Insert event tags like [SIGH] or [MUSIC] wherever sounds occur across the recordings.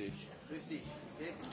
dich. Grüß dich. Jetzt.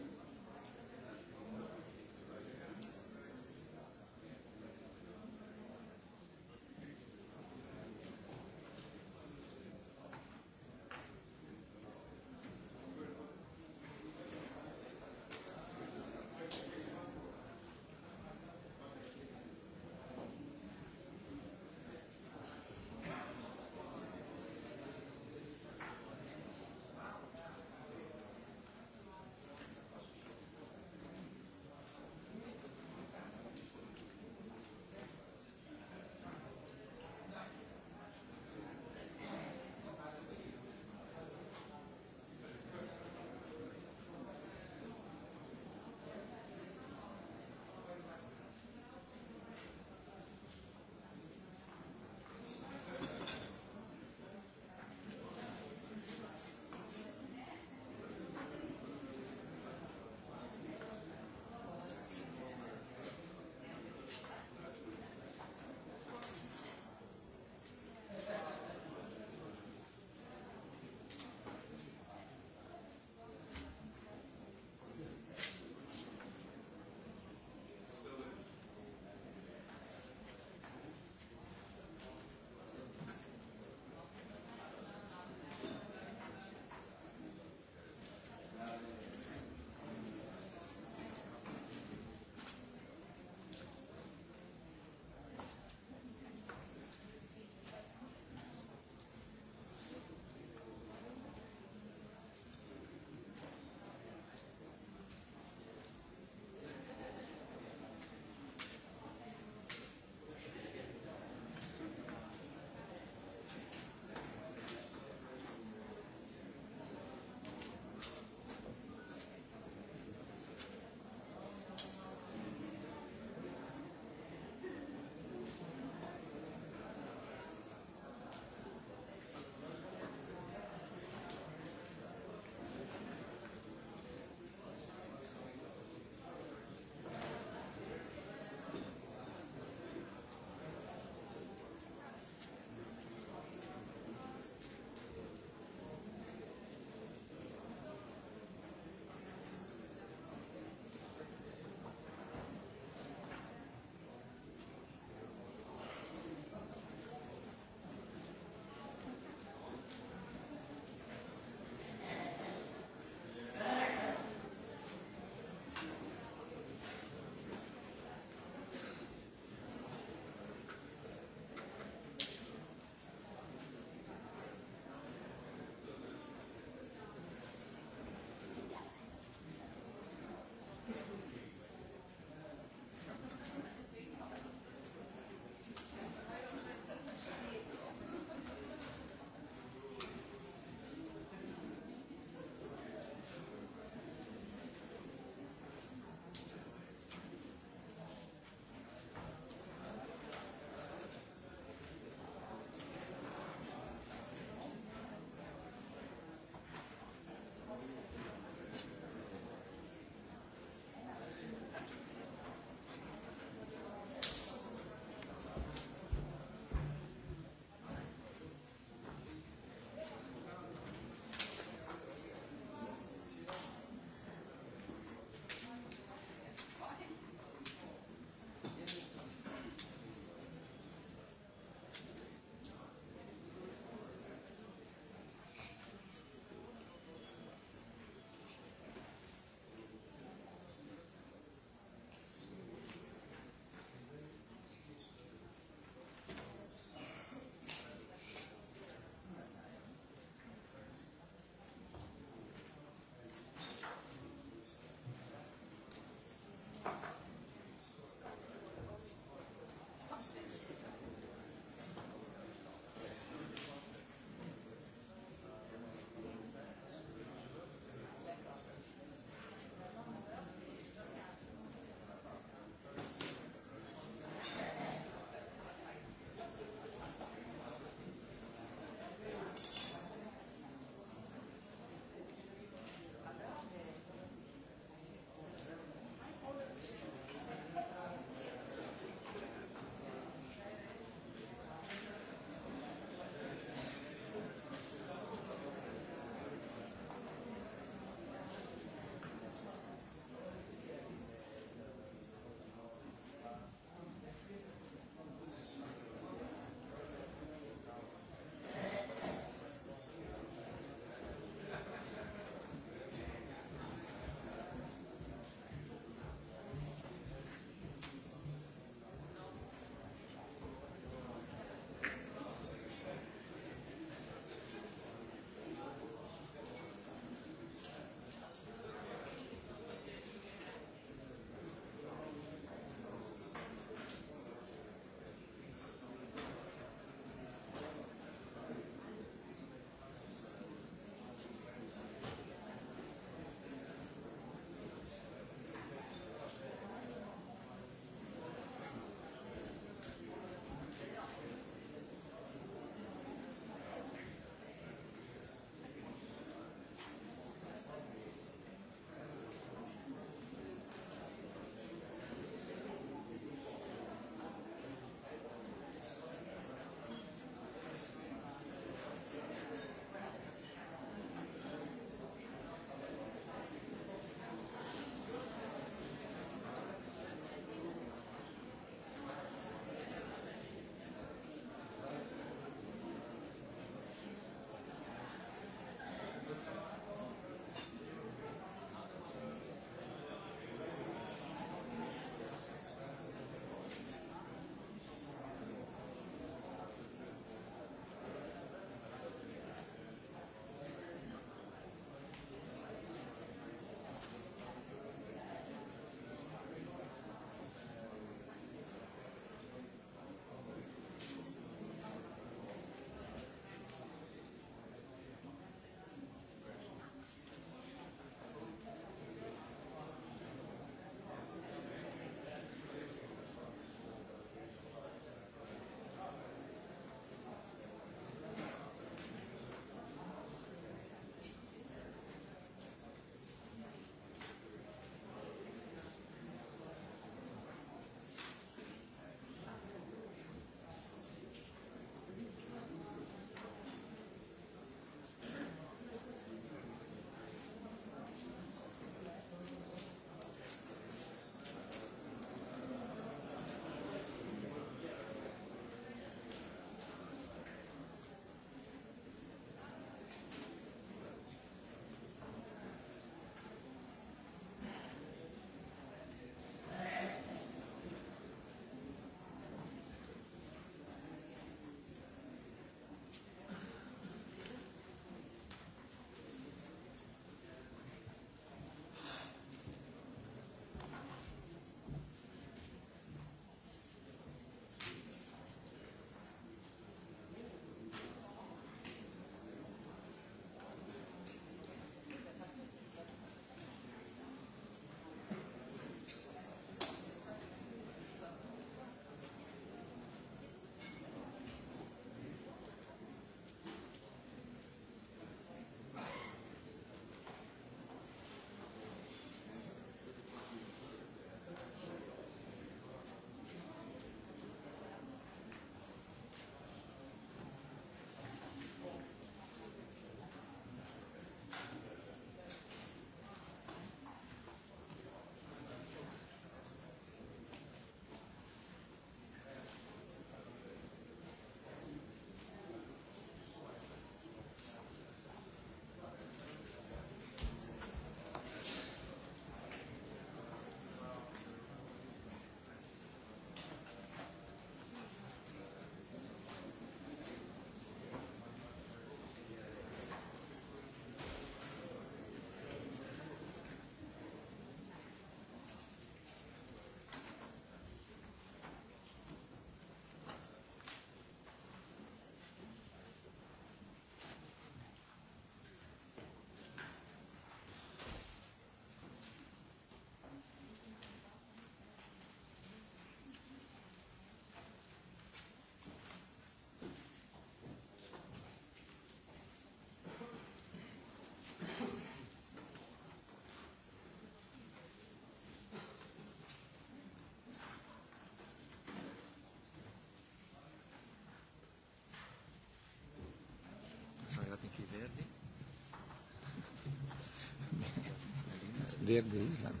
Verdi Island.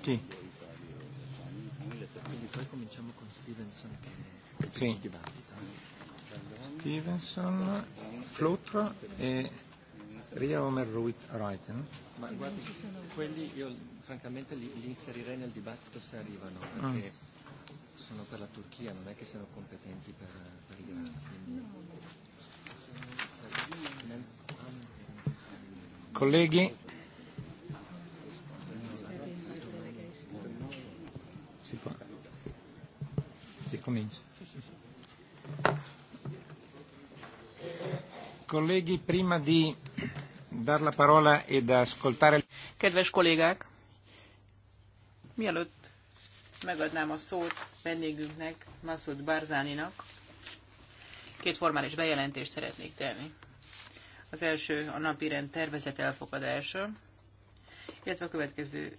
Sì. Quindi poi cominciamo con Stevenson che sì. il dibattito. Stevenson, Flutra e Riemer Reuten. Ma guardi, quelli io francamente li, li inserirei nel dibattito se arrivano, mm. perché mm sono per la Turchia, non è che siano competenti per, per Colleghi? Si può. Si comincia. Colleghi, prima di dar la parola ed ascoltare... Kedves kollégák, mielőtt megadnám a szót vendégünknek, Masud Barzáninak két formális bejelentést szeretnék tenni. Az első a napi rend tervezet elfogadása, illetve a következő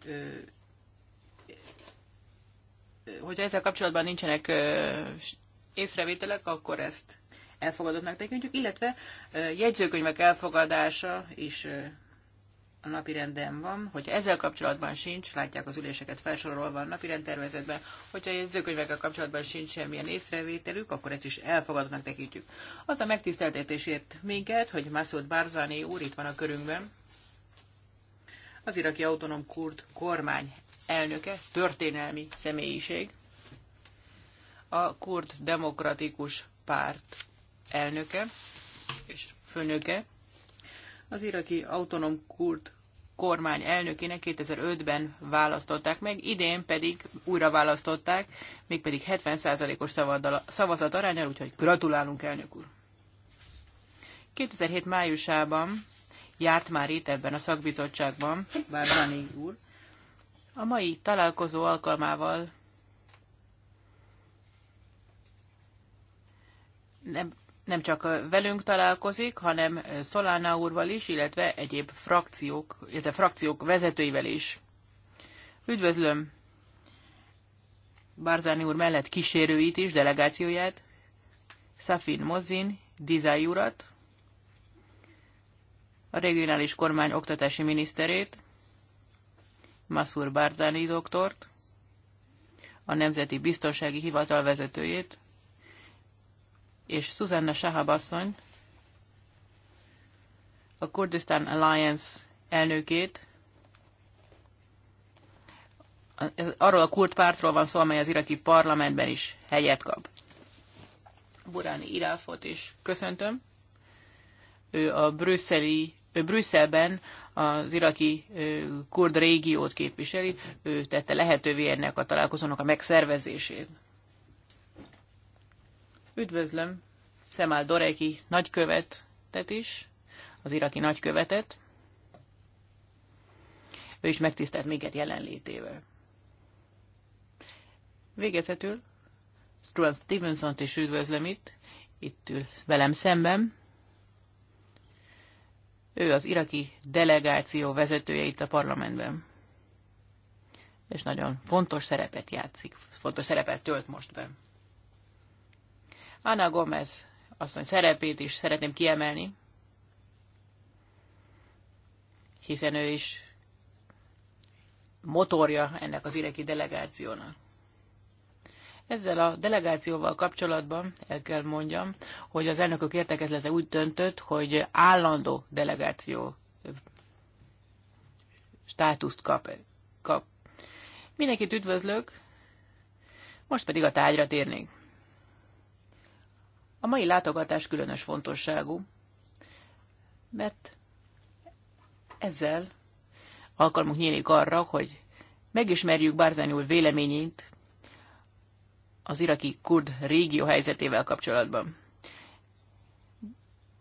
hogyha ezzel kapcsolatban nincsenek észrevételek, akkor ezt elfogadottnak tekintjük, illetve jegyzőkönyvek elfogadása is a napirenden van, hogyha ezzel kapcsolatban sincs, látják az üléseket felsorolva a napirendtervezetben, tervezetben, hogyha a jegyzőkönyvekkel kapcsolatban sincs semmilyen észrevételük, akkor ezt is elfogadnak tekintjük. Az a megtiszteltetésért minket, hogy Masud Barzani úr itt van a körünkben, az iraki autonóm kurd kormány elnöke, történelmi személyiség, a kurd demokratikus párt elnöke és főnöke, az iraki autonóm kurd kormány elnökének 2005-ben választották meg, idén pedig újra választották, mégpedig 70%-os szavazat arányal, úgyhogy gratulálunk, elnök úr! 2007 májusában járt már itt ebben a szakbizottságban, Bárbani úr. A mai találkozó alkalmával nem nem csak velünk találkozik, hanem Solana úrval is, illetve egyéb frakciók, illetve frakciók vezetőivel is. Üdvözlöm Barzáni úr mellett kísérőit is, delegációját, Safin Mozin, Dizai urat, a regionális kormány oktatási miniszterét, Masur Barzani doktort, a Nemzeti Biztonsági Hivatal vezetőjét, és Susanna Shahab asszony, a Kurdistan Alliance elnökét. Arról a kurd pártról van szó, amely az iraki parlamentben is helyet kap. Buráni Iráfot is köszöntöm. Ő a brüsszeli, ő Brüsszelben az iraki kurd régiót képviseli. Ő tette lehetővé ennek a találkozónak a megszervezését. Üdvözlöm Szemál Doreki nagykövetet is, az iraki nagykövetet. Ő is megtisztelt minket jelenlétével. Végezetül Struan Stevenson-t is üdvözlöm itt, itt ül velem szemben. Ő az iraki delegáció vezetője itt a parlamentben. És nagyon fontos szerepet játszik, fontos szerepet tölt most be. Ana Gomez asszony szerepét is szeretném kiemelni, hiszen ő is motorja ennek az iraki delegációnak. Ezzel a delegációval kapcsolatban el kell mondjam, hogy az elnökök értekezlete úgy döntött, hogy állandó delegáció státuszt kap. kap. Mindenkit üdvözlök, most pedig a tárgyra térnénk. A mai látogatás különös fontosságú, mert ezzel alkalmunk nyílik arra, hogy megismerjük Barzani úr véleményét az iraki kurd régió helyzetével kapcsolatban.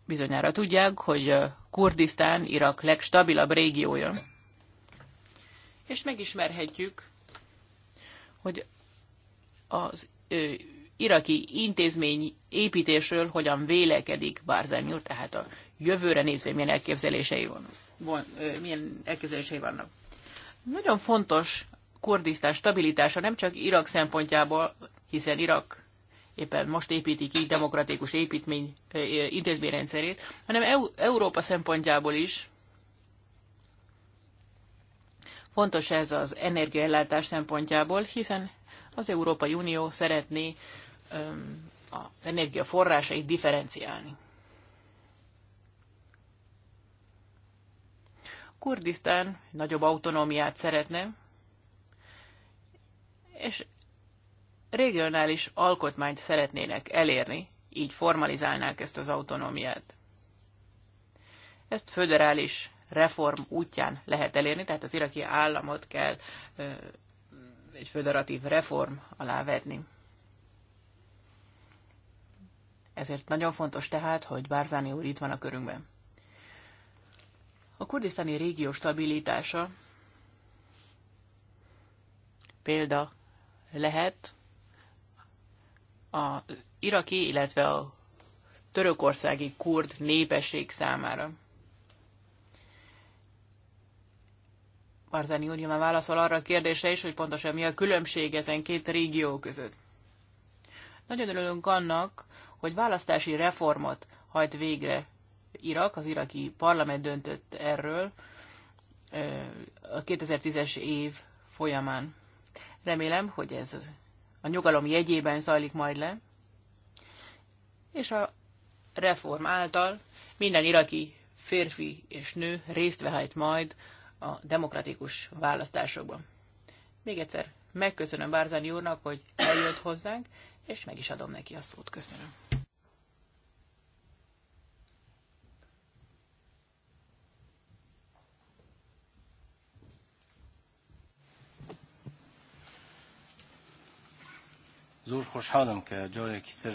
Bizonyára tudják, hogy Kurdisztán Irak legstabilabb régiója. És megismerhetjük, hogy az iraki intézmény építésről hogyan vélekedik Barzani úr, tehát a jövőre nézve milyen elképzelései, van, von, milyen elképzelései vannak. Nagyon fontos Kurdisztán stabilitása nem csak Irak szempontjából, hiszen Irak éppen most építik ki demokratikus építmény, intézményrendszerét, hanem EU, Európa szempontjából is fontos ez az energiaellátás szempontjából, hiszen az Európai Unió szeretné az energiaforrásait differenciálni. Kurdisztán nagyobb autonómiát szeretne, és regionális alkotmányt szeretnének elérni, így formalizálnák ezt az autonómiát. Ezt föderális reform útján lehet elérni, tehát az iraki államot kell egy föderatív reform alá vetni. Ezért nagyon fontos tehát, hogy Bárzáni úr itt van a körünkben. A kurdisztáni régió stabilitása példa lehet az iraki, illetve a törökországi kurd népesség számára. Barzani úr nyilván válaszol arra a kérdése is, hogy pontosan mi a különbség ezen két régió között. Nagyon örülünk annak, hogy választási reformot hajt végre Irak, az iraki parlament döntött erről a 2010-es év folyamán. Remélem, hogy ez a nyugalom jegyében zajlik majd le, és a reform által minden iraki férfi és nő részt vehet majd a demokratikus választásokban. Még egyszer megköszönöm Bárzani úrnak, hogy eljött hozzánk, és meg is adom neki a szót. Köszönöm. زۆر خۆشحاڵم کە جارێکی تر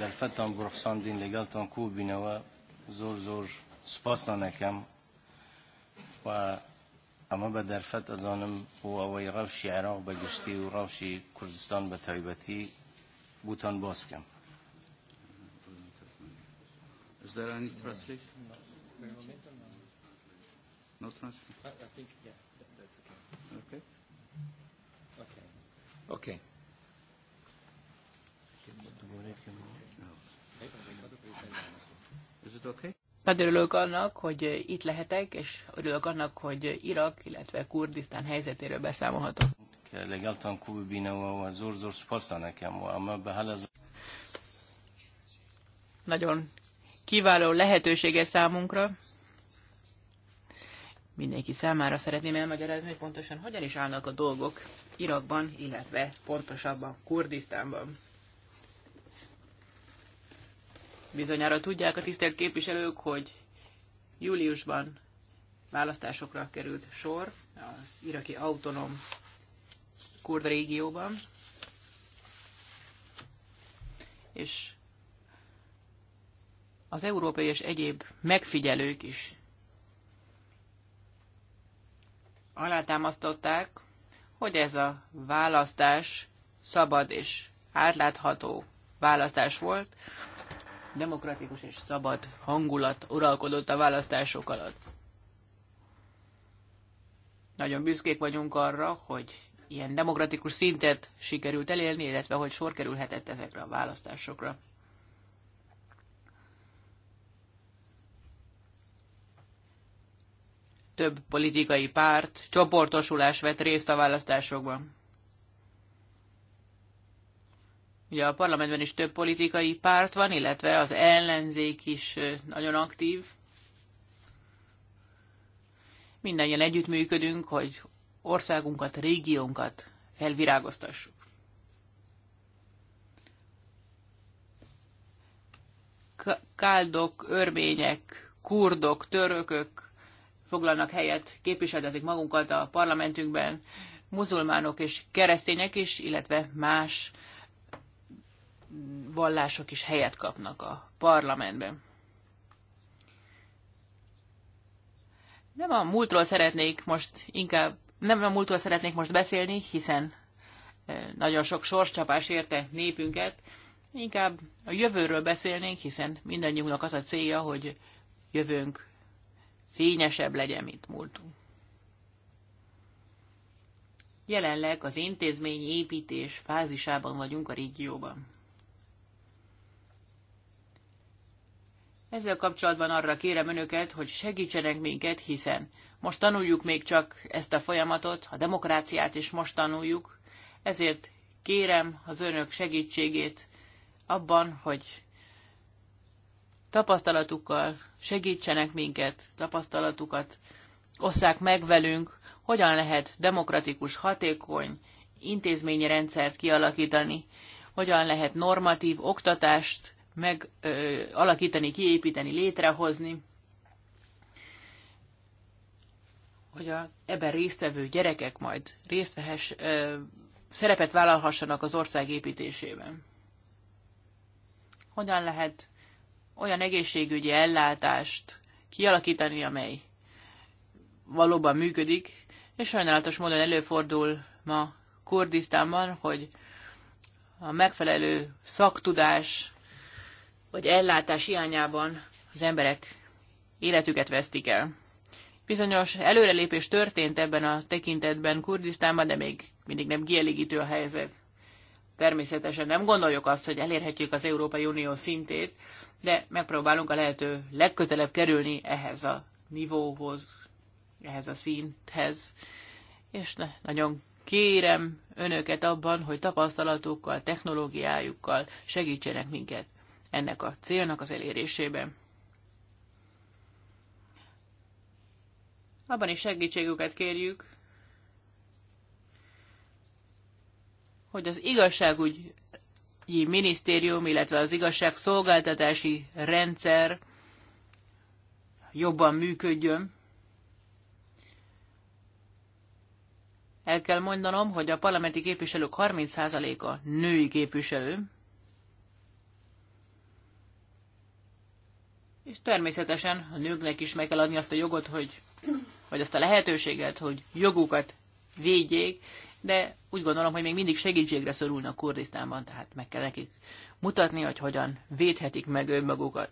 دەرفەتان بڕخساندین لەگەڵتان کوو بینەوە زۆر زۆر سوپاسان ئەەکەم و ئەمە بە دەرفەت ئەزانم بۆ ئەوەی ڕەوشی عێراق بەگشتی و ڕەوشی کوردستان بە تایبەتی بوتان باز بکەم. Is there any translation? No translation? I think, yeah, that's okay. Okay? Okay. Okay. Nagyon örülök annak, hogy itt lehetek, és örülök annak, hogy Irak, illetve Kurdisztán helyzetéről beszámolhatok. Nagyon kiváló lehetősége számunkra. Mindenki számára szeretném elmagyarázni, hogy pontosan hogyan is állnak a dolgok Irakban, illetve pontosabban Kurdisztánban. Bizonyára tudják a tisztelt képviselők, hogy júliusban választásokra került sor az iraki autonóm kurd régióban, és az európai és egyéb megfigyelők is alátámasztották, hogy ez a választás szabad és átlátható választás volt, demokratikus és szabad hangulat uralkodott a választások alatt. Nagyon büszkék vagyunk arra, hogy ilyen demokratikus szintet sikerült elérni, illetve hogy sor kerülhetett ezekre a választásokra. Több politikai párt, csoportosulás vett részt a választásokban. Ugye a parlamentben is több politikai párt van, illetve az ellenzék is nagyon aktív. Mindannyian együttműködünk, hogy országunkat, régiónkat felvirágoztassuk. Káldok, örmények, kurdok, törökök foglalnak helyet, képviseltetik magunkat a parlamentünkben, muzulmánok és keresztények is, illetve más vallások is helyet kapnak a parlamentben. Nem a múltról szeretnék most inkább, nem a múltról szeretnék most beszélni, hiszen nagyon sok sorscsapás érte népünket, inkább a jövőről beszélnénk, hiszen mindannyiunknak az a célja, hogy jövőnk fényesebb legyen, mint múltunk. Jelenleg az intézményi építés fázisában vagyunk a régióban. Ezzel kapcsolatban arra kérem önöket, hogy segítsenek minket, hiszen most tanuljuk még csak ezt a folyamatot, a demokráciát is most tanuljuk, ezért kérem az önök segítségét abban, hogy tapasztalatukkal segítsenek minket, tapasztalatukat osszák meg velünk, hogyan lehet demokratikus, hatékony intézményi rendszert kialakítani, hogyan lehet normatív oktatást megalakítani, kiépíteni, létrehozni, hogy az ebben résztvevő gyerekek majd részt ö, szerepet vállalhassanak az ország építésében. Hogyan lehet olyan egészségügyi ellátást kialakítani, amely valóban működik, és sajnálatos módon előfordul ma Kurdisztánban, hogy a megfelelő szaktudás vagy ellátás hiányában az emberek életüket vesztik el. Bizonyos előrelépés történt ebben a tekintetben Kurdisztánban, de még mindig nem kielégítő a helyzet. Természetesen nem gondoljuk azt, hogy elérhetjük az Európai Unió szintét, de megpróbálunk a lehető legközelebb kerülni ehhez a nivóhoz, ehhez a szinthez. És ne, nagyon kérem önöket abban, hogy tapasztalatukkal, technológiájukkal segítsenek minket ennek a célnak az elérésében. Abban is segítségüket kérjük, hogy az igazságügyi minisztérium, illetve az igazságszolgáltatási rendszer jobban működjön. El kell mondanom, hogy a parlamenti képviselők 30%-a női képviselő, És természetesen a nőknek is meg kell adni azt a jogot, hogy, vagy azt a lehetőséget, hogy jogukat védjék, de úgy gondolom, hogy még mindig segítségre szorulnak Kurdisztánban, tehát meg kell nekik mutatni, hogy hogyan védhetik meg önmagukat.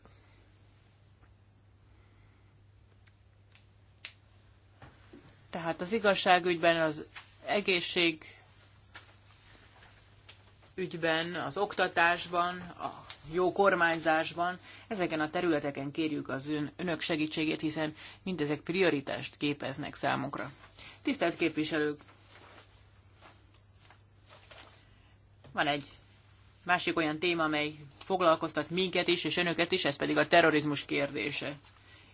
Tehát az igazságügyben, az egészség ügyben, az oktatásban, a jó kormányzásban. Ezeken a területeken kérjük az ön, önök segítségét, hiszen mindezek prioritást képeznek számunkra. Tisztelt képviselők! Van egy másik olyan téma, amely foglalkoztat minket is, és önöket is, ez pedig a terrorizmus kérdése.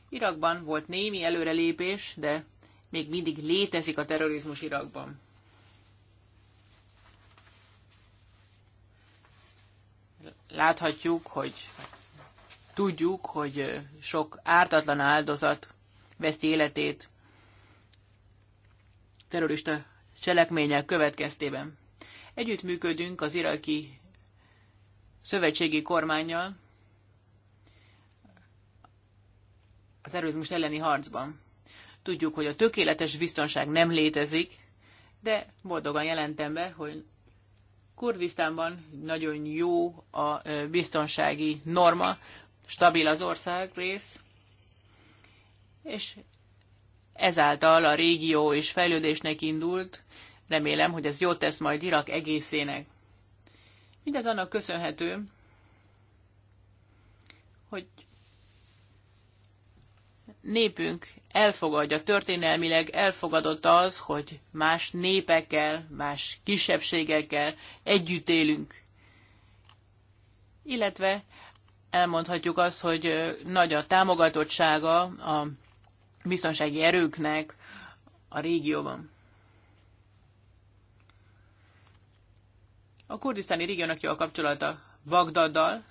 Irakban volt némi előrelépés, de még mindig létezik a terrorizmus Irakban. láthatjuk, hogy tudjuk, hogy sok ártatlan áldozat veszti életét terrorista cselekmények következtében. Együttműködünk az iraki szövetségi kormányjal az terrorizmus elleni harcban. Tudjuk, hogy a tökéletes biztonság nem létezik, de boldogan jelentem be, hogy Kurdisztánban nagyon jó a biztonsági norma, stabil az ország rész, és ezáltal a régió is fejlődésnek indult, remélem, hogy ez jót tesz majd Irak egészének. Mindez annak köszönhető, hogy népünk elfogadja, történelmileg elfogadott az, hogy más népekkel, más kisebbségekkel együtt élünk. Illetve elmondhatjuk azt, hogy nagy a támogatottsága a biztonsági erőknek a régióban. A kurdisztáni régiónak jó a kapcsolata Bagdaddal,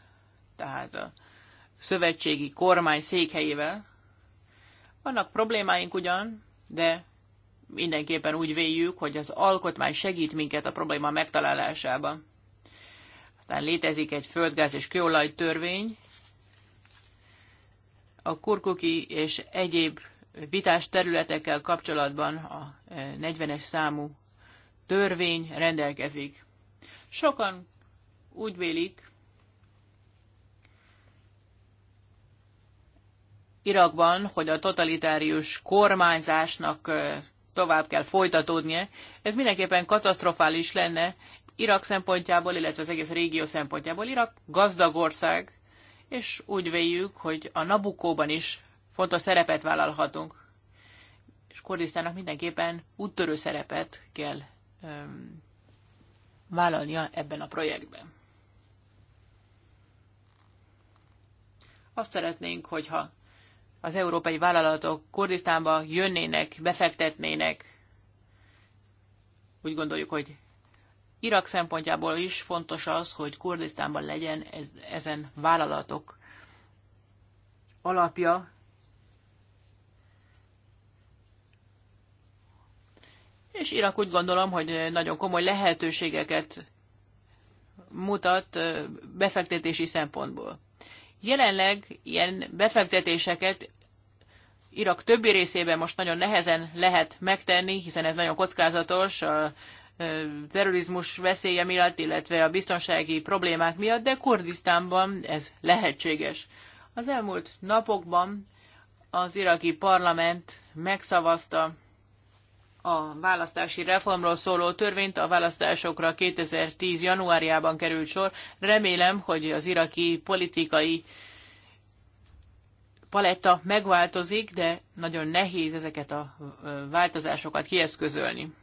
tehát a szövetségi kormány székhelyével, vannak problémáink ugyan, de mindenképpen úgy véljük, hogy az alkotmány segít minket a probléma megtalálásában. Aztán létezik egy földgáz és kőolaj törvény. A kurkuki és egyéb vitás területekkel kapcsolatban a 40-es e, számú törvény rendelkezik. Sokan úgy vélik, Irakban, hogy a totalitárius kormányzásnak tovább kell folytatódnia. Ez mindenképpen katasztrofális lenne Irak szempontjából, illetve az egész régió szempontjából. Irak gazdag ország, és úgy véljük, hogy a Nabukóban is fontos szerepet vállalhatunk. És Kurdisztának mindenképpen úttörő szerepet kell öm, vállalnia ebben a projektben. Azt szeretnénk, hogyha az európai vállalatok Kurdisztánba jönnének, befektetnének. Úgy gondoljuk, hogy Irak szempontjából is fontos az, hogy Kurdisztánban legyen ez, ezen vállalatok alapja. És Irak úgy gondolom, hogy nagyon komoly lehetőségeket mutat befektetési szempontból. Jelenleg ilyen befektetéseket Irak többi részében most nagyon nehezen lehet megtenni, hiszen ez nagyon kockázatos a terrorizmus veszélye miatt, illetve a biztonsági problémák miatt, de Kurdisztánban ez lehetséges. Az elmúlt napokban az iraki parlament megszavazta a választási reformról szóló törvényt, a választásokra 2010. januárjában került sor. Remélem, hogy az iraki politikai paletta megváltozik, de nagyon nehéz ezeket a változásokat kieszközölni.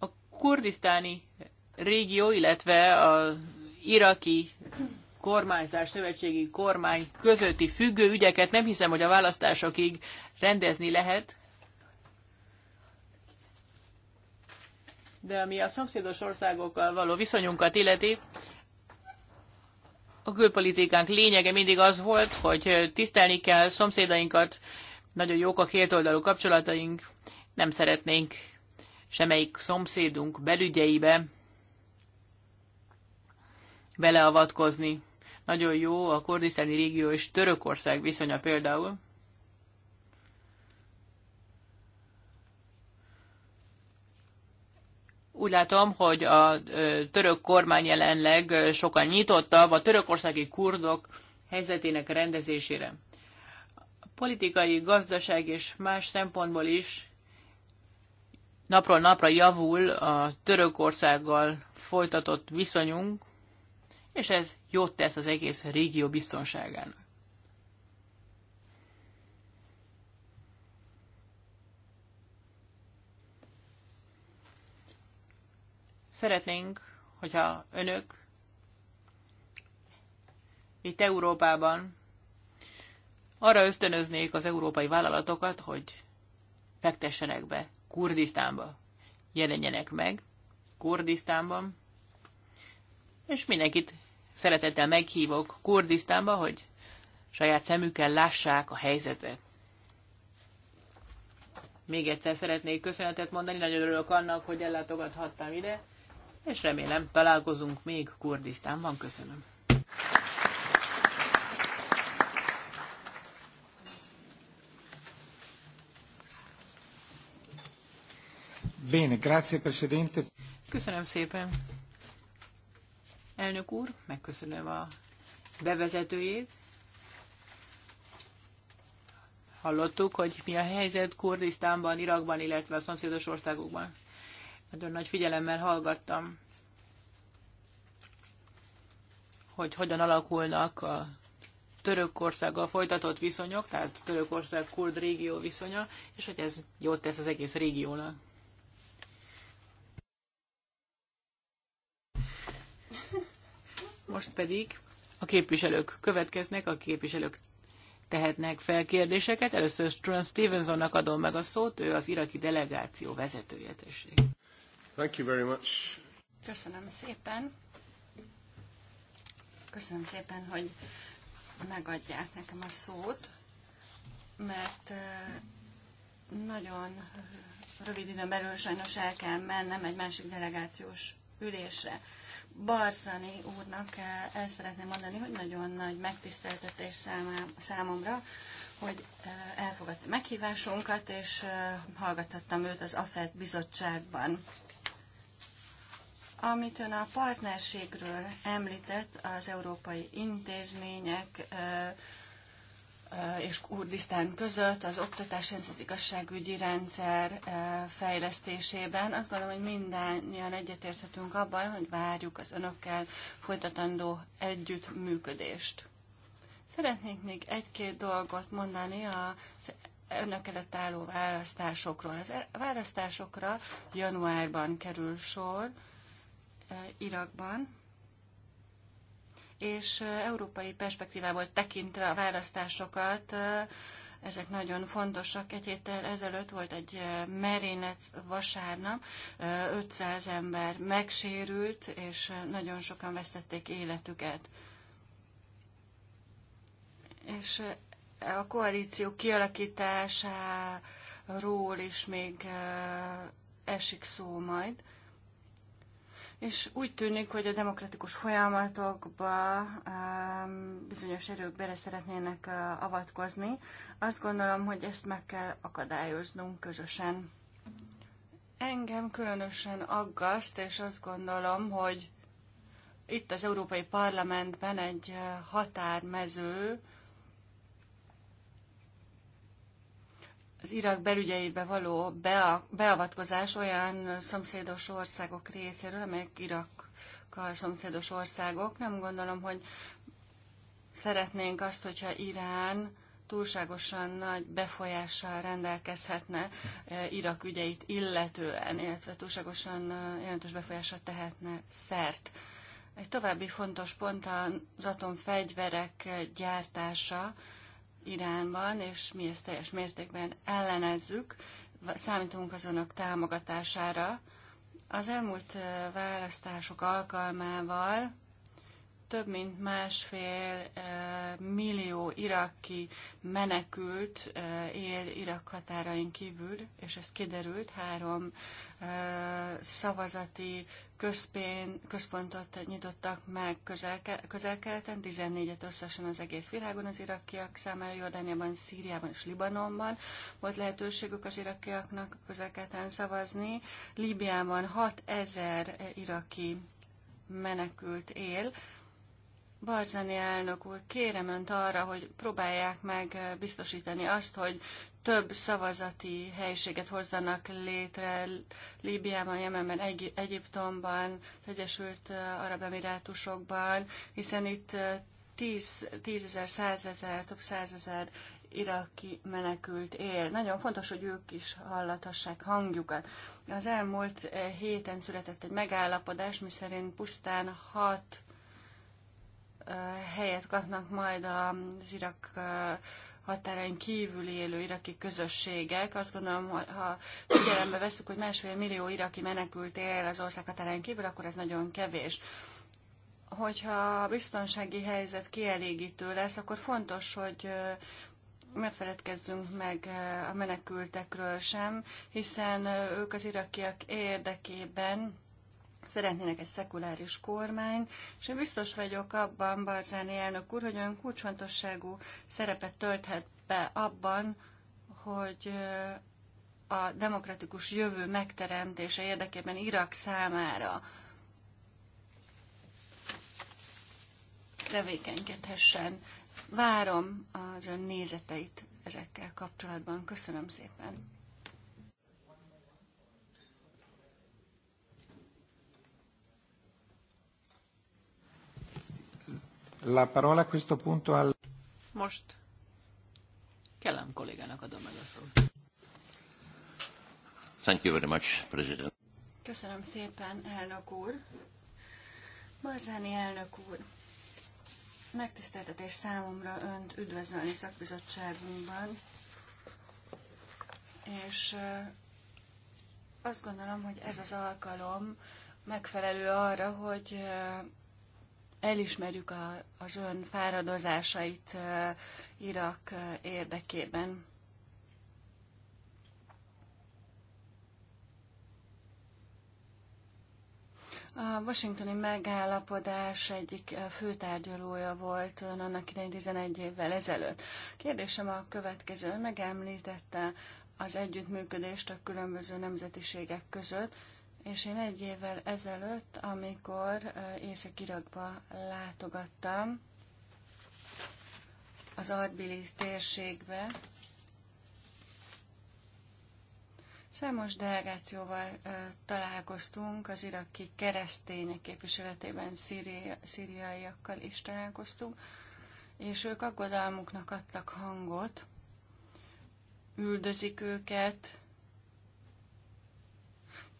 A kurdisztáni régió, illetve a iraki kormányzás, szövetségi kormány közötti függő ügyeket nem hiszem, hogy a választásokig rendezni lehet. De ami a szomszédos országokkal való viszonyunkat illeti, a külpolitikánk lényege mindig az volt, hogy tisztelni kell szomszédainkat, nagyon jók a kétoldalú kapcsolataink, nem szeretnénk semmelyik szomszédunk belügyeibe beleavatkozni. Nagyon jó a kordisztáni régió és Törökország viszonya például. Úgy látom, hogy a török kormány jelenleg sokan nyitottabb a törökországi kurdok helyzetének rendezésére. A politikai, gazdaság és más szempontból is napról napra javul a Törökországgal folytatott viszonyunk, és ez jót tesz az egész régió biztonságának. Szeretnénk, hogyha önök itt Európában arra ösztönöznék az európai vállalatokat, hogy fektessenek be Kurdisztánba, jelenjenek meg Kurdisztánban, és mindenkit szeretettel meghívok Kurdisztánba, hogy saját szemükkel lássák a helyzetet. Még egyszer szeretnék köszönetet mondani, nagyon örülök annak, hogy ellátogathattam ide és remélem találkozunk még Kurdisztánban. Köszönöm. Bene, grazie Presidente. Köszönöm szépen. Elnök úr, megköszönöm a bevezetőjét. Hallottuk, hogy mi a helyzet Kurdisztánban, Irakban, illetve a szomszédos országokban. Nagyon nagy figyelemmel hallgattam, hogy hogyan alakulnak a Törökországgal folytatott viszonyok, tehát Törökország-Kurd régió viszonya, és hogy ez jót tesz az egész régiónak. Most pedig a képviselők következnek, a képviselők tehetnek fel kérdéseket. Először Strun Stevensonnak adom meg a szót, ő az iraki delegáció vezetője, tessék. Thank you very much. Köszönöm szépen. Köszönöm szépen, hogy megadják nekem a szót, mert eh, nagyon rövid időn belül sajnos el kell mennem egy másik delegációs ülésre. Barzani úrnak eh, el szeretném mondani, hogy nagyon nagy megtiszteltetés számomra, hogy eh, elfogadta meghívásunkat, és hallgathattam őt az AFET bizottságban. Amit ön a partnerségről említett, az európai intézmények és Kurdisztán között, az oktatás rendszer, az igazságügyi rendszer fejlesztésében. Azt gondolom, hogy mindannyian egyetérthetünk abban, hogy várjuk az önökkel folytatandó együttműködést. Szeretnék még egy-két dolgot mondani az önök előtt álló választásokról. Az választásokra januárban kerül sor, Irakban, és európai perspektívából tekintve a választásokat, ezek nagyon fontosak. Egy héttel ezelőtt volt egy merénet vasárnap, 500 ember megsérült, és nagyon sokan vesztették életüket. És a koalíció kialakításáról is még esik szó majd. És úgy tűnik, hogy a demokratikus folyamatokba bizonyos erők bele szeretnének avatkozni. Azt gondolom, hogy ezt meg kell akadályoznunk közösen. Engem különösen aggaszt, és azt gondolom, hogy itt az Európai Parlamentben egy határmező, az Irak belügyeibe való beavatkozás olyan szomszédos országok részéről, amelyek Irakkal szomszédos országok. Nem gondolom, hogy szeretnénk azt, hogyha Irán túlságosan nagy befolyással rendelkezhetne e, Irak ügyeit illetően, illetve túlságosan e, jelentős befolyással tehetne szert. Egy további fontos pont az atomfegyverek gyártása, Iránban, és mi ezt teljes mértékben ellenezzük, számítunk azonok támogatására. Az elmúlt választások alkalmával több mint másfél eh, millió iraki menekült eh, él Irak határain kívül, és ez kiderült három eh, szavazati közpén, központot nyitottak meg közel-keleten, 14-et összesen az egész világon az irakiak számára, Jordániában, Szíriában és Libanonban volt lehetőségük az irakiaknak közel-keleten szavazni. Líbiában ezer iraki menekült él, Barzani elnök úr, kérem önt arra, hogy próbálják meg eh, biztosítani azt, hogy több szavazati helységet hozzanak létre Líbiában, Jemenben, Egy- Egyiptomban, Egyesült eh, Arab Emirátusokban, hiszen itt eh, tíz, tízezer, százezer, több százezer iraki menekült él. Nagyon fontos, hogy ők is hallathassák hangjukat. Az elmúlt héten született egy megállapodás, miszerint pusztán hat helyet kapnak majd az irak határain kívül élő iraki közösségek. Azt gondolom, ha figyelembe veszük, hogy másfél millió iraki menekült él az ország határain kívül, akkor ez nagyon kevés. Hogyha a biztonsági helyzet kielégítő lesz, akkor fontos, hogy ne feledkezzünk meg a menekültekről sem, hiszen ők az irakiak érdekében szeretnének egy szekuláris kormány, és én biztos vagyok abban, Barzáni elnök úr, hogy olyan kulcsfontosságú szerepet tölthet be abban, hogy a demokratikus jövő megteremtése érdekében Irak számára tevékenykedhessen. Várom az ön nézeteit ezekkel kapcsolatban. Köszönöm szépen. La parola a questo punto al... Most Kellem kollégának adom meg a szót. Thank you very much, President. Köszönöm szépen, elnök úr. Barzáni elnök úr, megtiszteltetés számomra önt üdvözölni szakbizottságunkban, és azt gondolom, hogy ez az alkalom megfelelő arra, hogy elismerjük a, az ön fáradozásait Irak érdekében. A washingtoni megállapodás egyik főtárgyalója volt ön annak idején 11 évvel ezelőtt. Kérdésem a következő. Megemlítette az együttműködést a különböző nemzetiségek között. És én egy évvel ezelőtt, amikor Észak-Irakba látogattam, az Arbili térségbe, Számos delegációval találkoztunk, az iraki keresztények képviseletében szíri, szíriaiakkal is találkoztunk, és ők aggodalmuknak adtak hangot, üldözik őket,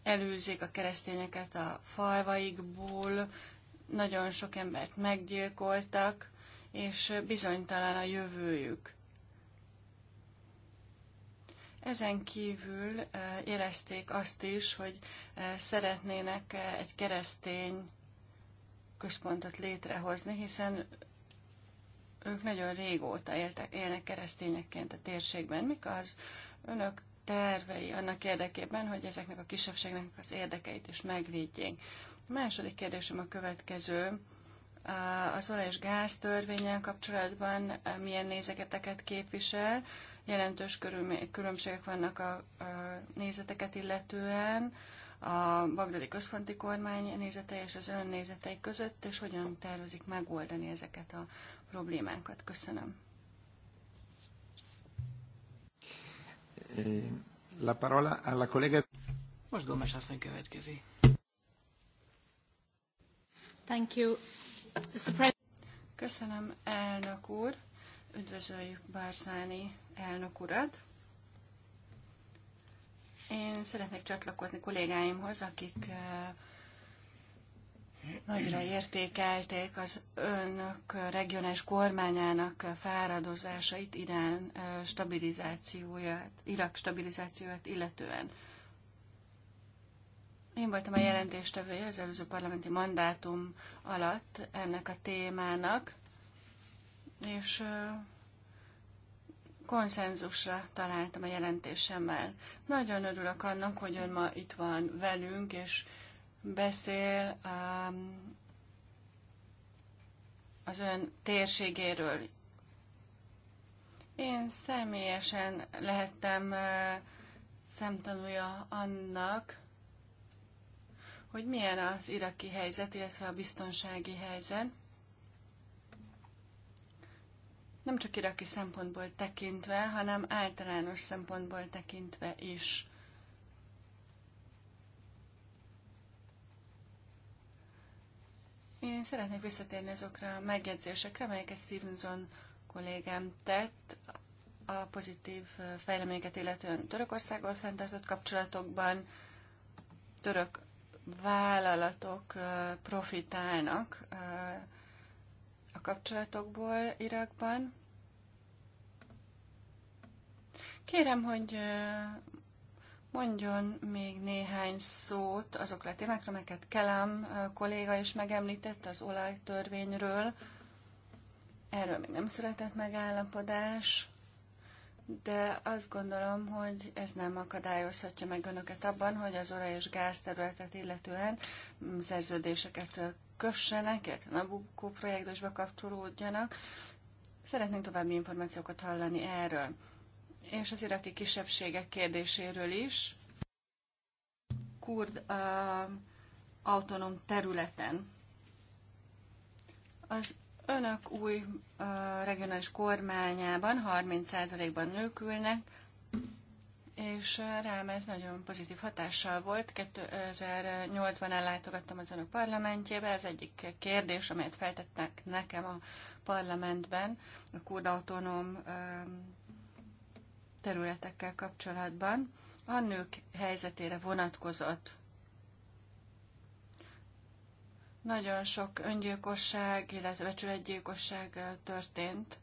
Elűzik a keresztényeket a falvaikból, nagyon sok embert meggyilkoltak, és bizonytalan a jövőjük. Ezen kívül érezték eh, azt is, hogy eh, szeretnének eh, egy keresztény központot létrehozni, hiszen ők nagyon régóta éltek, élnek keresztényekként a térségben. Mik az önök tervei annak érdekében, hogy ezeknek a kisebbségnek az érdekeit is megvédjék. A második kérdésem a következő. Az olaj és gáz törvényel kapcsolatban e, milyen nézeketeket képvisel? Jelentős különbségek vannak a nézeteket illetően a bagdadi központi kormány nézetei és az ön nézetei között, és hogyan tervezik megoldani ezeket a problémákat. Köszönöm. Eh, la parola alla collega... Most Gomes asszony következi. Thank you. Köszönöm, elnök úr. Üdvözöljük Bárszáni elnök urat. Én szeretnék csatlakozni kollégáimhoz, akik uh, Nagyra értékelték az önök regionális kormányának fáradozásait Irán stabilizációját, Irak stabilizációját illetően. Én voltam a jelentéstevője az előző parlamenti mandátum alatt ennek a témának, és konszenzusra találtam a jelentésemmel. Nagyon örülök annak, hogy ön ma itt van velünk, és beszél az ön térségéről. Én személyesen lehettem szemtanúja annak, hogy milyen az iraki helyzet, illetve a biztonsági helyzet. Nem csak iraki szempontból tekintve, hanem általános szempontból tekintve is. Én szeretnék visszatérni azokra a megjegyzésekre, amelyeket Stevenson kollégám tett a pozitív fejleményeket illetően Törökországgal fenntartott kapcsolatokban. Török vállalatok profitálnak a kapcsolatokból Irakban. Kérem, hogy mondjon még néhány szót azokra a témákra, amelyeket Kelem kolléga is megemlített az olajtörvényről. Erről még nem született megállapodás, de azt gondolom, hogy ez nem akadályozhatja meg önöket abban, hogy az olaj és gáz területet illetően szerződéseket kössenek, illetve Nabucco projektbe kapcsolódjanak. bekapcsolódjanak. Szeretnénk további információkat hallani erről és az iraki kisebbségek kérdéséről is, kurd uh, autonóm területen. Az önök új uh, regionális kormányában 30%-ban nők ülnek, és rám ez nagyon pozitív hatással volt. 2008-ban ellátogattam az önök parlamentjébe, ez egyik kérdés, amelyet feltettek nekem a parlamentben, a kurd autonóm területekkel kapcsolatban a nők helyzetére vonatkozott. Nagyon sok öngyilkosság, illetve becsületgyilkosság történt.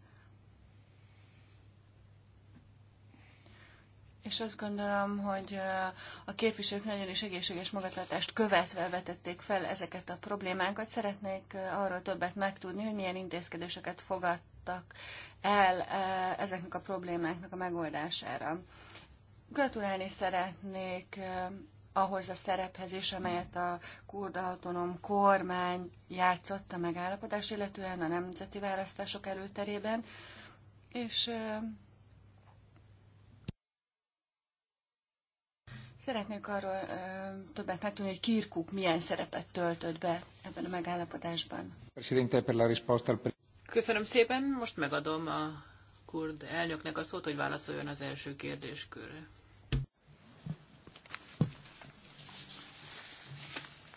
És azt gondolom, hogy a képviselők nagyon is egészséges magatartást követve vetették fel ezeket a problémákat. Szeretnék arról többet megtudni, hogy milyen intézkedéseket fogadt jutottak el eh, ezeknek a problémáknak a megoldására. Gratulálni szeretnék eh, ahhoz a szerephez is, amelyet a kurd autonóm kormány játszott a megállapodás, illetően a nemzeti választások előterében, és eh, Szeretnék arról ö, többet megtudni, hogy Kirkuk milyen szerepet töltött be ebben a megállapodásban. Köszönöm szépen, most megadom a kurd elnöknek a szót, hogy válaszoljon az első kérdéskörre.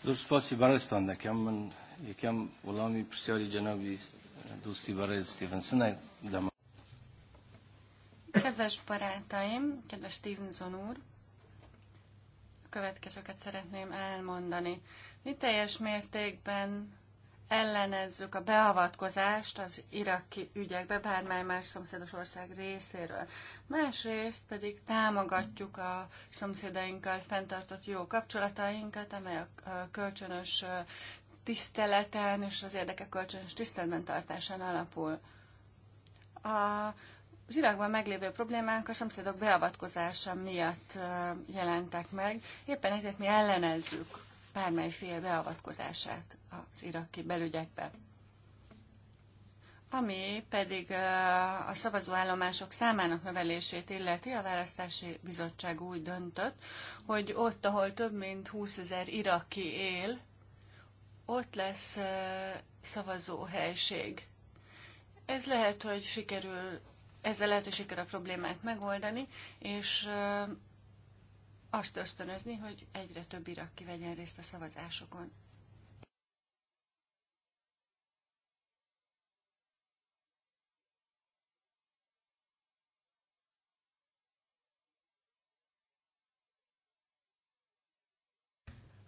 زۆر سپاسی بەڕێستان دەکەم من یەکەم وەڵامی پرسیاری جەنابی دوستی بەڕێز ستیفنسنە Kedves barátaim, kedves Stevenson úr, a következőket szeretném elmondani. Mi teljes mértékben ellenezzük a beavatkozást az iraki ügyekbe, bármely más szomszédos ország részéről. Másrészt pedig támogatjuk a szomszédainkkal fenntartott jó kapcsolatainkat, amely a kölcsönös tiszteleten és az érdekek kölcsönös tiszteletben tartásán alapul. A az Irakban meglévő problémák a szomszédok beavatkozása miatt jelentek meg, éppen ezért mi ellenezzük bármely fél beavatkozását az iraki belügyekbe. Ami pedig a szavazóállomások számának növelését illeti, a választási bizottság úgy döntött, hogy ott, ahol több mint 20 ezer iraki él, ott lesz szavazóhelység. Ez lehet, hogy sikerül, ezzel lehet, hogy sikerül a problémát megoldani, és azt ösztönözni, hogy egyre több iraki vegyen részt a szavazásokon.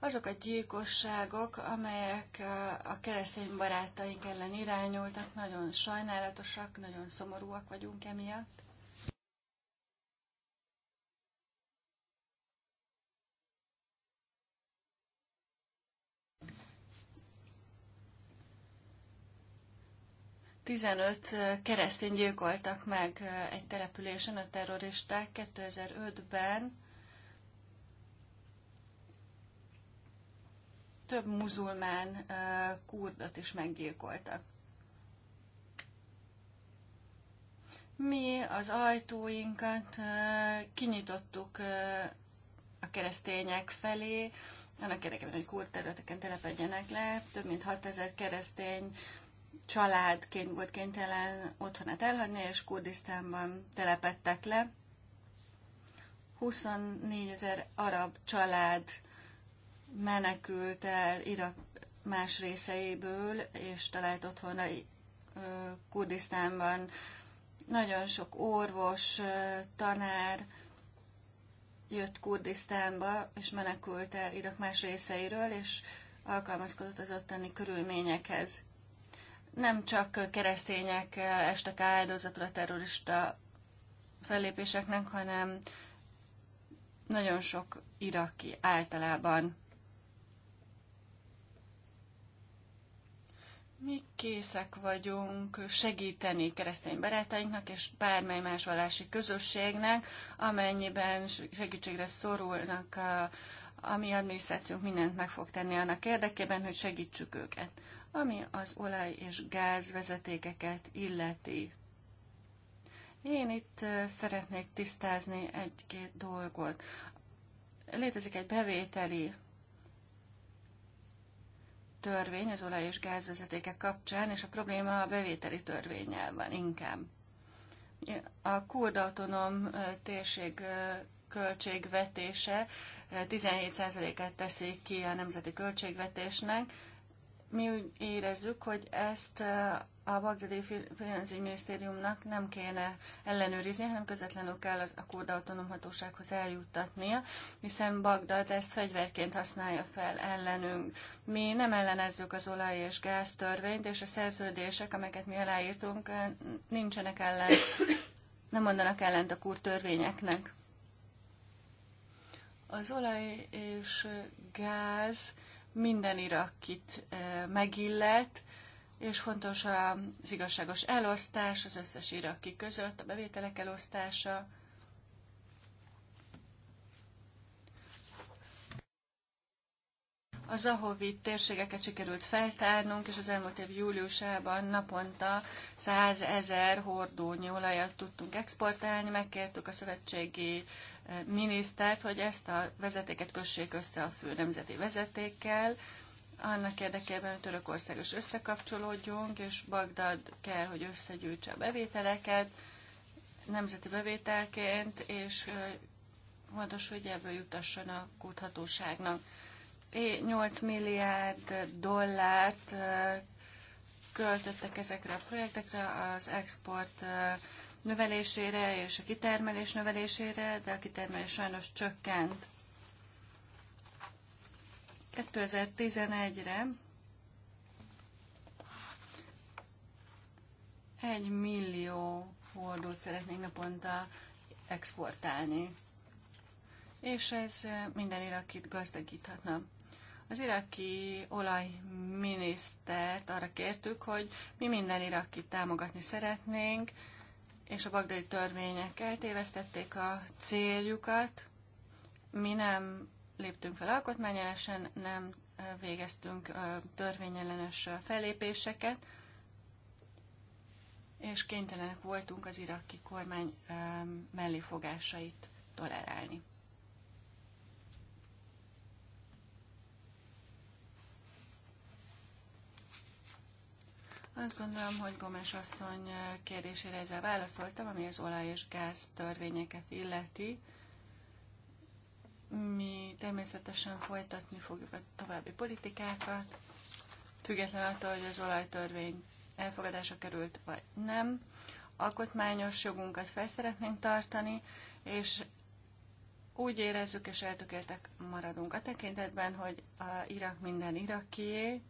azok a gyilkosságok, amelyek a keresztény barátaink ellen irányultak, nagyon sajnálatosak, nagyon szomorúak vagyunk emiatt. 15 keresztény gyilkoltak meg egy településen a terroristák 2005-ben. Több muzulmán kurdot is meggyilkoltak. Mi az ajtóinkat kinyitottuk a keresztények felé, annak érdekében, hogy kurd területeken telepedjenek le. Több mint 6000 keresztény családként volt kénytelen otthonát elhagyni, és Kurdisztánban telepettek le. 24 ezer arab család menekült el Irak más részeiből, és talált otthonra Kurdisztánban. Nagyon sok orvos, tanár jött Kurdisztánba, és menekült el Irak más részeiről, és alkalmazkodott az ottani körülményekhez nem csak keresztények estek áldozatul a terrorista fellépéseknek, hanem nagyon sok iraki általában. Mi készek vagyunk segíteni keresztény barátainknak és bármely más vallási közösségnek, amennyiben segítségre szorulnak, a, a mi adminisztrációnk mindent meg fog tenni annak érdekében, hogy segítsük őket ami az olaj és gáz vezetékeket illeti. Én itt szeretnék tisztázni egy-két dolgot. Létezik egy bevételi törvény az olaj- és gázvezetékek kapcsán, és a probléma a bevételi törvényel van inkább. A kurd autonóm térség költségvetése 17%-át teszi ki a nemzeti költségvetésnek, mi úgy érezzük, hogy ezt a bagdadi Minisztériumnak nem kéne ellenőrizni, hanem közvetlenül kell az, a kurda autonóm hatósághoz eljuttatnia, hiszen Bagdad ezt fegyverként használja fel ellenünk. Mi nem ellenezzük az olaj- és gáz és a szerződések, amelyeket mi aláírtunk, nincsenek ellen, nem mondanak ellent a kur törvényeknek. Az olaj és gáz minden irakit megillet, és fontos az igazságos elosztás az összes iraki között, a bevételek elosztása. Az Ahovi térségeket sikerült feltárnunk, és az elmúlt év júliusában naponta 100 ezer hordónyi olajat tudtunk exportálni. Megkértük a szövetségi minisztert, hogy ezt a vezetéket kössék össze a fő nemzeti vezetékkel, annak érdekében, hogy Törökország is összekapcsolódjunk, és Bagdad kell, hogy összegyűjtse a bevételeket nemzeti bevételként, és fontos, hogy ebből jutasson a kuthatóságnak. 8 milliárd dollárt költöttek ezekre a projektekre, az export növelésére és a kitermelés növelésére, de a kitermelés sajnos csökkent. 2011-re 1 millió hordót szeretnénk naponta exportálni. És ez minden irakit gazdagíthatna. Az iraki olajminisztert arra kértük, hogy mi minden irakit támogatni szeretnénk, és a bagdai törvények eltévesztették a céljukat. Mi nem léptünk fel alkotmányelesen, nem végeztünk törvényellenes fellépéseket, és kénytelenek voltunk az iraki kormány melléfogásait tolerálni. Azt gondolom, hogy Gomes asszony kérdésére ezzel válaszoltam, ami az olaj és gáz törvényeket illeti. Mi természetesen folytatni fogjuk a további politikákat, Függetlenül attól, hogy az olajtörvény elfogadása került, vagy nem. Alkotmányos jogunkat fel szeretnénk tartani, és úgy érezzük és eltökéltek maradunk a tekintetben, hogy a Irak minden irakié,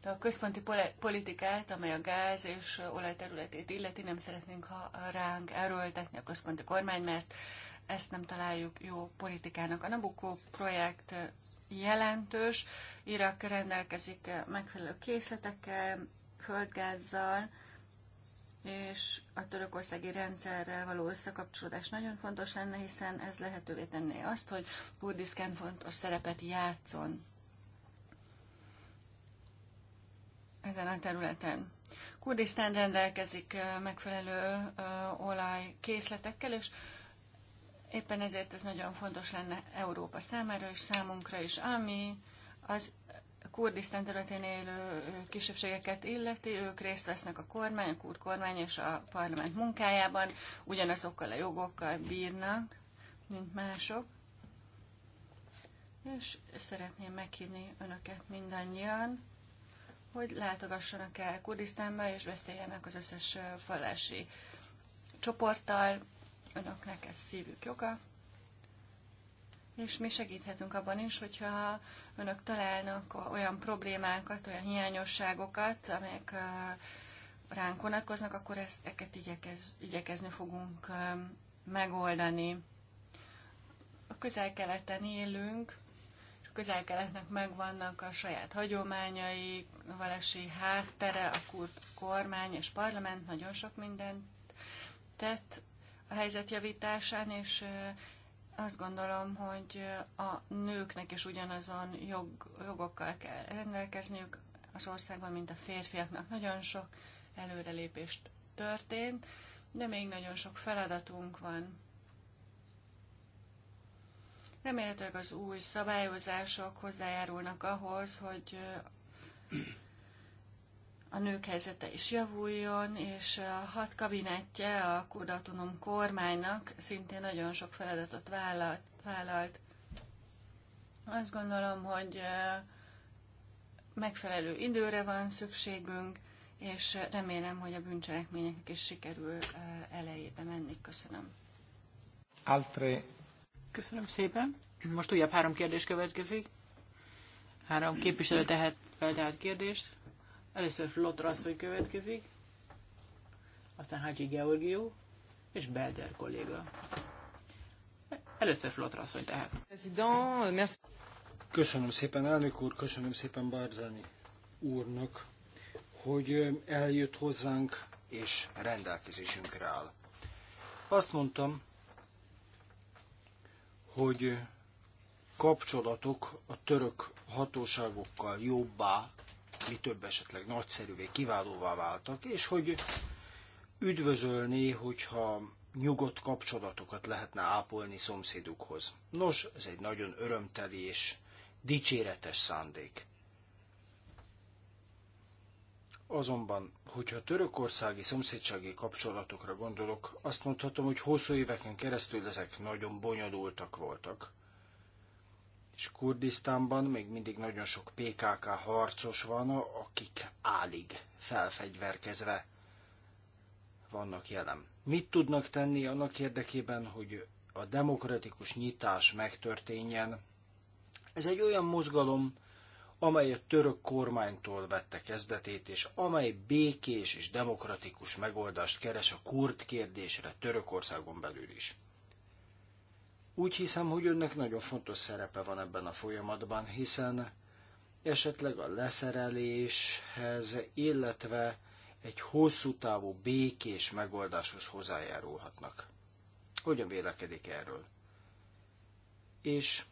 de a központi politikát, amely a gáz és olaj területét illeti, nem szeretnénk ha ránk erőltetni a központi kormány, mert ezt nem találjuk jó politikának. A Nabucco projekt jelentős, Irak rendelkezik megfelelő készletekkel, földgázzal, és a törökországi rendszerrel való összekapcsolódás nagyon fontos lenne, hiszen ez lehetővé tenné azt, hogy Kurdiszkán fontos szerepet játszon. ezen a területen. Kurdisztán rendelkezik megfelelő olajkészletekkel, és éppen ezért ez nagyon fontos lenne Európa számára és számunkra is, ami az Kurdisztán területén élő kisebbségeket illeti, ők részt vesznek a kormány, a kurd kormány és a parlament munkájában, ugyanazokkal a jogokkal bírnak, mint mások. És szeretném meghívni önöket mindannyian, hogy látogassanak el Kurdisztánba, és beszéljenek az összes falási csoporttal. Önöknek ez szívük joga. És mi segíthetünk abban is, hogyha önök találnak olyan problémákat, olyan hiányosságokat, amelyek ránk vonatkoznak, akkor ezeket igyekez, igyekezni fogunk megoldani. A közel-keleten élünk, közel-keletnek megvannak a saját hagyományai, valesi háttere, a kurd kormány és parlament nagyon sok mindent tett a helyzet javításán, és azt gondolom, hogy a nőknek is ugyanazon jog, jogokkal kell rendelkezniük az országban, mint a férfiaknak. Nagyon sok előrelépést történt, de még nagyon sok feladatunk van. Remélhetőleg az új szabályozások hozzájárulnak ahhoz, hogy a nők helyzete is javuljon, és a hat kabinettje a kurdatonum kormánynak szintén nagyon sok feladatot vállalt. vállalt. Azt gondolom, hogy megfelelő időre van szükségünk, és remélem, hogy a bűncselekményeknek is sikerül elejébe menni. Köszönöm. Altre Köszönöm szépen. Most újabb három kérdés következik. Három képviselő tehet fel tehát kérdést. Először Flotra asszony következik, aztán Hágyi Georgiou és Belder kolléga. Először Flotra asszony tehet. Köszönöm szépen, elnök úr, köszönöm szépen Barzani úrnak, hogy eljött hozzánk és rendelkezésünkre áll. Azt mondtam, hogy kapcsolatok a török hatóságokkal jobbá, mi több esetleg nagyszerűvé, kiválóvá váltak, és hogy üdvözölné, hogyha nyugodt kapcsolatokat lehetne ápolni szomszédukhoz. Nos, ez egy nagyon örömteli és dicséretes szándék. Azonban, hogyha törökországi szomszédsági kapcsolatokra gondolok, azt mondhatom, hogy hosszú éveken keresztül ezek nagyon bonyolultak voltak. És Kurdisztánban még mindig nagyon sok PKK harcos van, akik álig felfegyverkezve vannak jelen. Mit tudnak tenni annak érdekében, hogy a demokratikus nyitás megtörténjen? Ez egy olyan mozgalom, amely a török kormánytól vette kezdetét, és amely békés és demokratikus megoldást keres a kurd kérdésre Törökországon belül is. Úgy hiszem, hogy önnek nagyon fontos szerepe van ebben a folyamatban, hiszen esetleg a leszereléshez, illetve egy hosszú távú békés megoldáshoz hozzájárulhatnak. Hogyan vélekedik erről? És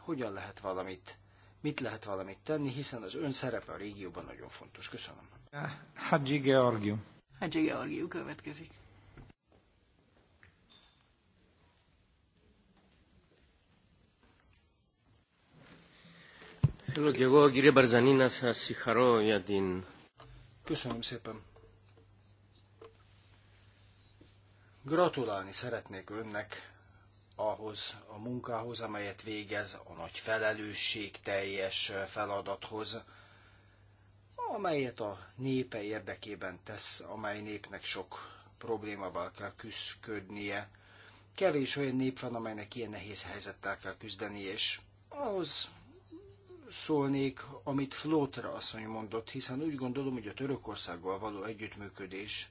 hogyan lehet valamit mit lehet valamit tenni, hiszen az ön szerepe a régióban nagyon fontos. Köszönöm. Hadzsi Georgiu. Hadzsi Georgiu következik. Köszönöm szépen. Gratulálni szeretnék önnek ahhoz a munkához, amelyet végez, a nagy felelősség teljes feladathoz, amelyet a népe érdekében tesz, amely népnek sok problémával kell küzdködnie. Kevés olyan nép van, amelynek ilyen nehéz helyzettel kell küzdeni, és ahhoz szólnék, amit Flótra asszony mondott, hiszen úgy gondolom, hogy a Törökországgal való együttműködés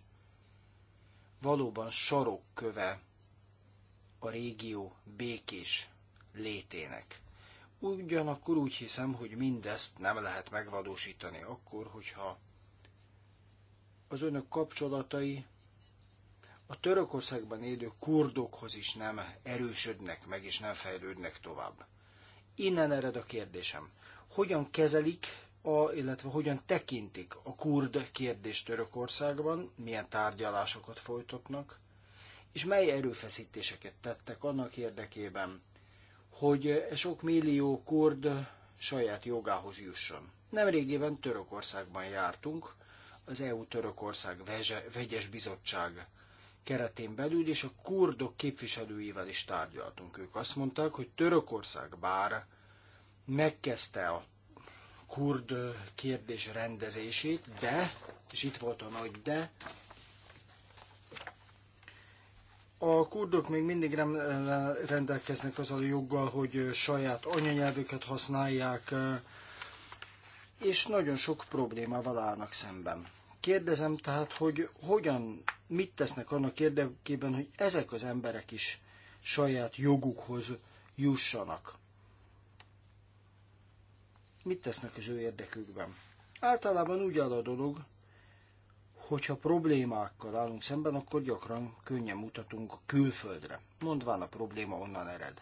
valóban sarokköve a régió békés létének. Ugyanakkor úgy hiszem, hogy mindezt nem lehet megvalósítani akkor, hogyha az önök kapcsolatai a Törökországban élő kurdokhoz is nem erősödnek meg, és nem fejlődnek tovább. Innen ered a kérdésem. Hogyan kezelik, a, illetve hogyan tekintik a kurd kérdést Törökországban, milyen tárgyalásokat folytatnak, és mely erőfeszítéseket tettek annak érdekében, hogy sok millió kurd saját jogához jusson. Nemrégében Törökországban jártunk, az EU-Törökország vegyes bizottság keretén belül, és a kurdok képviselőivel is tárgyaltunk. Ők azt mondták, hogy Törökország bár megkezdte a kurd kérdés rendezését, de, és itt volt a nagy de, a kurdok még mindig nem eh, rendelkeznek azzal a joggal, hogy eh, saját anyanyelvüket használják, eh, és nagyon sok problémával állnak szemben. Kérdezem tehát, hogy hogyan, mit tesznek annak érdekében, hogy ezek az emberek is saját jogukhoz jussanak. Mit tesznek az ő érdekükben? Általában úgy áll a dolog, hogyha problémákkal állunk szemben, akkor gyakran könnyen mutatunk a külföldre, mondván a probléma onnan ered.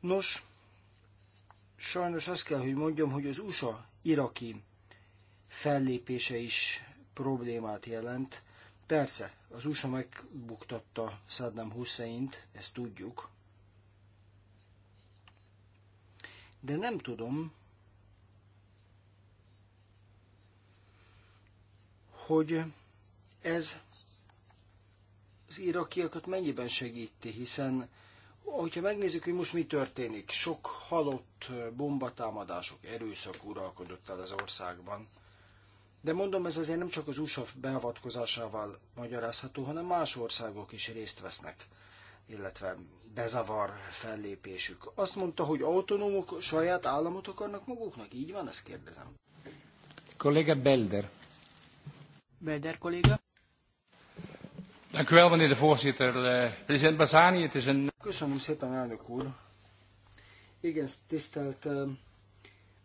Nos, sajnos azt kell, hogy mondjam, hogy az USA iraki fellépése is problémát jelent. Persze, az USA megbuktatta Saddam hussein ezt tudjuk. De nem tudom, hogy ez az irakiakat mennyiben segíti, hiszen hogyha megnézzük, hogy most mi történik, sok halott bombatámadások, erőszak uralkodott el az országban. De mondom, ez azért nem csak az USA beavatkozásával magyarázható, hanem más országok is részt vesznek, illetve bezavar fellépésük. Azt mondta, hogy autonómok saját államot akarnak maguknak, így van, ezt kérdezem. Kollega Belder. Dank u wel, meneer de voorzitter. Eh, president het is een... Köszönöm szépen, elnök úr. Igen, tisztelt eh,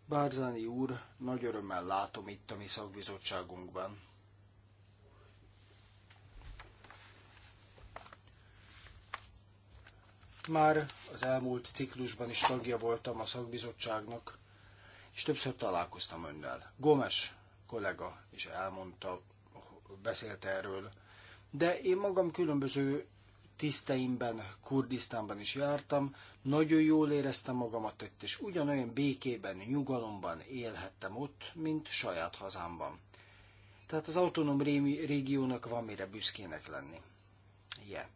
Barzani úr, nagy örömmel látom itt a mi szakbizottságunkban. Már az elmúlt ciklusban is tagja voltam a szakbizottságnak, és többször találkoztam önnel. Gomes kollega is elmondta, beszélt erről. De én magam különböző tiszteimben, Kurdisztánban is jártam, nagyon jól éreztem magamat ott, és ugyanolyan békében, nyugalomban élhettem ott, mint saját hazámban. Tehát az autonóm régiónak van mire büszkének lenni. Yeah.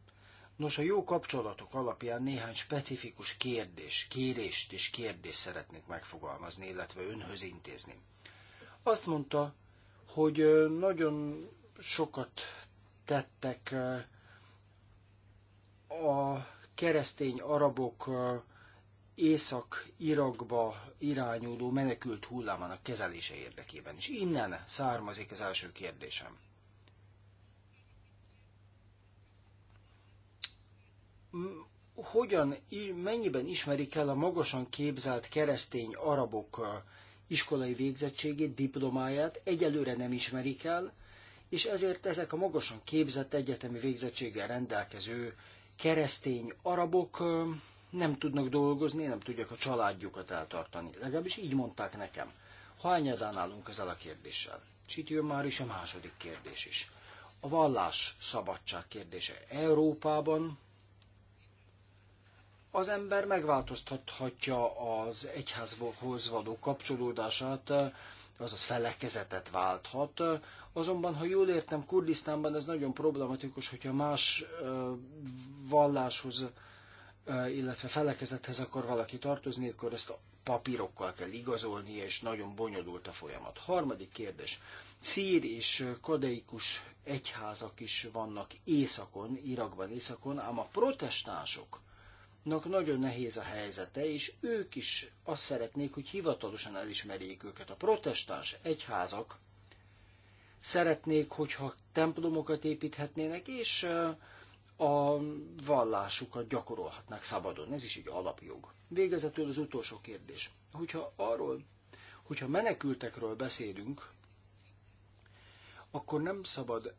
Nos, a jó kapcsolatok alapján néhány specifikus kérdés, kérést és kérdést szeretnék megfogalmazni, illetve önhöz intézni. Azt mondta, hogy nagyon sokat tettek a keresztény arabok Észak-Irakba irányuló menekült hullámának kezelése érdekében. És innen származik az első kérdésem. Hogyan, mennyiben ismerik el a magasan képzelt keresztény arabok iskolai végzettségét, diplomáját? Egyelőre nem ismerik el, és ezért ezek a magasan képzett egyetemi végzettséggel rendelkező keresztény arabok nem tudnak dolgozni, nem tudják a családjukat eltartani. Legalábbis így mondták nekem. Hányadán állunk ezzel a kérdéssel? jön már is a második kérdés is. A vallás szabadság kérdése. Európában az ember megváltoztathatja az egyházhoz való kapcsolódását, azaz felekezetet válthat. Azonban, ha jól értem, Kurdisztánban ez nagyon problematikus, hogyha más valláshoz, illetve felekezethez akar valaki tartozni, akkor ezt papírokkal kell igazolni és nagyon bonyolult a folyamat. Harmadik kérdés. Szír és kadeikus egyházak is vannak északon, Irakban északon, ám a protestánsok, nagyon nehéz a helyzete, és ők is azt szeretnék, hogy hivatalosan elismerjék őket. A protestáns egyházak szeretnék, hogyha templomokat építhetnének, és a vallásukat gyakorolhatnák szabadon. Ez is egy alapjog. Végezetül az utolsó kérdés. Hogyha arról, hogyha menekültekről beszélünk, akkor nem szabad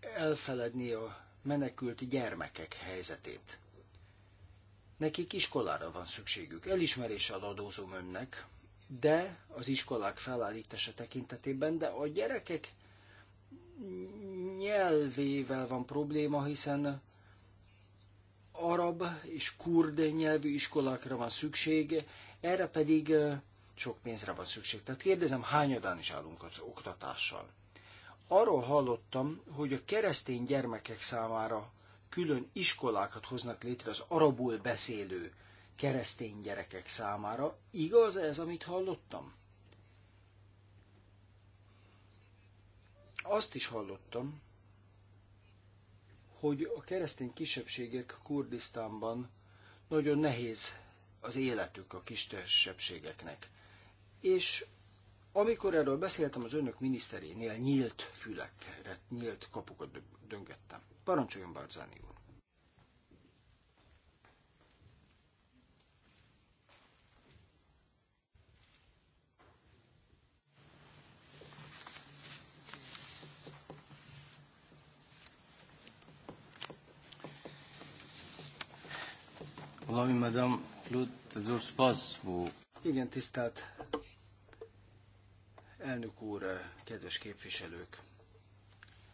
elfeledni a menekült gyermekek helyzetét. Nekik iskolára van szükségük. Elismeréssel adózom önnek, de az iskolák felállítása tekintetében, de a gyerekek nyelvével van probléma, hiszen arab és kurd nyelvű iskolákra van szükség, erre pedig sok pénzre van szükség. Tehát kérdezem, hányadán is állunk az oktatással? Arról hallottam, hogy a keresztény gyermekek számára külön iskolákat hoznak létre az arabul beszélő keresztény gyerekek számára. Igaz ez, amit hallottam? Azt is hallottam, hogy a keresztény kisebbségek Kurdisztánban nagyon nehéz az életük a kisebbségeknek. És amikor erről beszéltem az önök miniszterénél, nyílt fülekre, nyílt kapukat döngettem. Parancsoljon Balcáni úr! Valami, madame, flut, zor spazbó. Igen, tisztelt elnök úr, kedves képviselők!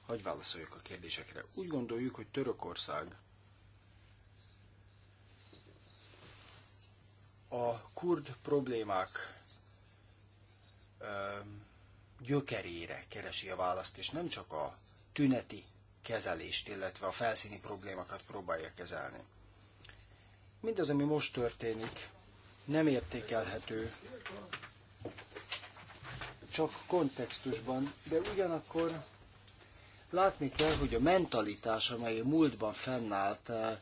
hogy válaszoljuk a kérdésekre. Úgy gondoljuk, hogy Törökország a kurd problémák gyökerére keresi a választ, és nem csak a tüneti kezelést, illetve a felszíni problémákat próbálja kezelni. Mindaz, ami most történik, nem értékelhető csak kontextusban, de ugyanakkor Látni kell, hogy a mentalitás, amely a múltban fennállt, eh,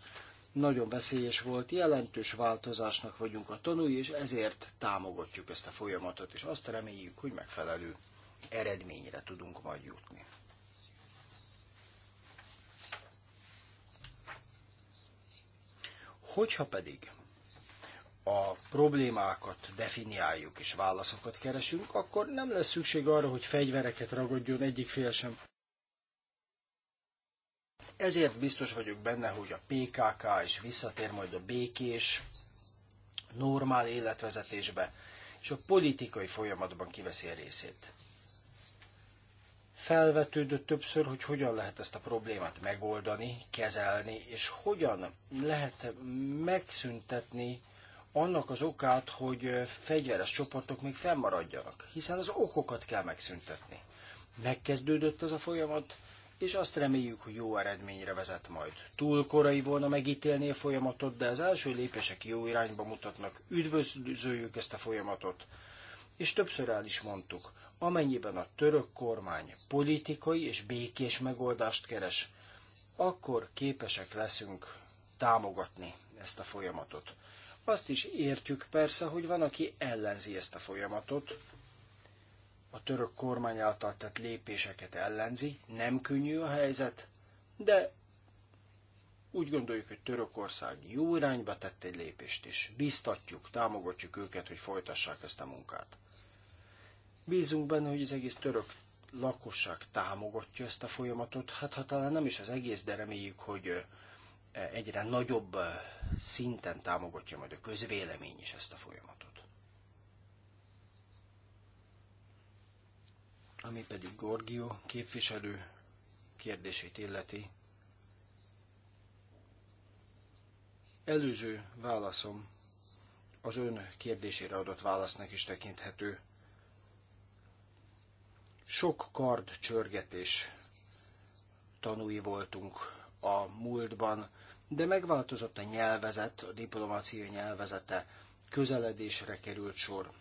nagyon veszélyes volt, jelentős változásnak vagyunk a tanúi, és ezért támogatjuk ezt a folyamatot, és azt reméljük, hogy megfelelő eredményre tudunk majd jutni. Hogyha pedig a problémákat definiáljuk és válaszokat keresünk, akkor nem lesz szükség arra, hogy fegyvereket ragadjon egyik fél sem. Ezért biztos vagyok benne, hogy a PKK is visszatér majd a békés, normál életvezetésbe, és a politikai folyamatban kiveszi a részét. Felvetődött többször, hogy hogyan lehet ezt a problémát megoldani, kezelni, és hogyan lehet megszüntetni annak az okát, hogy fegyveres csoportok még fennmaradjanak, hiszen az okokat kell megszüntetni. Megkezdődött ez a folyamat, és azt reméljük, hogy jó eredményre vezet majd. Túl korai volna megítélni a folyamatot, de az első lépések jó irányba mutatnak. Üdvözöljük ezt a folyamatot. És többször el is mondtuk, amennyiben a török kormány politikai és békés megoldást keres, akkor képesek leszünk támogatni ezt a folyamatot. Azt is értjük persze, hogy van, aki ellenzi ezt a folyamatot, a török kormány által tett lépéseket ellenzi. Nem könnyű a helyzet, de úgy gondoljuk, hogy Törökország jó irányba tett egy lépést, és biztatjuk, támogatjuk őket, hogy folytassák ezt a munkát. Bízunk benne, hogy az egész török lakosság támogatja ezt a folyamatot, hát ha talán nem is az egész, de reméljük, hogy egyre nagyobb szinten támogatja majd a közvélemény is ezt a folyamatot. Ami pedig Gorgio képviselő kérdését illeti. Előző válaszom az ön kérdésére adott válasznak is tekinthető. Sok kard csörgetés tanúi voltunk a múltban, de megváltozott a nyelvezet, a diplomáciai nyelvezete, közeledésre került sor.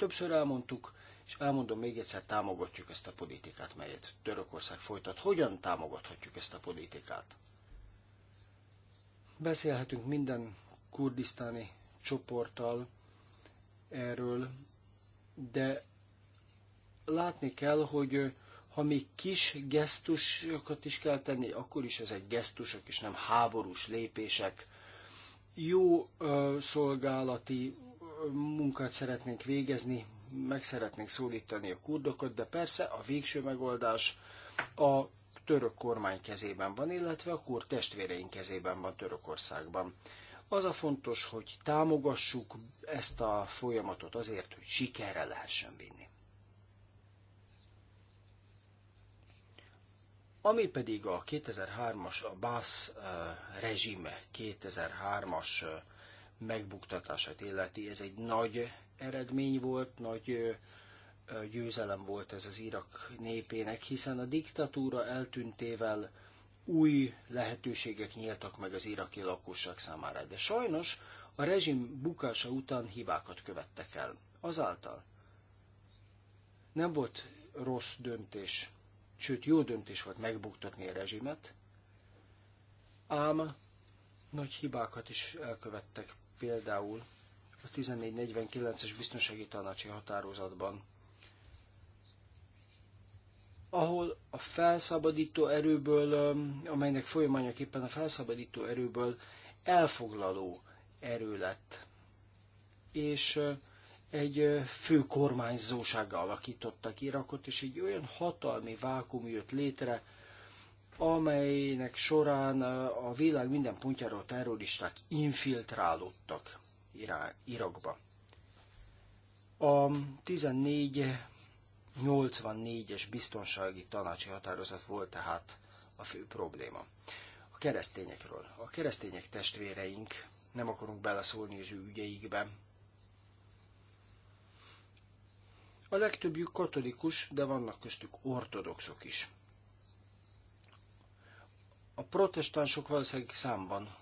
Többször elmondtuk, és elmondom még egyszer, támogatjuk ezt a politikát, melyet Törökország folytat. Hogyan támogathatjuk ezt a politikát? Beszélhetünk minden kurdisztáni csoporttal erről, de látni kell, hogy ha még kis gesztusokat is kell tenni, akkor is ezek gesztusok, és nem háborús lépések. Jó uh, szolgálati munkát szeretnénk végezni, meg szeretnénk szólítani a kurdokat, de persze a végső megoldás a török kormány kezében van, illetve a kurd testvéreink kezében van Törökországban. Az a fontos, hogy támogassuk ezt a folyamatot azért, hogy sikerre lehessen vinni. Ami pedig a 2003-as, a BASZ uh, eh, rezsime 2003-as uh, eh, megbuktatását illeti. Ez egy nagy eredmény volt, nagy győzelem volt ez az irak népének, hiszen a diktatúra eltűntével új lehetőségek nyíltak meg az iraki lakosság számára. De sajnos a rezsim bukása után hibákat követtek el. Azáltal nem volt rossz döntés, sőt jó döntés volt megbuktatni a rezsimet, ám nagy hibákat is elkövettek például a 1449-es biztonsági tanácsi határozatban, ahol a felszabadító erőből, amelynek folyamányaképpen a felszabadító erőből elfoglaló erő lett, és egy fő kormányzósága alakította Irakot, és egy olyan hatalmi vákum jött létre, amelynek során a világ minden pontjáról terroristák infiltrálódtak Irakba. A 1484-es biztonsági tanácsi határozat volt tehát a fő probléma. A keresztényekről. A keresztények testvéreink, nem akarunk beleszólni az ő ügyeikbe. A legtöbbjük katolikus, de vannak köztük ortodoxok is. A protestánsok valószínűleg számban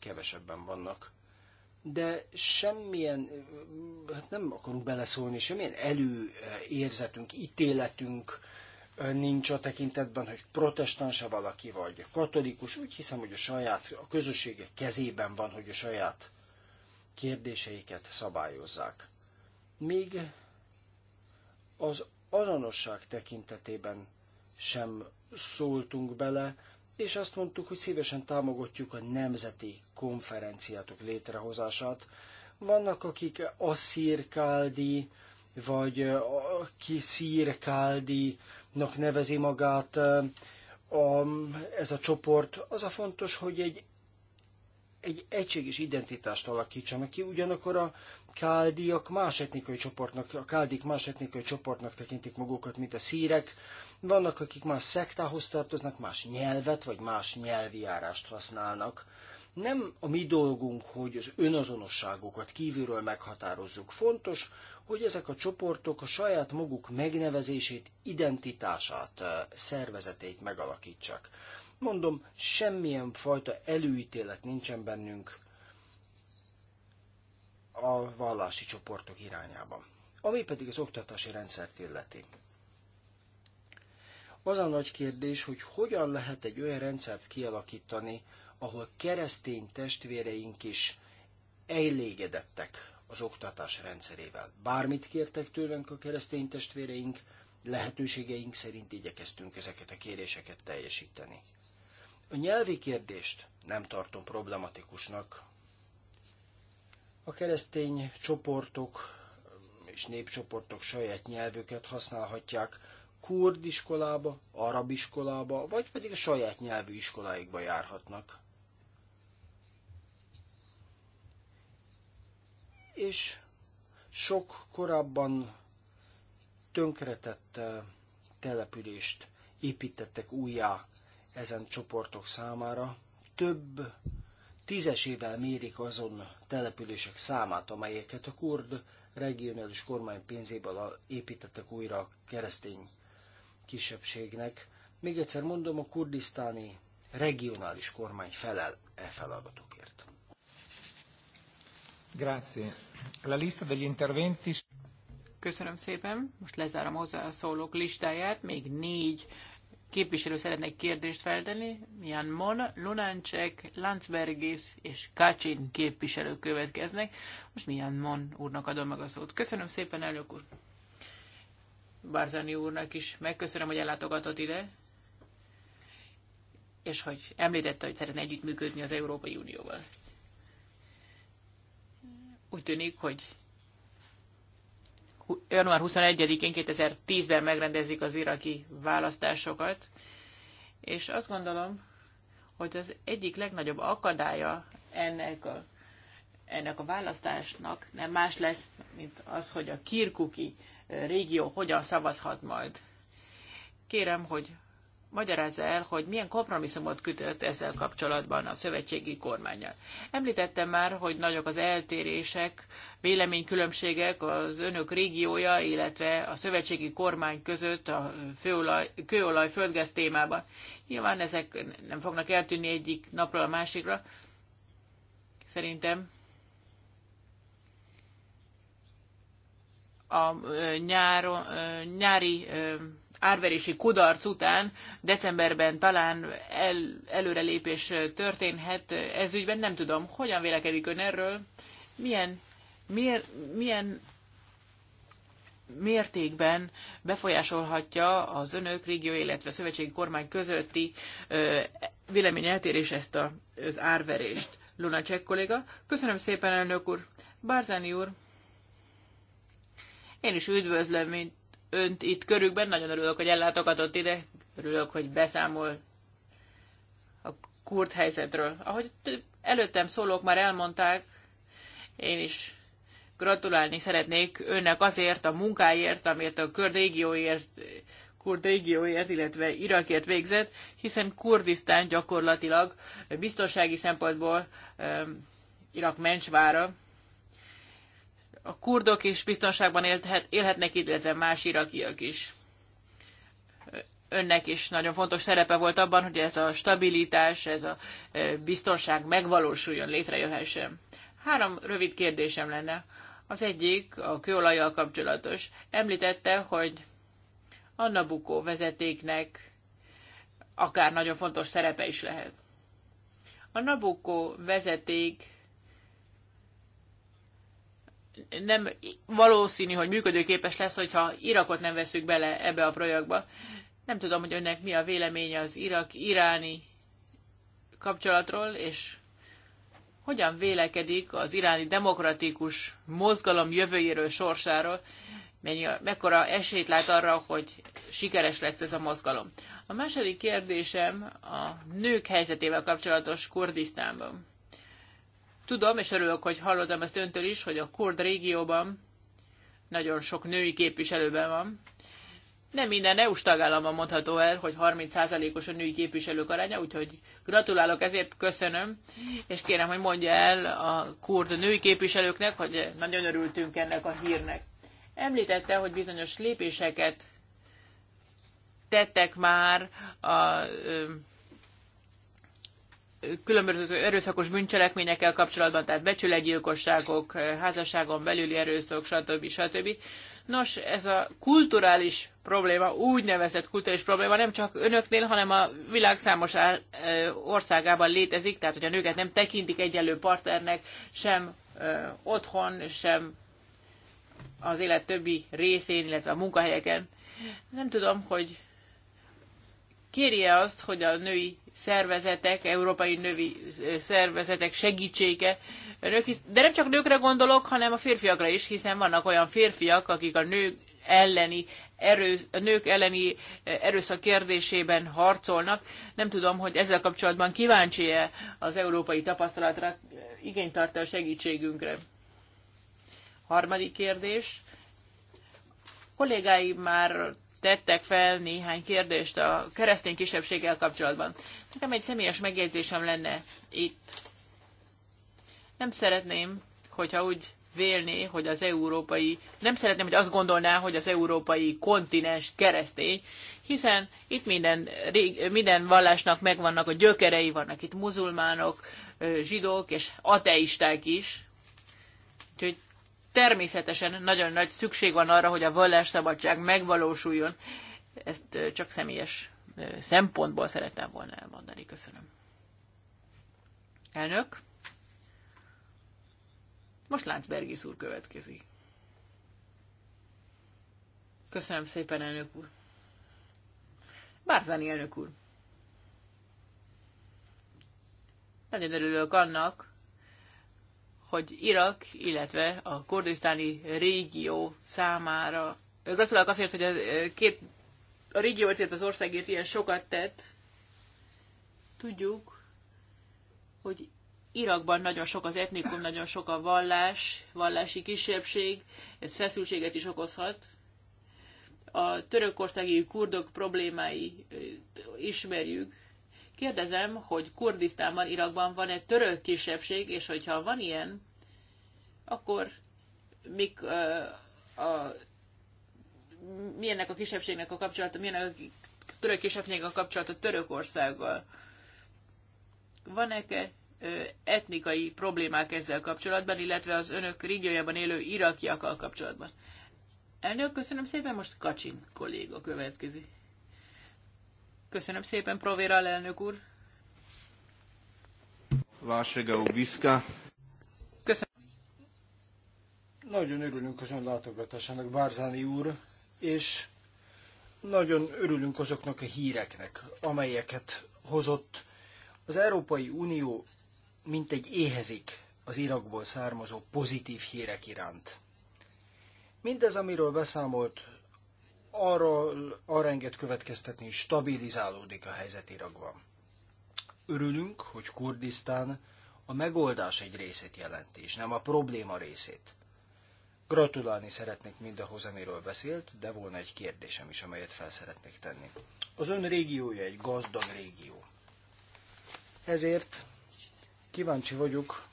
kevesebben vannak. De semmilyen, hát nem akarunk beleszólni, semmilyen előérzetünk, ítéletünk nincs a tekintetben, hogy protestáns-e valaki, vagy katolikus. Úgy hiszem, hogy a saját, a közössége kezében van, hogy a saját kérdéseiket szabályozzák. Még az azonosság tekintetében sem szóltunk bele, és azt mondtuk, hogy szívesen támogatjuk a nemzeti konferenciátok létrehozását. Vannak, akik asszírkáldi, vagy kiszírkáldinak nevezi magát a, ez a csoport. Az a fontos, hogy egy egy egységes identitást alakítsanak ki, ugyanakkor a káldiak más etnikai csoportnak, a káldik más etnikai csoportnak tekintik magukat, mint a szírek, vannak, akik más szektához tartoznak, más nyelvet vagy más nyelvi járást használnak. Nem a mi dolgunk, hogy az önazonosságokat kívülről meghatározzuk. Fontos, hogy ezek a csoportok a saját maguk megnevezését, identitását, eh, szervezetét megalakítsák. Mondom, semmilyen fajta előítélet nincsen bennünk a vallási csoportok irányában. Ami pedig az oktatási rendszert illeti. Az a nagy kérdés, hogy hogyan lehet egy olyan rendszert kialakítani, ahol keresztény testvéreink is elégedettek az oktatás rendszerével. Bármit kértek tőlünk a keresztény testvéreink, lehetőségeink szerint igyekeztünk ezeket a kéréseket teljesíteni. A nyelvi kérdést nem tartom problematikusnak. A keresztény csoportok és népcsoportok saját nyelvüket használhatják, kurd iskolába, arab iskolába, vagy pedig a saját nyelvű iskoláikba járhatnak. És sok korábban tönkretett eh, települést építettek újjá ezen csoportok számára. Több tízesével mérik azon települések számát, amelyeket a kurd regionális kormány pénzéből építettek újra a keresztény kisebbségnek. Még egyszer mondom, a kurdisztáni regionális kormány felel e feladatokért. Grazie. La lista degli interventi... Köszönöm szépen. Most lezárom hozzá a szólók listáját. Még négy képviselő szeretne kérdést feltenni. Jan Mon, Lunáncsek, Landsbergis és Kacsin képviselők következnek. Most Jan Mon úrnak adom meg a szót. Köszönöm szépen, elnök úr. Barzani úrnak is megköszönöm, hogy ellátogatott ide, és hogy említette, hogy szeretne együttműködni az Európai Unióval. Úgy tűnik, hogy január 21-én 2010-ben megrendezik az iraki választásokat, és azt gondolom, hogy az egyik legnagyobb akadálya ennek a ennek a választásnak nem más lesz, mint az, hogy a kirkuki régió hogyan szavazhat majd. Kérem, hogy magyarázza el, hogy milyen kompromisszumot kötött ezzel kapcsolatban a szövetségi kormányjal. Említettem már, hogy nagyok az eltérések, véleménykülönbségek az önök régiója, illetve a szövetségi kormány között a főolaj, kőolaj földgáz témában. Nyilván ezek nem fognak eltűnni egyik napról a másikra. Szerintem a nyáro, nyári árverési kudarc után decemberben talán el, előrelépés történhet. Ez ügyben nem tudom, hogyan vélekedik ön erről, milyen, miért, milyen mértékben befolyásolhatja az önök régió, illetve a szövetségi kormány közötti véleményeltérés ezt a, az árverést. Lunacek kolléga. Köszönöm szépen, elnök úr. Barzani úr, én is üdvözlöm mint önt itt körükben, nagyon örülök, hogy ellátogatott ide, örülök, hogy beszámol a kurt helyzetről. Ahogy előttem szólók már elmondták, én is gratulálni szeretnék önnek azért a munkáért, amit a kurd régióért, kurd régióért, illetve Irakért végzett, hiszen Kurdisztán gyakorlatilag biztonsági szempontból um, Irak mencsvára, a kurdok is biztonságban élhet, élhetnek, illetve más irakiak is. Önnek is nagyon fontos szerepe volt abban, hogy ez a stabilitás, ez a e, biztonság megvalósuljon, létrejöhessen. Három rövid kérdésem lenne. Az egyik a kőolajjal kapcsolatos. Említette, hogy Anna Bukó vezetéknek akár nagyon fontos szerepe is lehet. A Nabukó vezeték nem valószínű, hogy működőképes lesz, hogyha Irakot nem veszük bele ebbe a projektbe. Nem tudom, hogy önnek mi a véleménye az irak-iráni kapcsolatról, és hogyan vélekedik az iráni demokratikus mozgalom jövőjéről, sorsáról, mennyi, mekkora esélyt lát arra, hogy sikeres lesz ez a mozgalom. A második kérdésem a nők helyzetével kapcsolatos Kurdisztánban. Tudom, és örülök, hogy hallottam ezt öntől is, hogy a kurd régióban nagyon sok női képviselőben van. Nem minden EU-s tagállamban mondható el, hogy 30%-os a női képviselők aránya, úgyhogy gratulálok ezért, köszönöm, és kérem, hogy mondja el a kurd női képviselőknek, hogy nagyon örültünk ennek a hírnek. Említette, hogy bizonyos lépéseket tettek már a különböző erőszakos bűncselekményekkel kapcsolatban, tehát becsületgyilkosságok, házasságon belüli erőszak, stb. stb. Nos, ez a kulturális probléma, úgynevezett kulturális probléma nem csak önöknél, hanem a világ számos országában létezik, tehát hogy a nőket nem tekintik egyenlő partnernek, sem otthon, sem az élet többi részén, illetve a munkahelyeken. Nem tudom, hogy kérje azt, hogy a női szervezetek, európai növi szervezetek segítsége. Nők, de nem csak nőkre gondolok, hanem a férfiakra is, hiszen vannak olyan férfiak, akik a nők elleni erő, a nők elleni erőszak kérdésében harcolnak. Nem tudom, hogy ezzel kapcsolatban kíváncsi-e az európai tapasztalatra, igényt tart a segítségünkre. Harmadik kérdés. kollégáim már tettek fel néhány kérdést a keresztény kisebbséggel kapcsolatban. Nekem egy személyes megjegyzésem lenne itt. Nem szeretném, hogyha úgy vélné, hogy az európai, nem szeretném, hogy azt gondolná, hogy az európai kontinens keresztény, hiszen itt minden, minden vallásnak megvannak a gyökerei, vannak itt muzulmánok, zsidók és ateisták is természetesen nagyon nagy szükség van arra, hogy a vallásszabadság megvalósuljon. Ezt csak személyes szempontból szerettem volna elmondani. Köszönöm. Elnök. Most Láncbergi úr következik. Köszönöm szépen, elnök úr. Bárzáni elnök úr. Nagyon örülök annak, hogy Irak, illetve a kurdisztáni régió számára. Gratulálok azért, hogy a, eh, két, a régióért, illetve az országért ilyen sokat tett. Tudjuk, hogy Irakban nagyon sok az etnikum, nagyon sok a vallás, vallási kisebbség, ez feszültséget is okozhat. A törökországi kurdok problémái eh, ismerjük, Kérdezem, hogy Kurdisztánban, Irakban van-e török kisebbség, és hogyha van ilyen, akkor mik, uh, a, milyennek a kisebbségnek a kapcsolata, milyennek a török kisebbségnek a kapcsolata Törökországgal? Van-e etnikai problémák ezzel kapcsolatban, illetve az önök régiójában élő irakiakkal kapcsolatban? Elnök, köszönöm szépen, most Kacsin kolléga következik. Köszönöm szépen, Provéra elnök úr. Vársega Ubiszka. Köszönöm. Nagyon örülünk az ön látogatásának, Bárzáni úr, és nagyon örülünk azoknak a híreknek, amelyeket hozott. Az Európai Unió egy éhezik az Irakból származó pozitív hírek iránt. Mindez, amiről beszámolt, arról arra enged következtetni, hogy stabilizálódik a helyzet Irakban. Örülünk, hogy Kurdisztán a megoldás egy részét jelenti, és nem a probléma részét. Gratulálni szeretnék mindahhoz, amiről beszélt, de volna egy kérdésem is, amelyet fel szeretnék tenni. Az ön régiója egy gazdag régió. Ezért kíváncsi vagyok,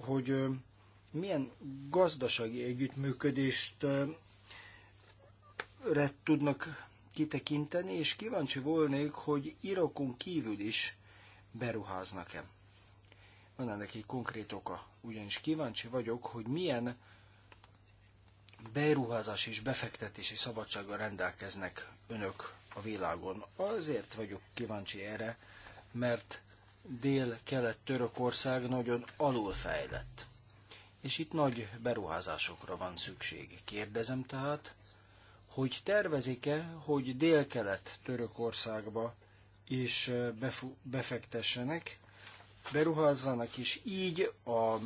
hogy milyen gazdasági együttműködést tudnak kitekinteni, és kíváncsi volnék, hogy Irakon kívül is beruháznak-e. Van ennek egy konkrét oka, ugyanis kíváncsi vagyok, hogy milyen beruházás és befektetési szabadsággal rendelkeznek önök a világon. Azért vagyok kíváncsi erre, mert Dél-Kelet-Törökország nagyon alulfejlett. És itt nagy beruházásokra van szükség. Kérdezem tehát, hogy tervezik-e, hogy délkelet Törökországba is befektessenek, beruházzanak, és így a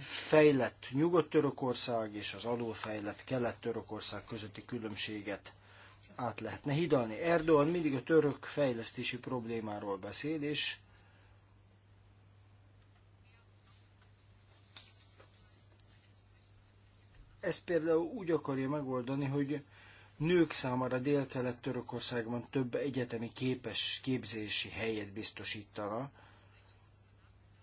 fejlett Nyugat-Törökország és az alulfejlett Kelet-Törökország közötti különbséget át lehetne hidalni. Erdogan mindig a török fejlesztési problémáról beszél, és ezt például úgy akarja megoldani, hogy nők számára Dél-Kelet-Törökországban több egyetemi képes képzési helyet biztosítana.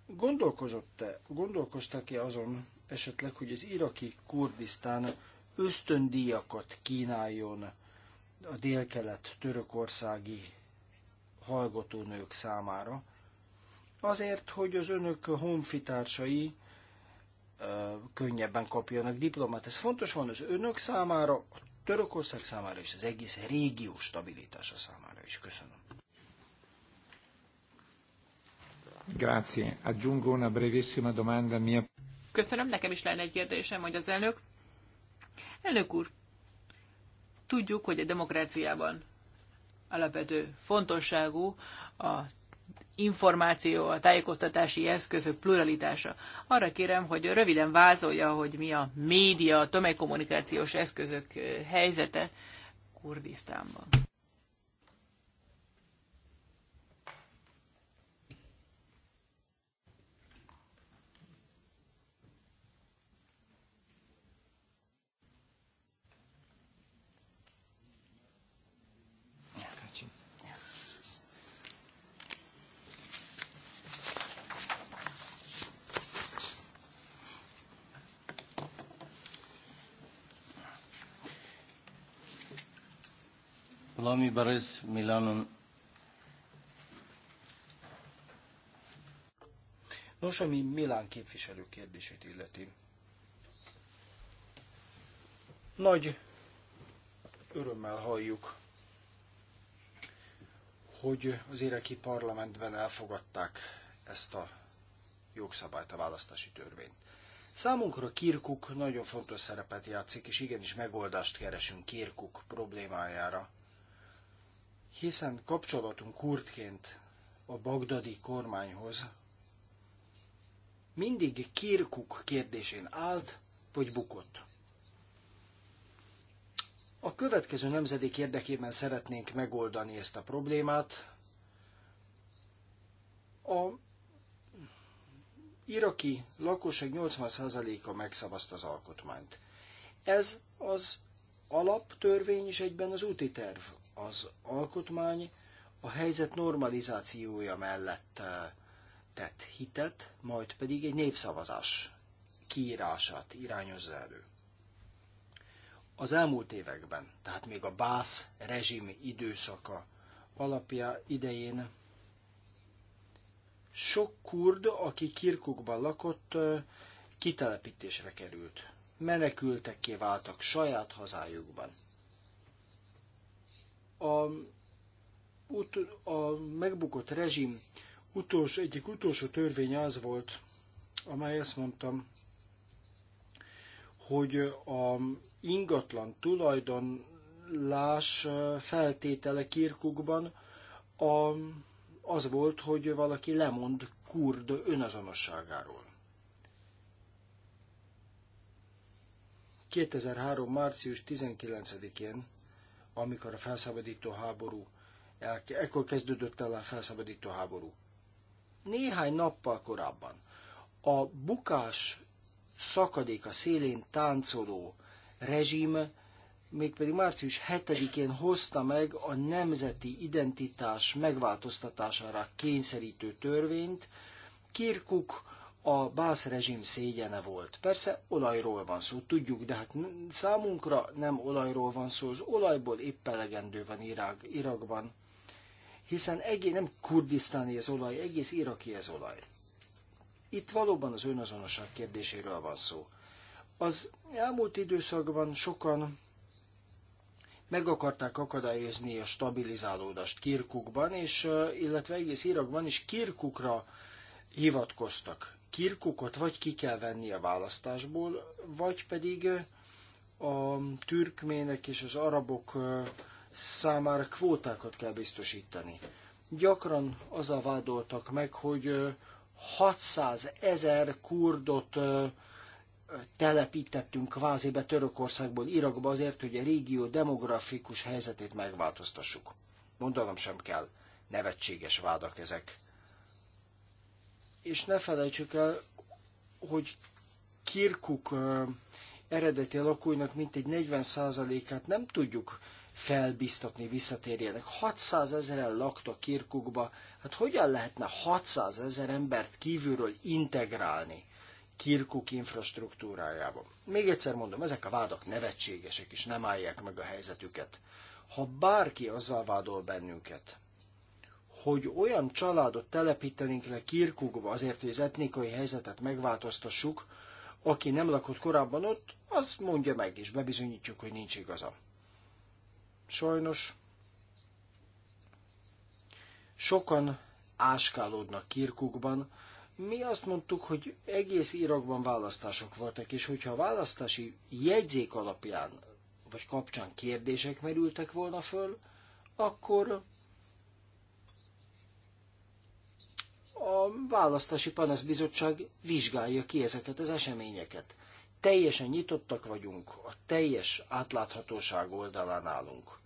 Gondolkozott-e, gondolkoztak-e azon esetleg, hogy az iraki Kurdisztán ösztöndíjakat kínáljon a délkelet törökországi hallgatónők számára, azért, hogy az önök honfitársai könnyebben kapjanak diplomát. Ez fontos van az önök számára, a Törökország számára és az egész régió stabilitása számára is. Köszönöm. Grazie. Aggiungo una brevissima domanda mia. Köszönöm, nekem is lenne egy kérdésem, hogy az elnök. Elnök úr, tudjuk, hogy a demokráciában alapvető fontosságú a információ, a tájékoztatási eszközök pluralitása. Arra kérem, hogy röviden vázolja, hogy mi a média, a tömegkommunikációs eszközök eh, helyzete Kurdisztánban. Lami Barez, Milánon. Nos, ami Milán képviselő kérdését illeti. Nagy örömmel halljuk, hogy az éreki parlamentben elfogadták ezt a jogszabályt, a választási törvényt. Számunkra Kirkuk nagyon fontos szerepet játszik, és igenis megoldást keresünk Kirkuk problémájára hiszen kapcsolatunk kurdként a bagdadi kormányhoz mindig Kirkuk kérdésén állt vagy bukott. A következő nemzedék érdekében szeretnénk megoldani ezt a problémát. A iraki lakosság 80%-a megszavazta az alkotmányt. Ez az alaptörvény is egyben az úti terv. Az alkotmány a helyzet normalizációja mellett eh, tett hitet, majd pedig egy népszavazás kiírását irányozza elő. Az elmúlt években, tehát még a bász rezsim időszaka alapja idején sok kurd, aki Kirkukban lakott, eh, kitelepítésre került. Menekültekké váltak saját hazájukban a, ut, a megbukott rezsim utolsó, egyik utolsó törvénye az volt, amely ezt mondtam, hogy a ingatlan tulajdonlás feltétele Kirkukban a, az volt, hogy valaki lemond kurd önazonosságáról. 2003. március 19-én amikor a felszabadító háború, ekkor kezdődött el a felszabadító háború. Néhány nappal korábban a bukás szakadék a szélén táncoló rezsim mégpedig március 7-én hozta meg a nemzeti identitás megváltoztatására kényszerítő törvényt. Kirkuk a Bász rezsim szégyene volt. Persze olajról van szó, tudjuk, de hát számunkra nem olajról van szó, az olajból épp elegendő van Irak, Irakban, hiszen egész, nem kurdisztáni ez olaj, egész iraki ez olaj. Itt valóban az önazonosság kérdéséről van szó. Az elmúlt időszakban sokan meg akarták akadályozni a stabilizálódást Kirkukban, és, illetve egész Irakban is Kirkukra hivatkoztak. Kirkukot vagy ki kell venni a választásból, vagy pedig a türkmének és az arabok számára kvótákat kell biztosítani. Gyakran az a vádoltak meg, hogy 600 ezer kurdot telepítettünk kvázi be Törökországból Irakba azért, hogy a régió demografikus helyzetét megváltoztassuk. Mondanom sem kell, nevetséges vádak ezek és ne felejtsük el, hogy Kirkuk eredeti lakóinak mintegy 40%-át nem tudjuk felbiztatni, visszatérjenek. 600 ezeren laktak Kirkukba, hát hogyan lehetne 600 ezer embert kívülről integrálni Kirkuk infrastruktúrájába? Még egyszer mondom, ezek a vádak nevetségesek, és nem állják meg a helyzetüket. Ha bárki azzal vádol bennünket, hogy olyan családot telepítenénk le Kirkukba azért, hogy az etnikai helyzetet megváltoztassuk, aki nem lakott korábban ott, az mondja meg, és bebizonyítjuk, hogy nincs igaza. Sajnos sokan áskálódnak Kirkukban, mi azt mondtuk, hogy egész Irakban választások voltak, és hogyha a választási jegyzék alapján vagy kapcsán kérdések merültek volna föl, akkor a választási panaszbizottság vizsgálja ki ezeket az eseményeket. Teljesen nyitottak vagyunk, a teljes átláthatóság oldalán állunk.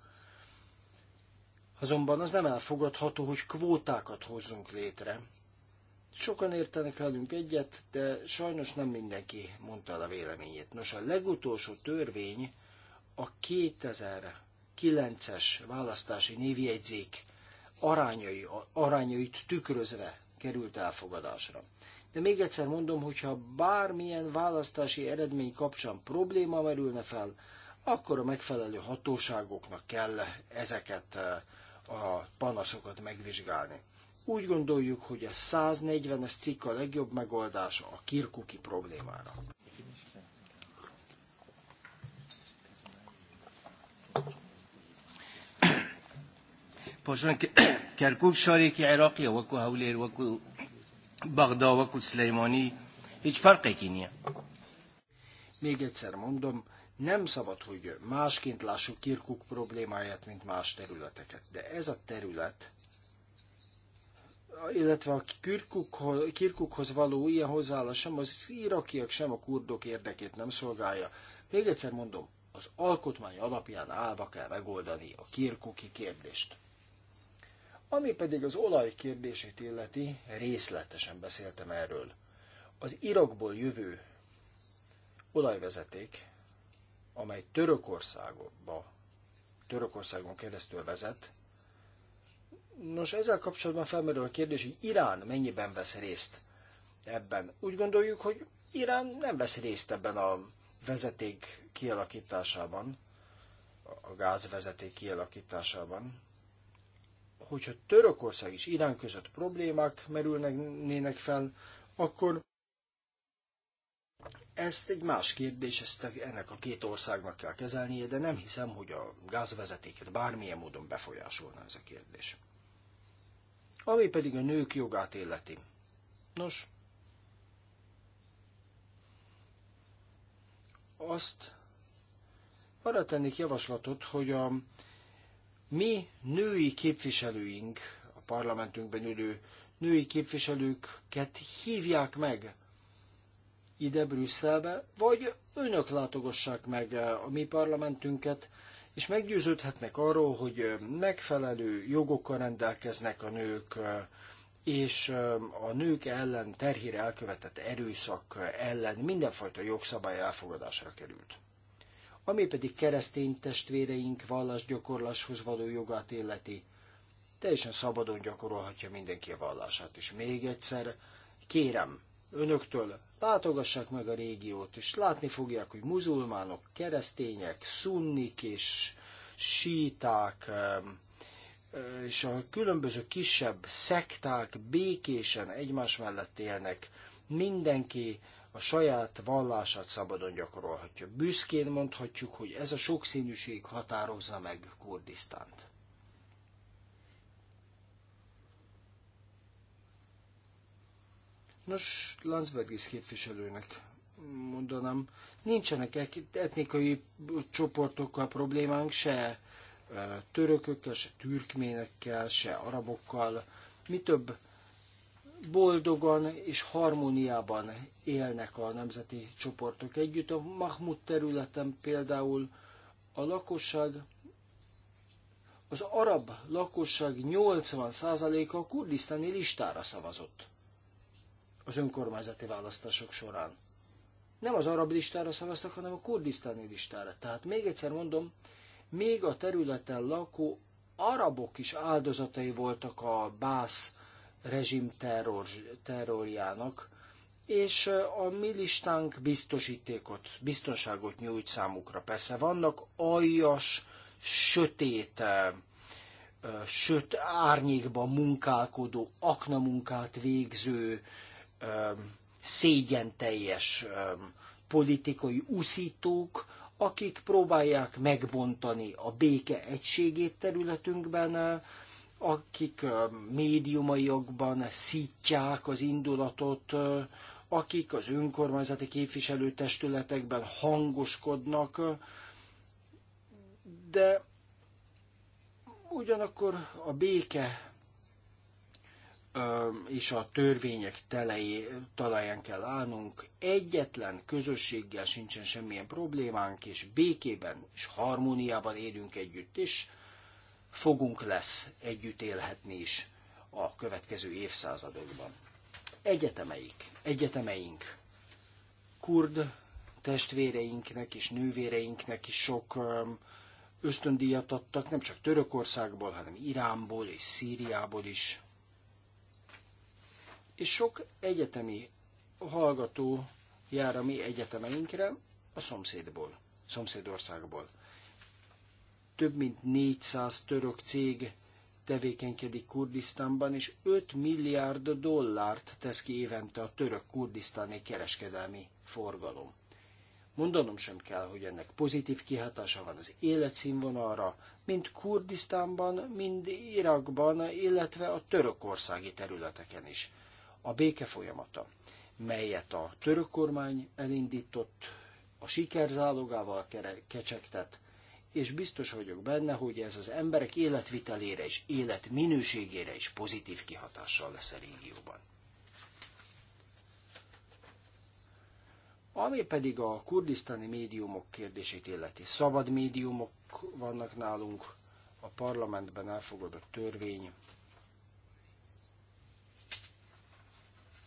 Azonban az nem elfogadható, hogy kvótákat hozzunk létre. Sokan értenek velünk egyet, de sajnos nem mindenki mondta el a véleményét. Nos, a legutolsó törvény a 2009-es választási névjegyzék arányai, arányait tükrözve került elfogadásra. De még egyszer mondom, hogyha bármilyen választási eredmény kapcsán probléma merülne fel, akkor a megfelelő hatóságoknak kell ezeket eh, a panaszokat megvizsgálni. Úgy gondoljuk, hogy a 140-es cikk a legjobb megoldása a kirkuki problémára. Thank you. پاشان [COUGHS] کرکوک شارێکی عێراقیە وەکو هەولێر وەکو بەغدا وەکو سلەیمانی هیچ Még egyszer mondom, nem szabad, hogy másként lássuk Kirkuk problémáját, mint más területeket. De ez a terület, illetve a Kirkukhoz, Kirkukhoz való ilyen hozzáállás sem az irakiak, sem a kurdok érdekét nem szolgálja. Még egyszer mondom, az alkotmány alapján állva kell megoldani a kirkuki kérdést. Ami pedig az olaj kérdését illeti, részletesen beszéltem erről. Az Irakból jövő olajvezeték, amely Törökországba, Törökországon keresztül vezet, Nos, ezzel kapcsolatban felmerül a kérdés, hogy Irán mennyiben vesz részt ebben. Úgy gondoljuk, hogy Irán nem vesz részt ebben a vezeték kialakításában, a gázvezeték kialakításában hogyha Törökország és Irán között problémák merülnének fel, akkor ez egy más kérdés, ezt ennek a két országnak kell kezelnie, de nem hiszem, hogy a gázvezetéket bármilyen módon befolyásolna ez a kérdés. Ami pedig a nők jogát illeti. Nos, azt arra tennék javaslatot, hogy a mi női képviselőink, a parlamentünkben ülő női képviselőket hívják meg ide Brüsszelbe, vagy önök látogassák meg a mi parlamentünket, és meggyőződhetnek arról, hogy megfelelő jogokkal rendelkeznek a nők, és a nők ellen terhére elkövetett erőszak ellen mindenfajta jogszabály elfogadásra került ami pedig keresztény testvéreink vallásgyakorláshoz való jogát illeti. Teljesen szabadon gyakorolhatja mindenki a vallását. És még egyszer kérem önöktől, látogassák meg a régiót, és látni fogják, hogy muzulmánok, keresztények, szunnik és síták, és a különböző kisebb szekták békésen egymás mellett élnek. Mindenki a saját vallását szabadon gyakorolhatja. Büszkén mondhatjuk, hogy ez a sokszínűség határozza meg Kurdisztánt. Nos, Landsbergis képviselőnek mondanám, nincsenek etnikai csoportokkal problémánk, se eh, törökökkel, se türkménekkel, se arabokkal. Mi több, boldogan és harmóniában élnek a nemzeti csoportok együtt. A Mahmud területen például a lakosság, az arab lakosság 80%-a a kurdisztáni listára szavazott az önkormányzati választások során. Nem az arab listára szavaztak, hanem a kurdisztáni listára. Tehát még egyszer mondom, még a területen lakó arabok is áldozatai voltak a bász rezsim terror, terrorjának, és a milistánk biztosítékot, biztonságot nyújt számukra. Persze vannak aljas, sötét, söt árnyékban munkálkodó, aknamunkát végző, szégyenteljes politikai úszítók, akik próbálják megbontani a béke egységét területünkben, akik médiumaiokban szítják az indulatot, akik az önkormányzati képviselőtestületekben hangoskodnak, de ugyanakkor a béke és a törvények telei, talaján kell állnunk. Egyetlen közösséggel sincsen semmilyen problémánk, és békében és harmóniában élünk együtt, és fogunk lesz együtt élhetni is a következő évszázadokban. Egyetemeik, egyetemeink, kurd testvéreinknek és nővéreinknek is sok ösztöndíjat adtak, nem csak Törökországból, hanem Iránból és Szíriából is. És sok egyetemi hallgató jár a mi egyetemeinkre a szomszédból, szomszédországból több mint 400 török cég tevékenykedik Kurdisztánban, és 5 milliárd dollárt tesz ki évente a török kurdisztáni kereskedelmi forgalom. Mondanom sem kell, hogy ennek pozitív kihatása van az életszínvonalra, mind Kurdisztánban, mind Irakban, illetve a törökországi területeken is. A béke folyamata, melyet a török kormány elindított, a sikerzálogával zálogával és biztos vagyok benne, hogy ez az emberek életvitelére és életminőségére is pozitív kihatással lesz a régióban. Ami pedig a kurdisztáni médiumok kérdését illeti. Szabad médiumok vannak nálunk, a parlamentben elfogadott törvény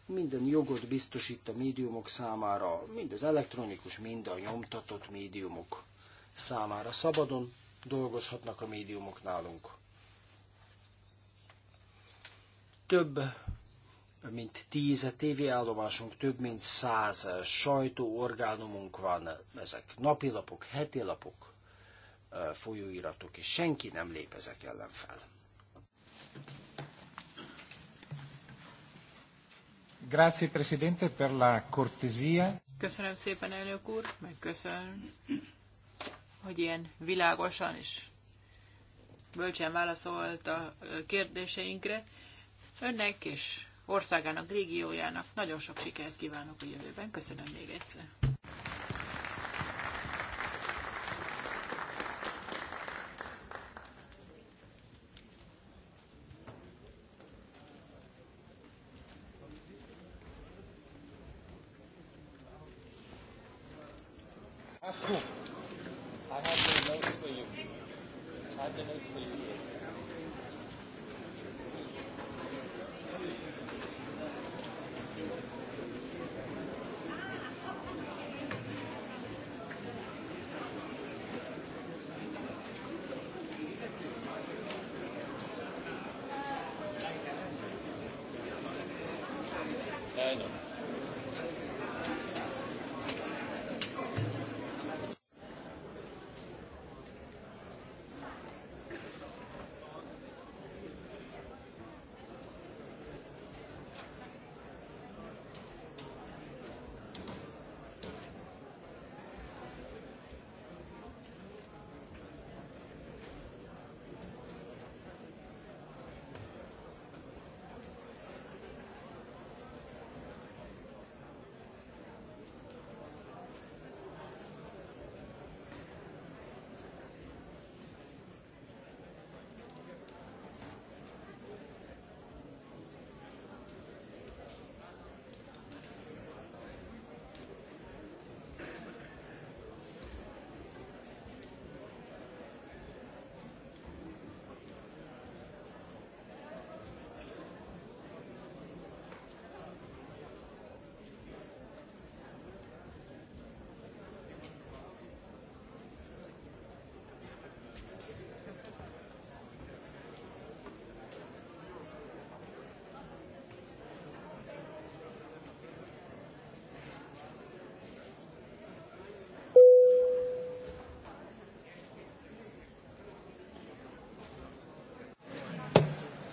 minden jogot biztosít a médiumok számára, mind az elektronikus, mind a nyomtatott médiumok számára szabadon dolgozhatnak a médiumok nálunk. Több mint tíz a tévéállomásunk, több mint száz sajtóorgánumunk van, ezek napilapok, hetilapok, folyóiratok, és senki nem lép ezek ellen fel. Grazie Presidente per la cortesia. Köszönöm szépen, elnök úr, köszönöm hogy ilyen világosan és bölcsen válaszolt a kérdéseinkre. Önnek és országának, régiójának nagyon sok sikert kívánok a jövőben. Köszönöm még egyszer.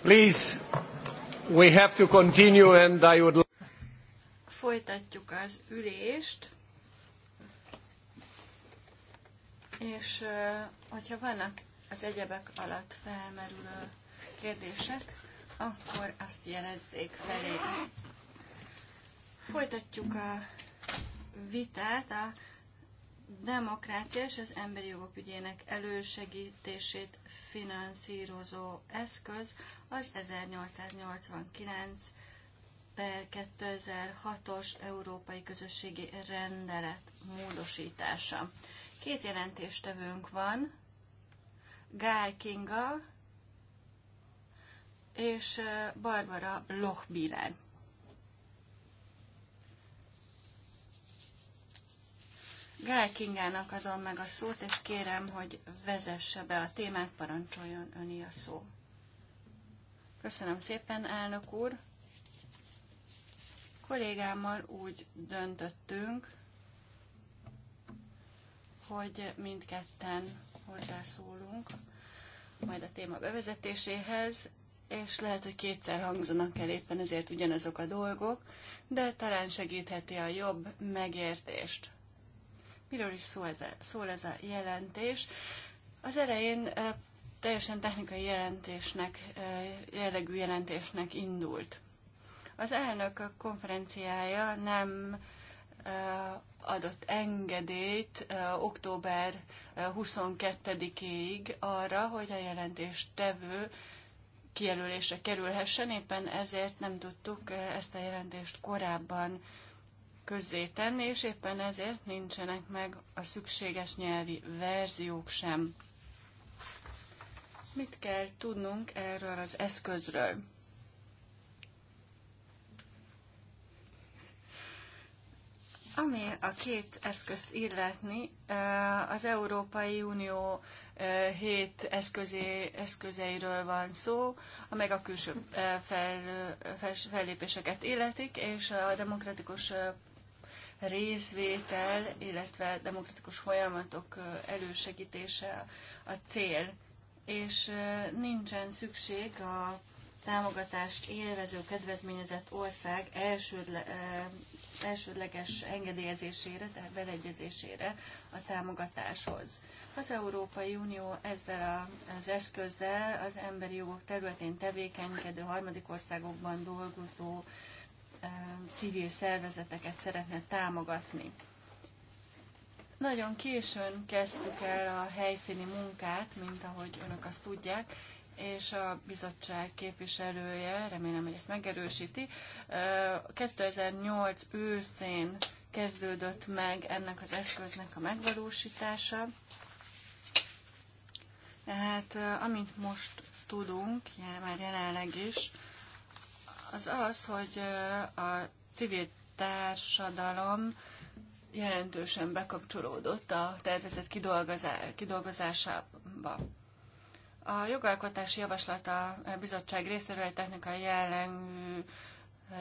Please, we have to continue and I would Folytatjuk az ülést. És hogyha vannak az egyebek alatt felmerülő kérdések, akkor azt jelezzék felé. Folytatjuk a vitát a demokrácia és az emberi jogok ügyének elősegítését finanszírozó eszköz az 1889 per 2006-os Európai Közösségi Rendelet módosítása. Két jelentéstevőnk van, Gál Kinga és Barbara Lochbirán. Gál Kingának adom meg a szót, és kérem, hogy vezesse be a témát, parancsoljon öni a szó. Köszönöm szépen, elnök úr. Kollégámmal úgy döntöttünk, hogy mindketten hozzászólunk majd a téma bevezetéséhez, és lehet, hogy kétszer hangzanak el éppen ezért ugyanazok a dolgok, de talán segítheti a jobb megértést. Miről is szól ez a, szól ez a jelentés? Az elején teljesen technikai jelentésnek, jellegű jelentésnek indult. Az elnök konferenciája nem adott engedélyt október 22-éig arra, hogy a tevő kijelölésre kerülhessen, éppen ezért nem tudtuk ezt a jelentést korábban közzétenni, és éppen ezért nincsenek meg a szükséges nyelvi verziók sem. Mit kell tudnunk erről az eszközről? Ami a két eszközt illetni, eh, az Európai Unió eh, hét eszközé, eszközeiről van szó, amelyek a külső eh, fel, fel, fellépéseket illetik, és a demokratikus részvétel, illetve demokratikus folyamatok elősegítése a cél, és nincsen szükség a támogatást élvező kedvezményezett ország elsődle, elsődleges engedélyezésére, tehát beleegyezésére a támogatáshoz. Az Európai Unió ezzel az eszközzel az emberi jogok területén tevékenykedő harmadik országokban dolgozó civil szervezeteket szeretne támogatni. Nagyon későn kezdtük el a helyszíni munkát, mint ahogy önök azt tudják, és a bizottság képviselője, remélem, hogy ezt megerősíti, 2008 őszén kezdődött meg ennek az eszköznek a megvalósítása. Tehát amint most tudunk, már jelenleg is, az az, hogy a civil társadalom jelentősen bekapcsolódott a tervezet kidolgozásába. A jogalkotási javaslat a bizottság részéről egy technikai jellegű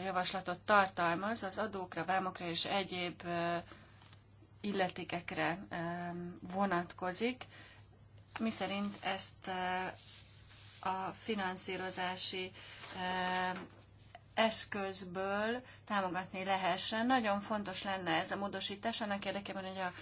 javaslatot tartalmaz, az adókra, vámokra és egyéb illetékekre vonatkozik, miszerint ezt a finanszírozási eszközből támogatni lehessen. Nagyon fontos lenne ez a módosítás annak érdekében, hogy a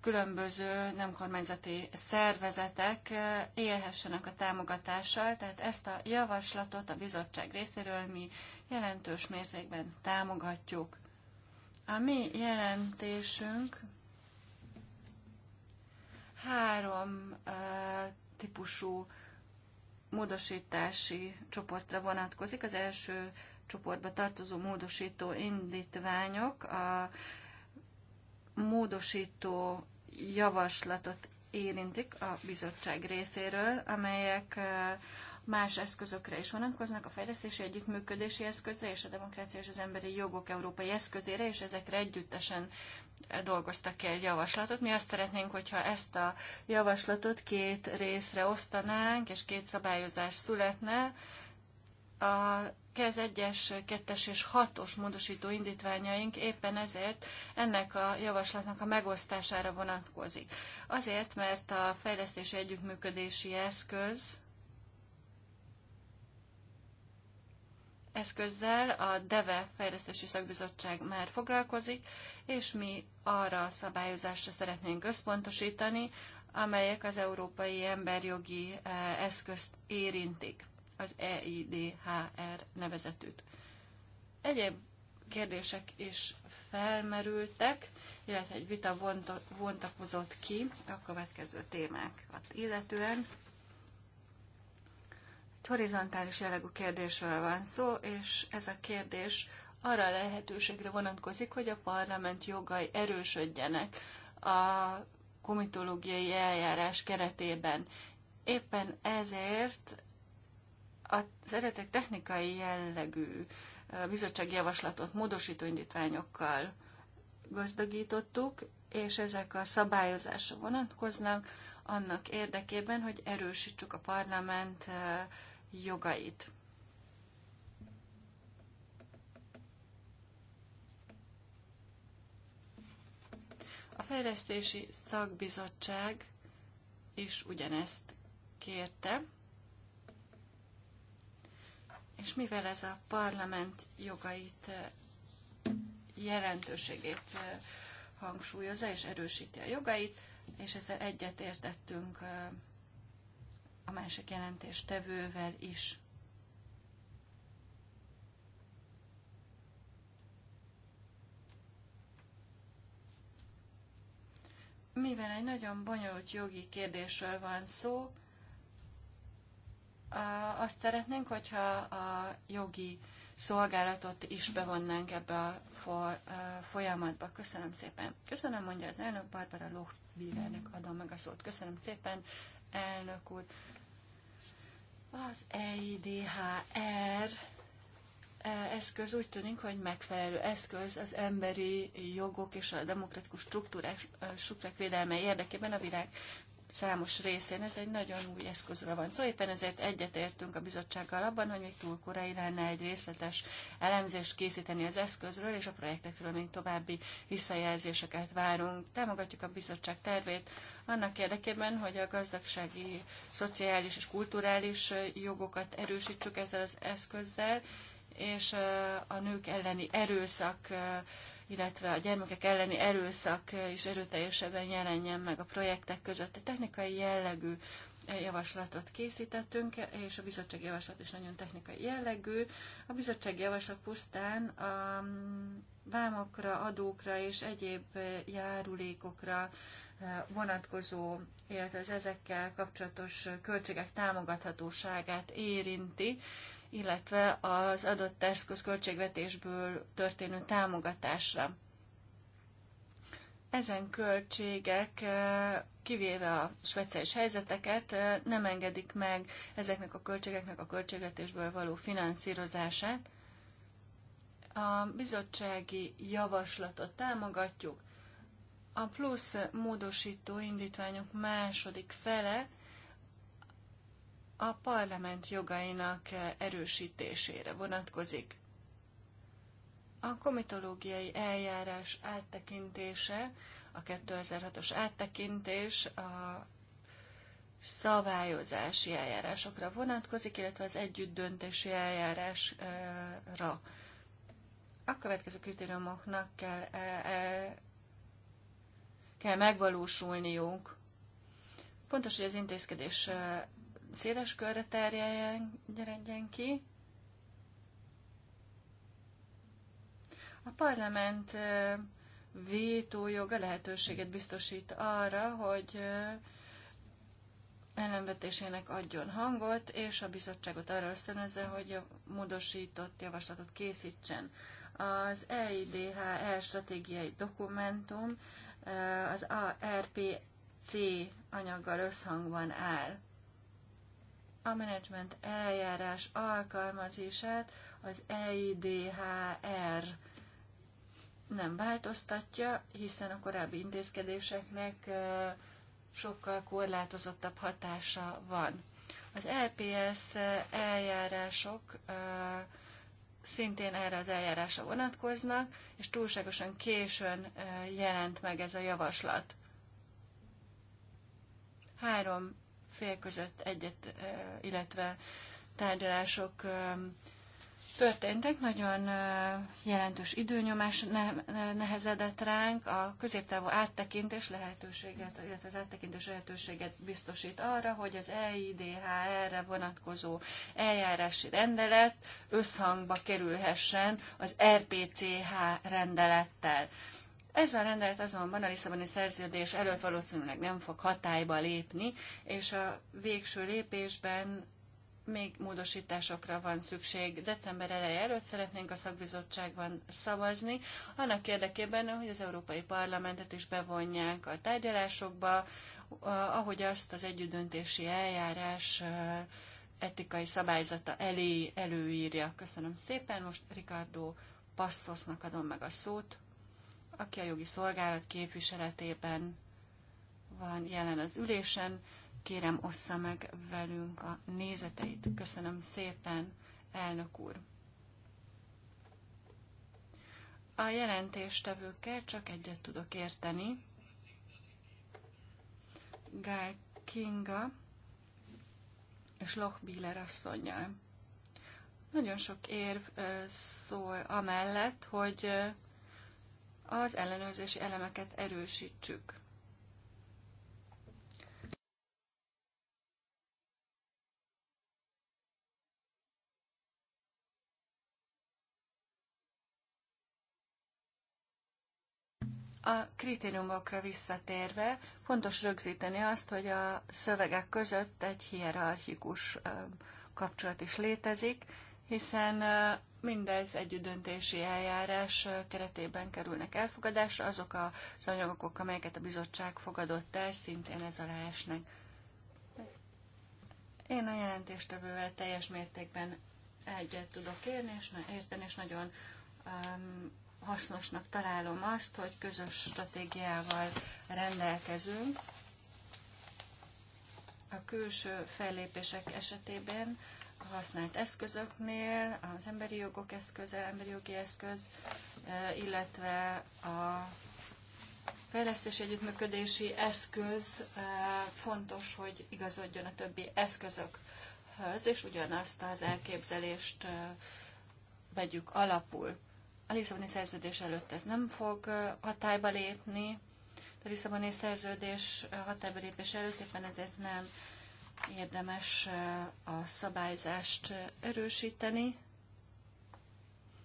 különböző nem kormányzati szervezetek eh, élhessenek a támogatással, tehát ezt a javaslatot a bizottság részéről mi jelentős mértékben támogatjuk. A mi jelentésünk három eh, típusú módosítási csoportra vonatkozik. Az első csoportba tartozó módosító indítványok a módosító javaslatot érintik a bizottság részéről, amelyek más eszközökre is vonatkoznak, a fejlesztési együttműködési eszközre és a demokrácia és az emberi jogok európai eszközére, és ezekre együttesen dolgoztak ki egy javaslatot. Mi azt szeretnénk, hogyha ezt a javaslatot két részre osztanánk, és két szabályozás születne, a KEZ 1-es, 2-es és 6-os módosító indítványaink éppen ezért ennek a javaslatnak a megosztására vonatkozik. Azért, mert a fejlesztési együttműködési eszköz eszközzel a DEVE Fejlesztési Szakbizottság már foglalkozik, és mi arra a szabályozásra szeretnénk összpontosítani, amelyek az európai emberjogi eh, eszközt érintik az EIDHR nevezetűt. Egyéb kérdések is felmerültek, illetve egy vita vontakozott ki a következő témákat illetően. Egy horizontális jellegű kérdésről van szó, és ez a kérdés arra a lehetőségre vonatkozik, hogy a parlament jogai erősödjenek a komitológiai eljárás keretében. Éppen ezért az eredetek technikai jellegű bizottsági javaslatot módosító indítványokkal gazdagítottuk, és ezek a szabályozásra vonatkoznak annak érdekében, hogy erősítsük a parlament jogait. A fejlesztési szakbizottság is ugyanezt kérte és mivel ez a parlament jogait, eh, jelentőségét eh, hangsúlyozza és erősíti a jogait, és ezzel egyetértettünk eh, a másik tevővel is. Mivel egy nagyon bonyolult jogi kérdésről van szó, azt szeretnénk, hogyha a jogi szolgálatot is bevonnánk ebbe a for, folyamatba. Köszönöm szépen. Köszönöm, mondja az elnök, Barbara Lochbívernek adom meg a szót. Köszönöm szépen, elnök úr. Az EIDHR eszköz úgy tűnik, hogy megfelelő eszköz az emberi jogok és a demokratikus struktúrák védelme érdekében a világ számos részén. Ez egy nagyon új eszközről van szóval éppen ezért egyetértünk a bizottsággal abban, hogy még túl korai lenne egy részletes elemzést készíteni az eszközről, és a projektekről még további visszajelzéseket várunk. Támogatjuk a bizottság tervét annak érdekében, hogy a gazdagsági, szociális és kulturális jogokat erősítsük ezzel az eszközzel, és a nők elleni erőszak illetve a gyermekek elleni erőszak is erőteljesebben jelenjen meg a projektek között. A technikai jellegű eh, javaslatot készítettünk, és a bizottság javaslat is nagyon technikai jellegű. A bizottság javaslat pusztán a mm, vámokra, adókra és egyéb eh, járulékokra eh, vonatkozó, illetve az ezekkel kapcsolatos költségek támogathatóságát érinti illetve az adott eszköz költségvetésből történő támogatásra. Ezen költségek, eh, kivéve a speciális helyzeteket, eh, nem engedik meg ezeknek a költségeknek a költségvetésből való finanszírozását. A bizottsági javaslatot támogatjuk. A plusz módosító indítványok második fele a parlament jogainak erősítésére vonatkozik. A komitológiai eljárás áttekintése, a 2006-os áttekintés a szabályozási eljárásokra vonatkozik, illetve az együttdöntési eljárásra. A következő kritériumoknak kell, e, e, kell megvalósulniuk. Fontos, hogy az intézkedés széles körre terjedjen ki. A parlament vétójoga lehetőséget biztosít arra, hogy ellenvetésének adjon hangot, és a bizottságot arra ösztönözze, hogy a módosított javaslatot készítsen. Az EIDHR stratégiai dokumentum az ARPC anyaggal összhangban áll a menedzsment eljárás alkalmazását az EIDHR nem változtatja, hiszen a korábbi intézkedéseknek sokkal korlátozottabb hatása van. Az LPS e eljárások szintén erre az eljárásra vonatkoznak, és túlságosan későn jelent meg ez a javaslat. Három fél között egyet, illetve tárgyalások történtek, nagyon jelentős időnyomás nehezedett ránk, a középtávú áttekintés lehetőséget, illetve az áttekintés lehetőséget biztosít arra, hogy az EIDHR-re vonatkozó eljárási rendelet összhangba kerülhessen az RPCH rendelettel. Ez a rendelet azonban a Lisszaboni szerződés előtt valószínűleg nem fog hatályba lépni, és a végső lépésben még módosításokra van szükség. December eleje előtt szeretnénk a szakbizottságban szavazni, annak érdekében, hogy az Európai Parlamentet is bevonják a tárgyalásokba, ahogy azt az együttdöntési eljárás etikai szabályzata elé előírja. Köszönöm szépen, most Ricardo Passosnak adom meg a szót aki a jogi szolgálat képviseletében van jelen az ülésen. Kérem, ossza meg velünk a nézeteit. Köszönöm szépen, elnök úr. A jelentéstevőkkel csak egyet tudok érteni. Gál Kinga és Loch Biller asszonyjal. Nagyon sok érv szól amellett, hogy az ellenőrzési elemeket erősítsük. A kritériumokra visszatérve fontos rögzíteni azt, hogy a szövegek között egy hierarchikus kapcsolat is létezik, hiszen mindez együtt döntési eljárás keretében kerülnek elfogadásra. Azok az anyagok, amelyeket a bizottság fogadott el, szintén ez alá esnek. Én a jelentéstevővel teljes mértékben egyet tudok érni, és, érteni, és nagyon um, hasznosnak találom azt, hogy közös stratégiával rendelkezünk. A külső fellépések esetében használt eszközöknél, az emberi jogok eszköze, emberi jogi eszköz, e, illetve a fejlesztési együttműködési eszköz e, fontos, hogy igazodjon a többi eszközökhöz, és ugyanazt az elképzelést e, vegyük alapul. A Lisszaboni szerződés előtt ez nem fog hatályba lépni, a Lisszaboni szerződés hatályba lépés előtt éppen ezért nem érdemes a szabályzást erősíteni,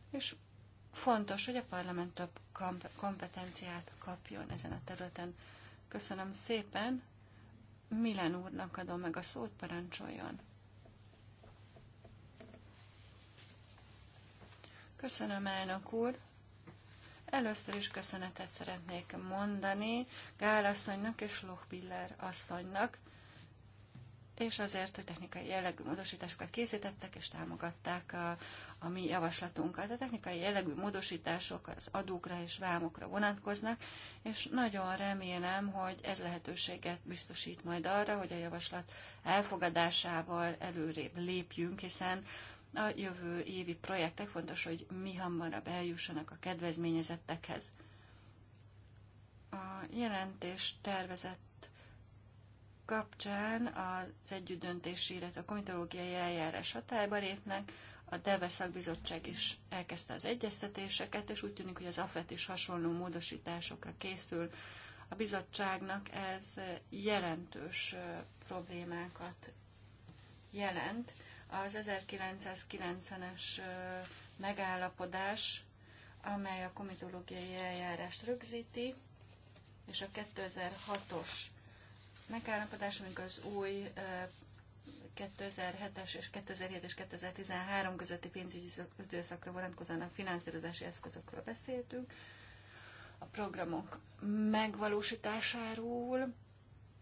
és fontos, hogy a parlament több kompetenciát kapjon ezen a területen. Köszönöm szépen. Milen úrnak adom meg a szót, parancsoljon. Köszönöm, elnök úr. Először is köszönetet szeretnék mondani Gál asszonynak és Lochbiller asszonynak és azért, hogy technikai jellegű módosításokat készítettek, és támogatták a, a mi javaslatunkat. A technikai jellegű módosítások az adókra és vámokra vonatkoznak, és nagyon remélem, hogy ez lehetőséget biztosít majd arra, hogy a javaslat elfogadásával előrébb lépjünk, hiszen a jövő évi projektek fontos, hogy mi hamarabb eljussanak a kedvezményezettekhez. A jelentés tervezett kapcsán az együttdöntési, illetve a komitológiai eljárás hatályba lépnek, a DEVE szakbizottság is elkezdte az egyeztetéseket, és úgy tűnik, hogy az AFET is hasonló módosításokra készül. A bizottságnak ez jelentős problémákat jelent. Az 1990-es megállapodás, amely a komitológiai eljárást rögzíti, és a 2006-os megállapodás, amik az új 2007-es és 2007 és 2013 közötti pénzügyi időszakra vonatkozóan a finanszírozási eszközökről beszéltünk, a programok megvalósításáról,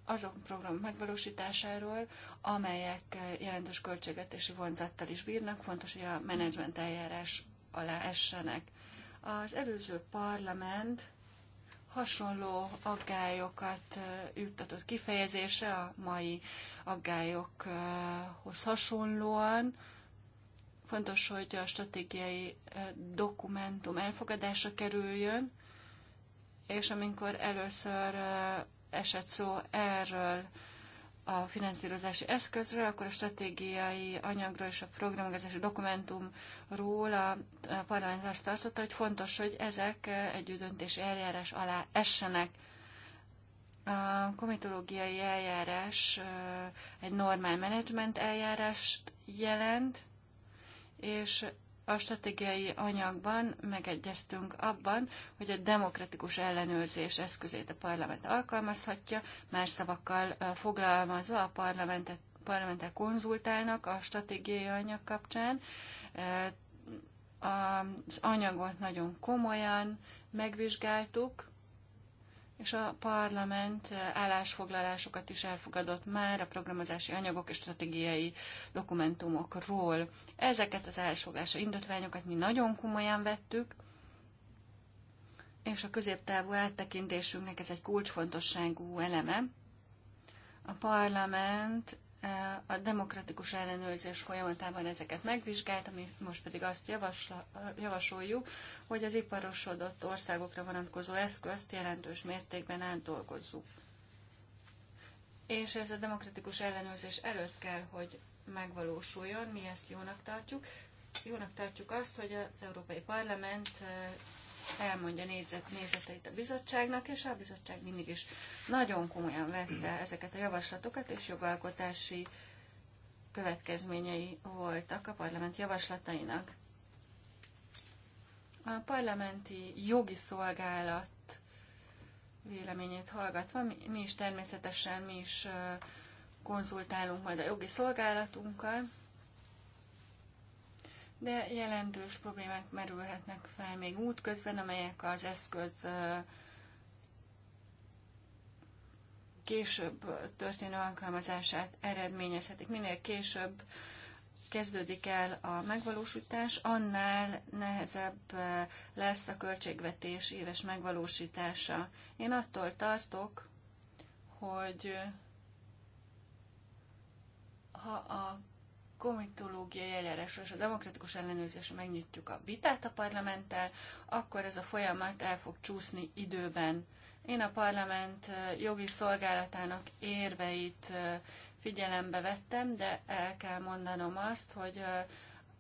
azok program megvalósításáról, amelyek jelentős költségvetési vonzattal is bírnak, fontos, hogy a menedzsment eljárás alá essenek. Az előző parlament hasonló aggályokat juttatott kifejezése a mai aggályokhoz hasonlóan. Fontos, hogy a stratégiai dokumentum elfogadása kerüljön, és amikor először esett szó erről a finanszírozási eszközről, akkor a stratégiai anyagról és a programozási dokumentumról a parlament azt tartotta, hogy fontos, hogy ezek együttdöntési eljárás alá essenek. A komitológiai eljárás egy normál menedzsment eljárást jelent, és a stratégiai anyagban megegyeztünk abban, hogy a demokratikus ellenőrzés eszközét a parlament alkalmazhatja, más szavakkal foglalmazva a parlamentet parlamentek konzultálnak a stratégiai anyag kapcsán. Az anyagot nagyon komolyan megvizsgáltuk, és a parlament állásfoglalásokat is elfogadott már a programozási anyagok és stratégiai dokumentumokról. Ezeket az állásfoglalási indítványokat mi nagyon komolyan vettük, és a középtávú áttekintésünknek ez egy kulcsfontosságú eleme. A parlament a demokratikus ellenőrzés folyamatában ezeket megvizsgált, ami most pedig azt javasla, javasoljuk, hogy az iparosodott országokra vonatkozó eszközt jelentős mértékben átdolgozzuk. És ez a demokratikus ellenőrzés előtt kell, hogy megvalósuljon, mi ezt jónak tartjuk. Jónak tartjuk azt, hogy az Európai Parlament elmondja nézet, nézeteit a bizottságnak, és a bizottság mindig is nagyon komolyan vette ezeket a javaslatokat, és jogalkotási következményei voltak a parlament javaslatainak. A parlamenti jogi szolgálat véleményét hallgatva, mi, is természetesen mi is konzultálunk majd a jogi szolgálatunkkal, de jelentős problémák merülhetnek fel még útközben, amelyek az eszköz később történő alkalmazását eredményezhetik. Minél később kezdődik el a megvalósítás, annál nehezebb lesz a költségvetés éves megvalósítása. Én attól tartok, hogy ha a komitológiai eljárásról és a demokratikus ellenőrzésre megnyitjuk a vitát a parlamenttel, akkor ez a folyamat el fog csúszni időben. Én a parlament jogi szolgálatának érveit figyelembe vettem, de el kell mondanom azt, hogy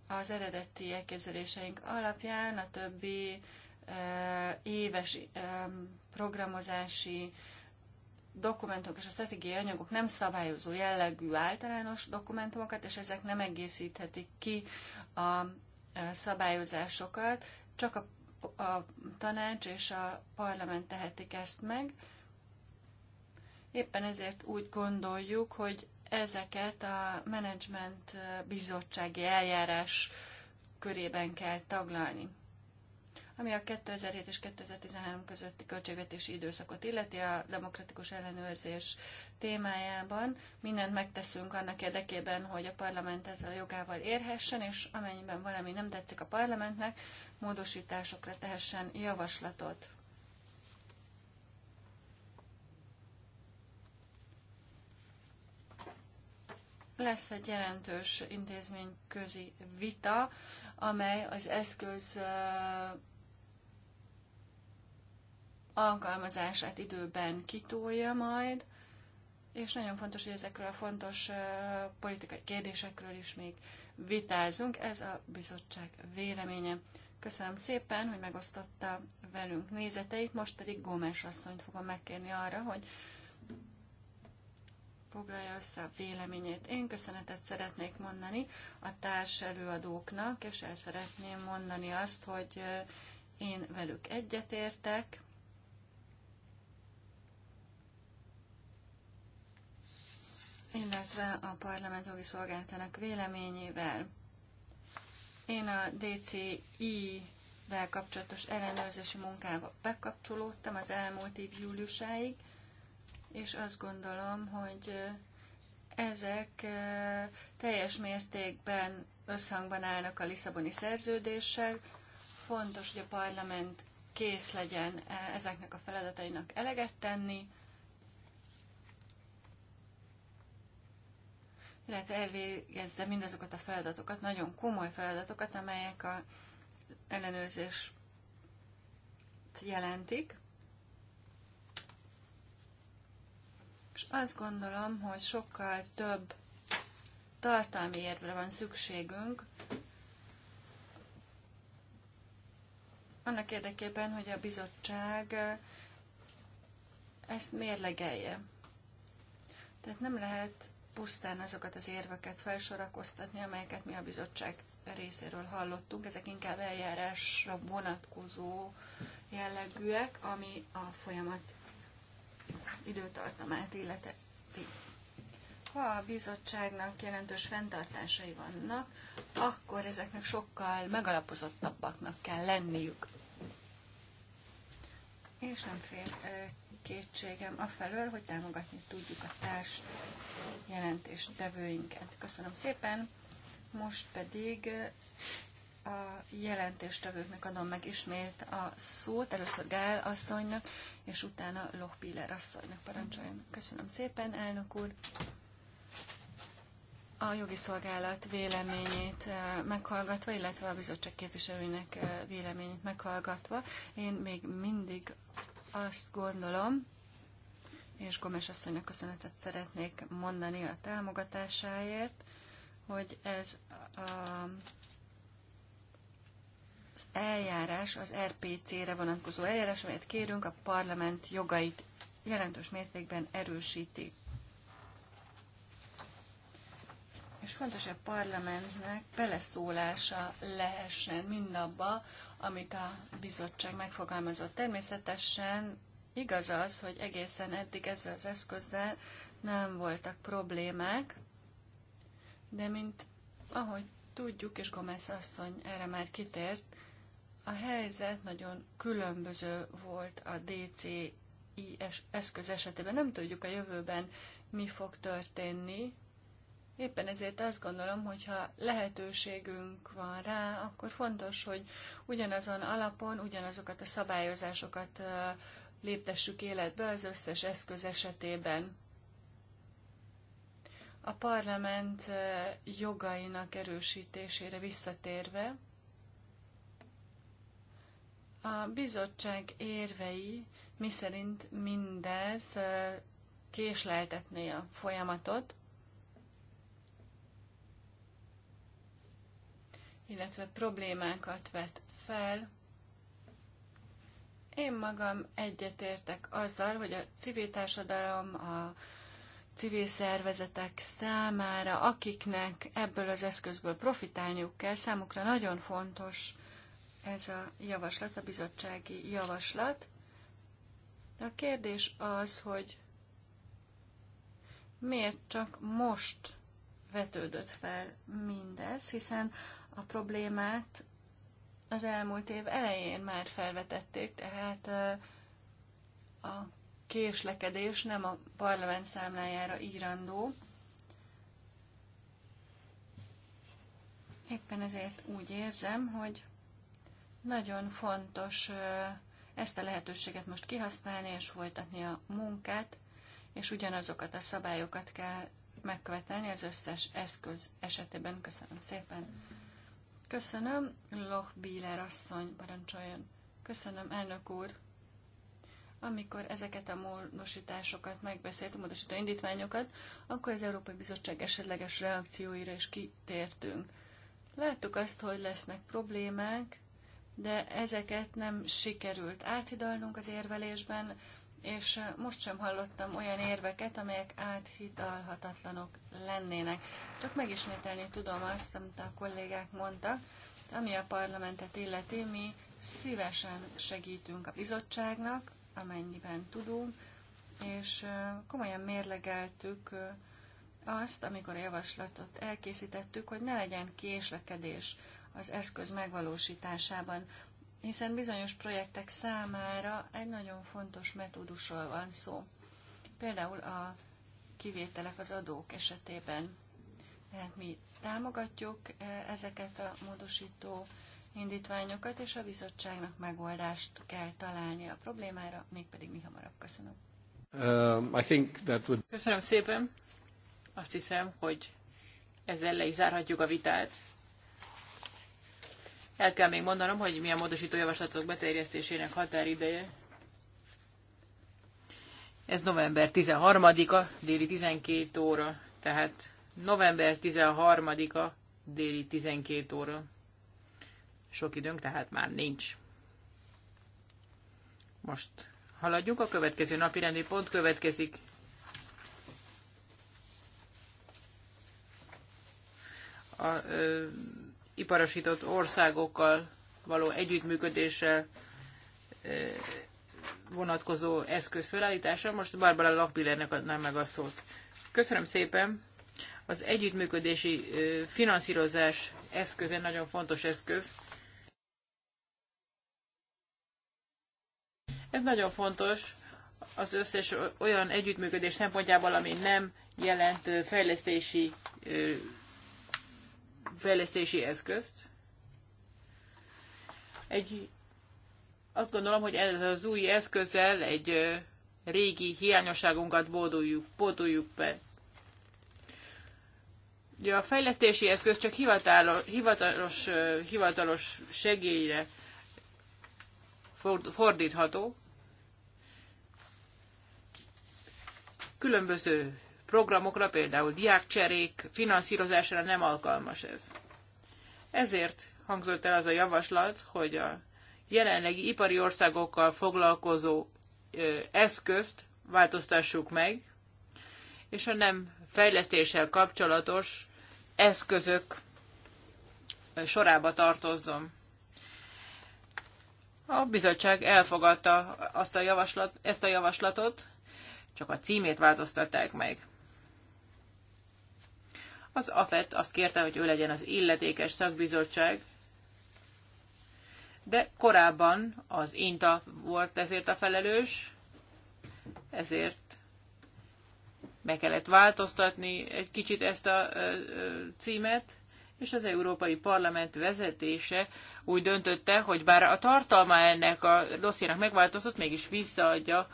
az eredeti elképzeléseink alapján a többi éves programozási dokumentumok és a stratégiai anyagok nem szabályozó jellegű általános dokumentumokat, és ezek nem egészíthetik ki a szabályozásokat, csak a, a tanács és a parlament tehetik ezt meg. Éppen ezért úgy gondoljuk, hogy ezeket a menedzsment bizottsági eljárás körében kell taglalni ami a 2007 és 2013 közötti költségvetési időszakot illeti a demokratikus ellenőrzés témájában. Mindent megteszünk annak érdekében, hogy a parlament ezzel a jogával érhessen, és amennyiben valami nem tetszik a parlamentnek, módosításokra tehessen javaslatot. lesz egy jelentős intézményközi vita, amely az eszköz alkalmazását időben kitolja majd, és nagyon fontos, hogy ezekről a fontos politikai kérdésekről is még vitázunk. Ez a bizottság véleménye. Köszönöm szépen, hogy megosztotta velünk nézeteit, most pedig Gómez asszonyt fogom megkérni arra, hogy foglalja össze a véleményét. Én köszönetet szeretnék mondani a társ előadóknak, és el szeretném mondani azt, hogy én velük egyetértek, illetve a parlament jogi szolgáltának véleményével. Én a DCI-vel kapcsolatos ellenőrzési munkába bekapcsolódtam az elmúlt év júliusáig, és azt gondolom, hogy ezek teljes mértékben összhangban állnak a Lisszaboni szerződéssel. Fontos, hogy a parlament kész legyen ezeknek a feladatainak eleget tenni, illetve elvégezze mindazokat a feladatokat, nagyon komoly feladatokat, amelyek a ellenőrzés jelentik. És azt gondolom, hogy sokkal több tartalmi érvre van szükségünk, annak érdekében, hogy a bizottság ezt mérlegelje. Tehát nem lehet pusztán azokat az érveket felsorakoztatni, amelyeket mi a bizottság részéről hallottunk. Ezek inkább eljárásra vonatkozó jellegűek, ami a folyamat időtartamát illeti. Ha a bizottságnak jelentős fenntartásai vannak, akkor ezeknek sokkal megalapozottabbaknak kell lenniük. És nem fér kétségem afelől, hogy támogatni tudjuk a társ jelentéstevőinket. Köszönöm szépen, most pedig eh, a jelentéstevőknek adom meg ismét a szót, először Gál asszonynak, és utána Piller asszonynak parancsoljon. Köszönöm szépen, elnök úr! A jogi szolgálat véleményét eh, meghallgatva, illetve a bizottság képviselőinek eh, véleményét meghallgatva, én még mindig azt gondolom, és Gomes asszonynak köszönetet szeretnék mondani a támogatásáért, hogy ez a, az eljárás, az RPC-re vonatkozó eljárás, amelyet kérünk, a parlament jogait jelentős mértékben erősíti. és fontos, hogy a parlamentnek beleszólása lehessen mindabba, amit a bizottság megfogalmazott. Természetesen igaz az, hogy egészen eddig ezzel az eszközzel nem voltak problémák, de mint ahogy tudjuk, és Gomez asszony erre már kitért, a helyzet nagyon különböző volt a DCI eszköz esetében. Nem tudjuk a jövőben, mi fog történni, Éppen ezért azt gondolom, hogy ha lehetőségünk van rá, akkor fontos, hogy ugyanazon alapon ugyanazokat a szabályozásokat léptessük életbe az összes eszköz esetében. A parlament jogainak erősítésére visszatérve, a bizottság érvei, miszerint mindez késleltetné a folyamatot, illetve problémákat vet fel. Én magam egyetértek azzal, hogy a civil társadalom, a civil szervezetek számára, akiknek ebből az eszközből profitálniuk kell, számukra nagyon fontos ez a javaslat, a bizottsági javaslat. De a kérdés az, hogy miért csak most vetődött fel mindez, hiszen a problémát az elmúlt év elején már felvetették, tehát a késlekedés nem a parlament számlájára írandó. Éppen ezért úgy érzem, hogy nagyon fontos ezt a lehetőséget most kihasználni és folytatni a munkát, és ugyanazokat a szabályokat kell megkövetelni az összes eszköz esetében. Köszönöm szépen! Köszönöm, Loch Bieler asszony, parancsoljon. Köszönöm, elnök úr. Amikor ezeket a módosításokat megbeszélt, a módosító indítványokat, akkor az Európai Bizottság esetleges reakcióira is kitértünk. Láttuk azt, hogy lesznek problémák, de ezeket nem sikerült áthidalnunk az érvelésben, és most sem hallottam olyan érveket, amelyek áthidalhatatlanok lennének. Csak megismételni tudom azt, amit a kollégák mondtak, ami a parlamentet illeti, mi szívesen segítünk a bizottságnak, amennyiben tudunk, és komolyan mérlegeltük azt, amikor a javaslatot elkészítettük, hogy ne legyen késlekedés az eszköz megvalósításában hiszen bizonyos projektek számára egy nagyon fontos metódusról van szó. Például a kivételek az adók esetében. Tehát mi támogatjuk e, ezeket a módosító indítványokat, és a bizottságnak megoldást kell találni a problémára, mégpedig mi hamarabb. Köszönöm. Um, I think that would... Köszönöm szépen. Azt hiszem, hogy ezzel le is zárhatjuk a vitát. El kell még mondanom, hogy mi a módosító javaslatok beterjesztésének határideje. Ez november 13-a, déli 12 óra. Tehát november 13-a, déli 12 óra. Sok időnk tehát már nincs. Most haladjunk, a következő napi rendi pont következik. A, ö, iparosított országokkal való együttműködésre vonatkozó eszköz felállítása. Most Barbara Lakbillernek adnám meg a szót. Köszönöm szépen! Az együttműködési finanszírozás eszköze nagyon fontos eszköz. Ez nagyon fontos az összes olyan együttműködés szempontjából, ami nem jelent fejlesztési fejlesztési eszközt. Egy, azt gondolom, hogy ez az új eszközzel egy régi hiányosságunkat bóduljuk, bóduljuk be. Ugye a fejlesztési eszköz csak hivatalos, hivatalos, hivatalos segélyre fordítható. Különböző programokra, például diákcserék finanszírozására nem alkalmas ez. Ezért hangzott el az a javaslat, hogy a jelenlegi ipari országokkal foglalkozó eszközt változtassuk meg, és a nem fejlesztéssel kapcsolatos eszközök sorába tartozzon. A bizottság elfogadta azt a javaslat, ezt a javaslatot, csak a címét változtatták meg. Az AFET azt kérte, hogy ő legyen az illetékes szakbizottság, de korábban az INTA volt ezért a felelős, ezért meg kellett változtatni egy kicsit ezt a címet, és az Európai Parlament vezetése úgy döntötte, hogy bár a tartalma ennek a dossziénak megváltozott, mégis visszaadja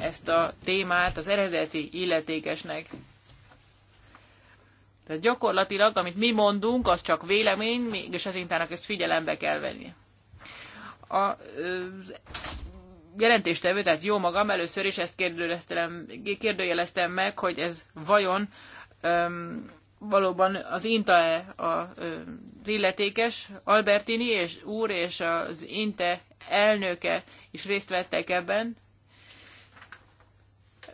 ezt a témát az eredeti illetékesnek. Tehát gyakorlatilag, amit mi mondunk, az csak vélemény, és az intának ezt figyelembe kell venni. A jelentéstevő, tehát jó magam, először is ezt kérdőjeleztem meg, hogy ez vajon öm, valóban az INTA-e az illetékes, Albertini és úr és az INTE elnöke is részt vettek ebben,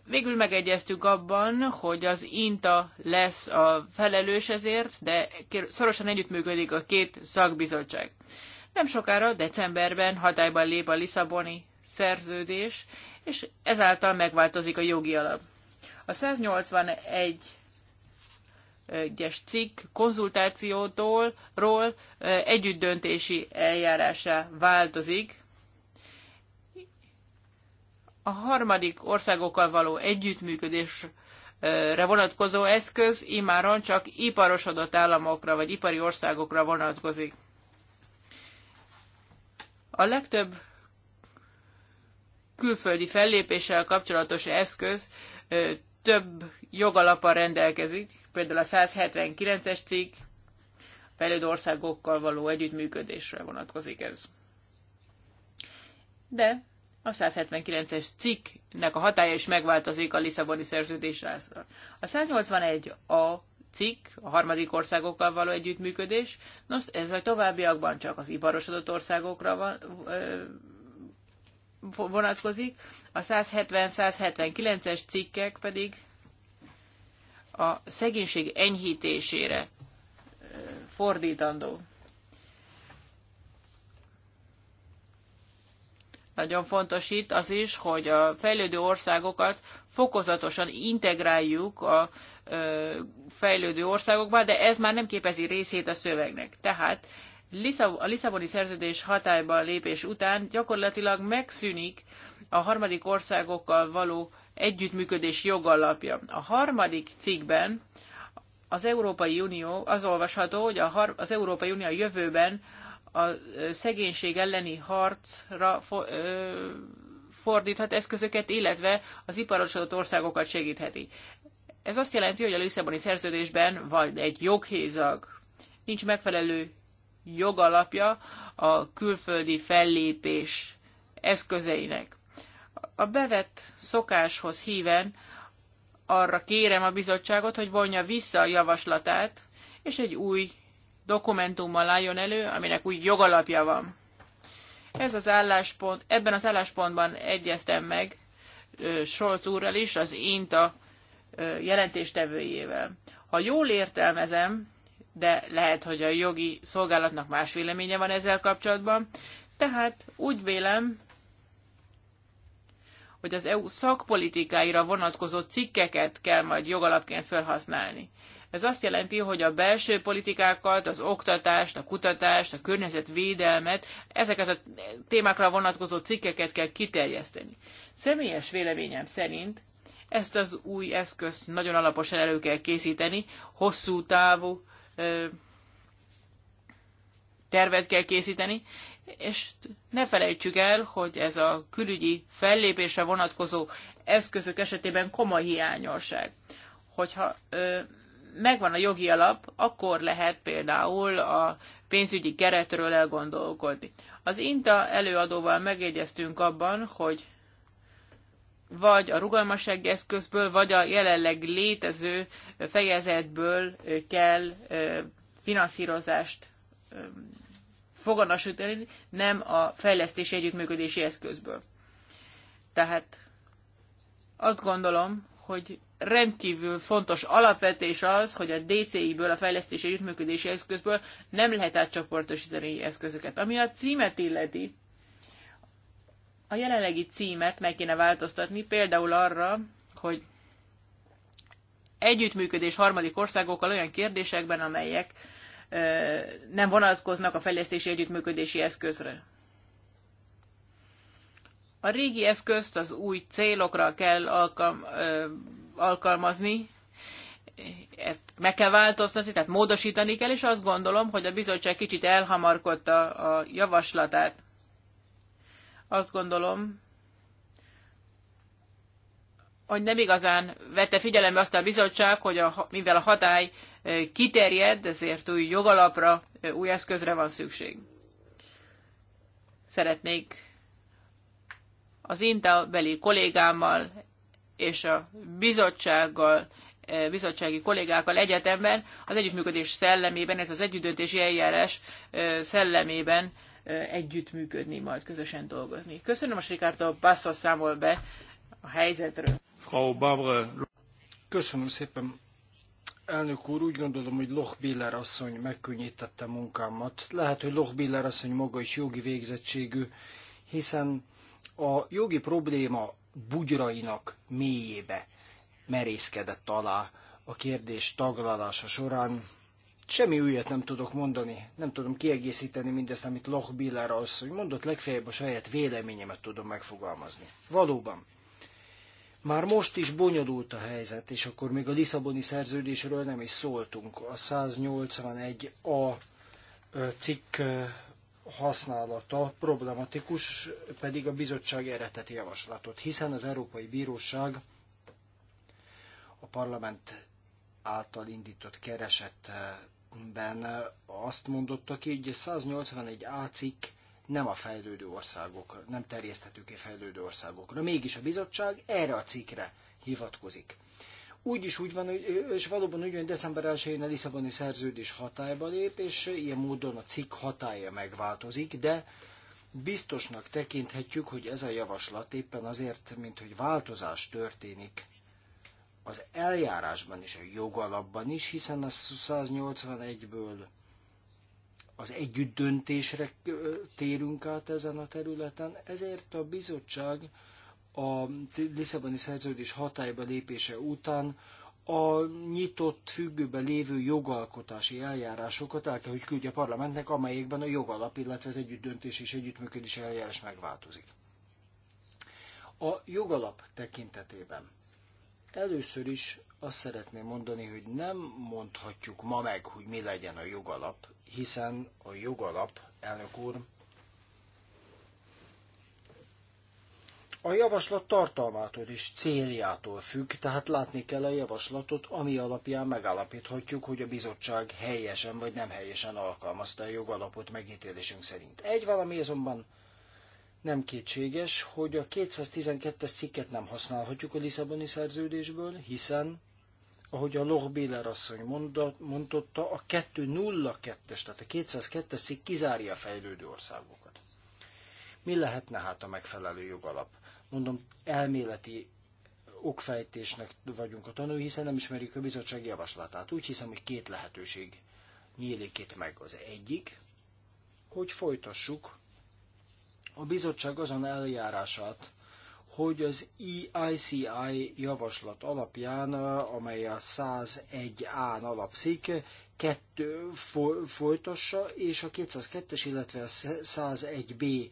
Végül megegyeztük abban, hogy az INTA lesz a felelős ezért, de szorosan együttműködik a két szakbizottság. Nem sokára, decemberben hatályban lép a Lisszaboni szerződés, és ezáltal megváltozik a jogi alap. A 181 egyes cikk konzultációtól ról együttdöntési eljárásá változik, a harmadik országokkal való együttműködésre vonatkozó eszköz imáron csak iparosodott államokra vagy ipari országokra vonatkozik. A legtöbb külföldi fellépéssel kapcsolatos eszköz több jogalapa rendelkezik, például a 179-es cikk, fejlődő országokkal való együttműködésre vonatkozik ez. De a 179-es cikknek a hatája is megváltozik a Lisszaboni szerződés A 181 a cikk, a harmadik országokkal való együttműködés, nos ez a továbbiakban csak az iparosodott országokra van, ö, vonatkozik, a 170-179-es cikkek pedig a szegénység enyhítésére fordítandó. Nagyon fontos itt az is, hogy a fejlődő országokat fokozatosan integráljuk a fejlődő országokba, de ez már nem képezi részét a szövegnek. Tehát a Lisszaboni szerződés hatályba lépés után gyakorlatilag megszűnik a harmadik országokkal való együttműködés jogalapja. A harmadik cikkben az Európai Unió, az olvasható, hogy az Európai Unió a jövőben a szegénység elleni harcra fordíthat eszközöket, illetve az iparosodott országokat segítheti. Ez azt jelenti, hogy a Lisszaboni szerződésben vagy egy joghézag, nincs megfelelő jogalapja a külföldi fellépés eszközeinek. A bevett szokáshoz híven arra kérem a bizottságot, hogy vonja vissza a javaslatát, és egy új dokumentummal álljon elő, aminek úgy jogalapja van. Ez az álláspont, ebben az álláspontban egyeztem meg Solc úrral is, az INTA jelentéstevőjével. Ha jól értelmezem, de lehet, hogy a jogi szolgálatnak más véleménye van ezzel kapcsolatban, tehát úgy vélem, hogy az EU szakpolitikáira vonatkozó cikkeket kell majd jogalapként felhasználni. Ez azt jelenti, hogy a belső politikákat, az oktatást, a kutatást, a környezetvédelmet, ezeket a témákra vonatkozó cikkeket kell kiterjeszteni. Személyes véleményem szerint ezt az új eszközt nagyon alaposan elő kell készíteni, hosszú távú ö, tervet kell készíteni, és ne felejtsük el, hogy ez a külügyi fellépésre vonatkozó eszközök esetében komoly hiányosság. Hogyha ö, megvan a jogi alap, akkor lehet például a pénzügyi keretről elgondolkodni. Az INTA előadóval megegyeztünk abban, hogy vagy a rugalmasság eszközből, vagy a jelenleg létező fejezetből kell finanszírozást foganasítani, nem a fejlesztési együttműködési eszközből. Tehát azt gondolom, hogy rendkívül fontos alapvetés az, hogy a DCI-ből, a fejlesztési együttműködési eszközből nem lehet átcsoportosítani eszközöket. Ami a címet illeti, a jelenlegi címet meg kéne változtatni, például arra, hogy együttműködés harmadik országokkal olyan kérdésekben, amelyek ö, nem vonatkoznak a fejlesztési együttműködési eszközre. A régi eszközt az új célokra kell alkalmazni alkalmazni, ezt meg kell változtatni, tehát módosítani kell, és azt gondolom, hogy a bizottság kicsit elhamarkodta a javaslatát. Azt gondolom, hogy nem igazán vette figyelembe azt a bizottság, hogy a, mivel a hatály e, kiterjed, ezért új jogalapra, e, új eszközre van szükség. Szeretnék az Intel beli kollégámmal és a bizottsággal, eh, bizottsági kollégákkal egyetemben az együttműködés szellemében, ez az együttdöntési eljárás eh, szellemében eh, együttműködni, majd közösen dolgozni. Köszönöm, most Ricardo Bassos számol be a helyzetről. Frau Barbara. Köszönöm szépen. Elnök úr, úgy gondolom, hogy Loch Biller asszony megkönnyítette munkámat. Lehet, hogy Loch Biller asszony maga is jogi végzettségű, hiszen a jogi probléma bugyrainak mélyébe merészkedett alá a kérdés taglalása során. Semmi újat nem tudok mondani, nem tudom kiegészíteni mindezt, amit Loch Biller hogy mondott, legfeljebb a saját véleményemet tudom megfogalmazni. Valóban. Már most is bonyolult a helyzet, és akkor még a Lisszaboni szerződésről nem is szóltunk. A 181a cikk használata problematikus, pedig a bizottság eredeti javaslatot, hiszen az Európai Bíróság a parlament által indított keresetben azt mondotta ki, hogy 181 A cikk nem a fejlődő országok, nem terjeszthető ki fejlődő országokra. Mégis a bizottság erre a cikkre hivatkozik úgy is úgy van, és valóban úgy van, hogy december 1-én a Lisszaboni szerződés hatályba lép, és ilyen módon a cikk hatája megváltozik, de biztosnak tekinthetjük, hogy ez a javaslat éppen azért, mint hogy változás történik az eljárásban is, a jogalapban is, hiszen a 181-ből az együtt döntésre térünk át ezen a területen, ezért a bizottság a Lisszaboni szerződés hatályba lépése után a nyitott függőben lévő jogalkotási eljárásokat el kell, hogy küldje a parlamentnek, amelyekben a jogalap, illetve az együttdöntés és együttműködés eljárás megváltozik. A jogalap tekintetében először is azt szeretném mondani, hogy nem mondhatjuk ma meg, hogy mi legyen a jogalap, hiszen a jogalap, elnök úr, a javaslat tartalmától és céljától függ, tehát látni kell a javaslatot, ami alapján megállapíthatjuk, hogy a bizottság helyesen vagy nem helyesen alkalmazta a jogalapot megítélésünk szerint. Egy valami azonban nem kétséges, hogy a 212-es cikket nem használhatjuk a Lisszaboni szerződésből, hiszen, ahogy a Loch Biller asszony mondotta, a 202-es, tehát a 202-es cikk kizárja a fejlődő országokat. Mi lehetne hát a megfelelő jogalap? Mondom, elméleti okfejtésnek vagyunk a tanú, hiszen nem ismerjük a bizottság javaslatát. Úgy hiszem, hogy két lehetőség nyílik itt meg. Az egyik, hogy folytassuk a bizottság azon eljárását, hogy az EICI javaslat alapján, amely a 101-án alapszik, kettő folytassa, és a 202-es, illetve a 101-b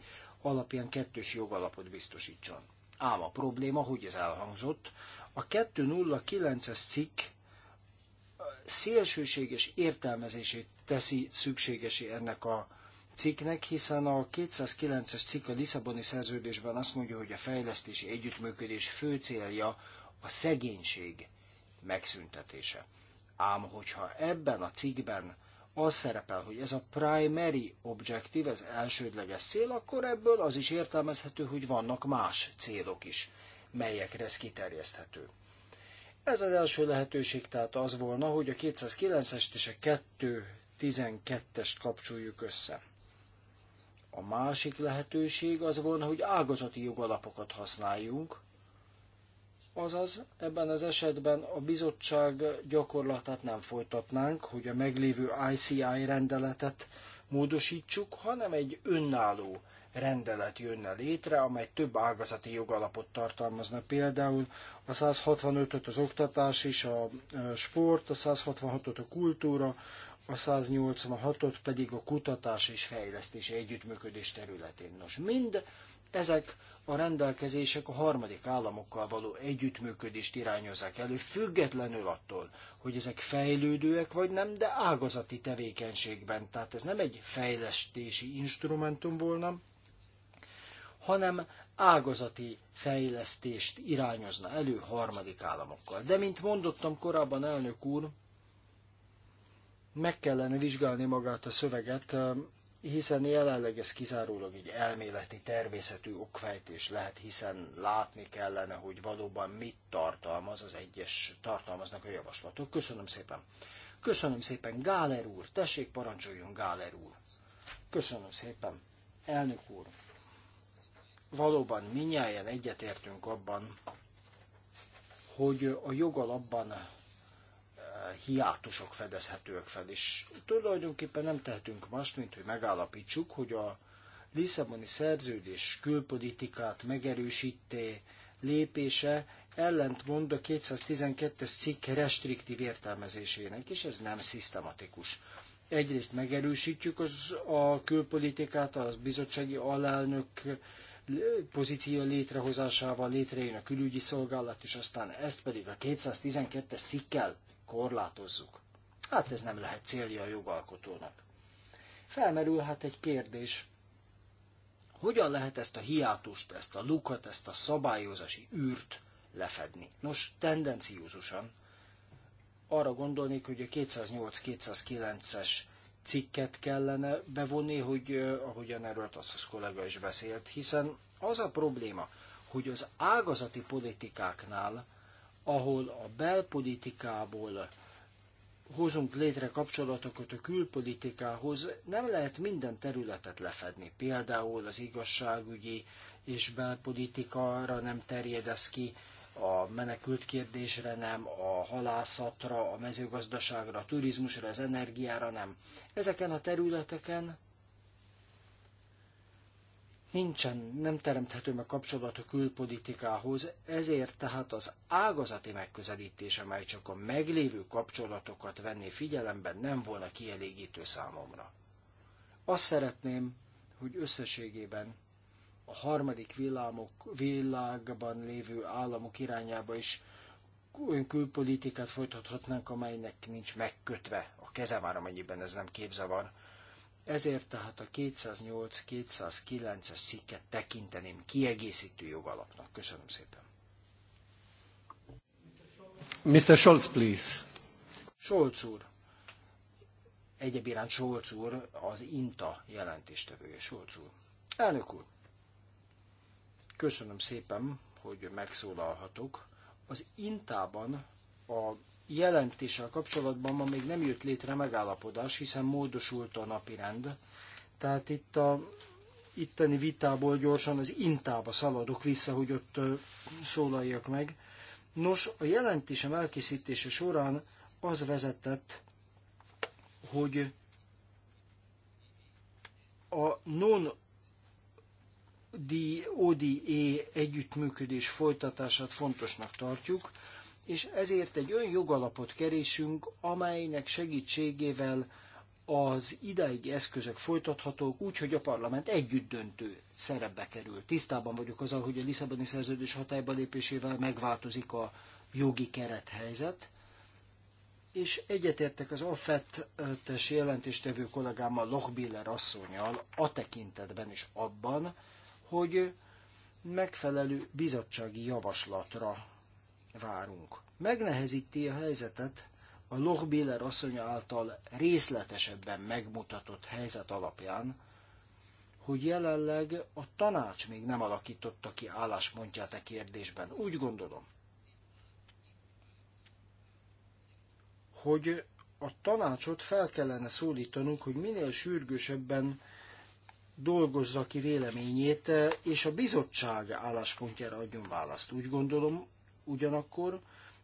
alapján kettős jogalapot biztosítson. Ám a probléma, hogy ez elhangzott, a 209-es cikk szélsőséges értelmezését teszi szükségesé ennek a cikknek, hiszen a 209-es cikk a Lisszaboni szerződésben azt mondja, hogy a fejlesztési együttműködés fő célja a szegénység megszüntetése. Ám hogyha ebben a cikkben az szerepel, hogy ez a primary objective, ez elsődleges cél, akkor ebből az is értelmezhető, hogy vannak más célok is, melyekre ez kiterjeszthető. Ez az első lehetőség tehát az volna, hogy a 209-est és a 212-est kapcsoljuk össze. A másik lehetőség az volna, hogy ágazati jogalapokat használjunk, Azaz, ebben az esetben a bizottság gyakorlatát nem folytatnánk, hogy a meglévő ICI rendeletet módosítsuk, hanem egy önálló rendelet jönne létre, amely több ágazati jogalapot tartalmazna, például a 165-öt az oktatás és a e, sport, a 166-ot a kultúra, a 186-ot pedig a kutatás és fejlesztés együttműködés területén. Nos, mind ezek a rendelkezések a harmadik államokkal való együttműködést irányozzák elő, függetlenül attól, hogy ezek fejlődőek vagy nem, de ágazati tevékenységben. Tehát ez nem egy fejlesztési instrumentum volna, hanem ágazati fejlesztést irányozna elő harmadik államokkal. De mint mondottam korábban, elnök úr, meg kellene vizsgálni magát a szöveget, hiszen jelenleg ez kizárólag egy elméleti természetű okfejtés lehet, hiszen látni kellene, hogy valóban mit tartalmaz az egyes tartalmaznak a javaslatok. Köszönöm szépen. Köszönöm szépen, Gáler úr. Tessék, parancsoljon, Gáler úr. Köszönöm szépen, elnök úr. Valóban minnyáján egyetértünk abban, hogy a jogalapban hiátusok fedezhetőek, fel, és tulajdonképpen nem tehetünk más, mint hogy megállapítsuk, hogy a Lisszaboni szerződés külpolitikát megerősíté lépése ellentmond a 212-es cikk restriktív értelmezésének, és ez nem szisztematikus. Egyrészt megerősítjük az, a külpolitikát, az bizottsági alelnök pozíció létrehozásával létrejön a külügyi szolgálat, és aztán ezt pedig a 212-es cikkel korlátozzuk. Hát ez nem lehet célja a jogalkotónak. Felmerülhet egy kérdés, hogyan lehet ezt a hiátust, ezt a lukat, ezt a szabályozási űrt lefedni? Nos, tendenciózusan arra gondolnék, hogy a 208-209-es cikket kellene bevonni, hogy eh, ahogyan erről a kollega is beszélt, hiszen az a probléma, hogy az ágazati politikáknál ahol a belpolitikából hozunk létre kapcsolatokat a külpolitikához, nem lehet minden területet lefedni. Például az igazságügyi és belpolitikára nem terjedez ki, a menekült kérdésre nem, a halászatra, a mezőgazdaságra, a turizmusra, az energiára nem. Ezeken a területeken nincsen, nem teremthető meg kapcsolat a külpolitikához, ezért tehát az ágazati megközelítés, amely csak a meglévő kapcsolatokat venné figyelembe, nem volna kielégítő számomra. Azt szeretném, hogy összességében a harmadik világban lévő államok irányába is olyan külpolitikát folytathatnánk, amelynek nincs megkötve a keze már, amennyiben ez nem képzavar, ezért tehát a 208-209-es cikket tekinteném kiegészítő jogalapnak. Köszönöm szépen. Mr. Scholz, please. Scholz úr. Egyéb iránt Scholz úr az INTA jelentéstevője. Scholz úr. Elnök úr. Köszönöm szépen, hogy megszólalhatok. Az INTA-ban a jelentéssel kapcsolatban ma még nem jött létre megállapodás, hiszen módosult a rend. Tehát itt a itteni vitából gyorsan az intába szaladok vissza, hogy ott szólaljak meg. Nos, a jelentésem elkészítése során az vezetett, hogy a non ODE együttműködés folytatását fontosnak tartjuk, és ezért egy olyan jogalapot keresünk, amelynek segítségével az ideig eszközök folytathatók úgy, hogy a parlament együtt döntő szerepbe kerül. Tisztában vagyok azzal, hogy a Lisszaboni szerződés hatályba lépésével megváltozik a jogi kerethelyzet, és egyetértek az AFET-es jelentéstevő kollégámmal, Lochbiller asszonyjal a tekintetben is abban, hogy megfelelő bizottsági javaslatra várunk. Megnehezíti a helyzetet a Loch Biller asszony által részletesebben megmutatott helyzet alapján, hogy jelenleg a tanács még nem alakította ki álláspontját a e kérdésben. Úgy gondolom, hogy a tanácsot fel kellene szólítanunk, hogy minél sürgősebben dolgozza ki véleményét, és a bizottság álláspontjára adjon választ. Úgy gondolom, ugyanakkor,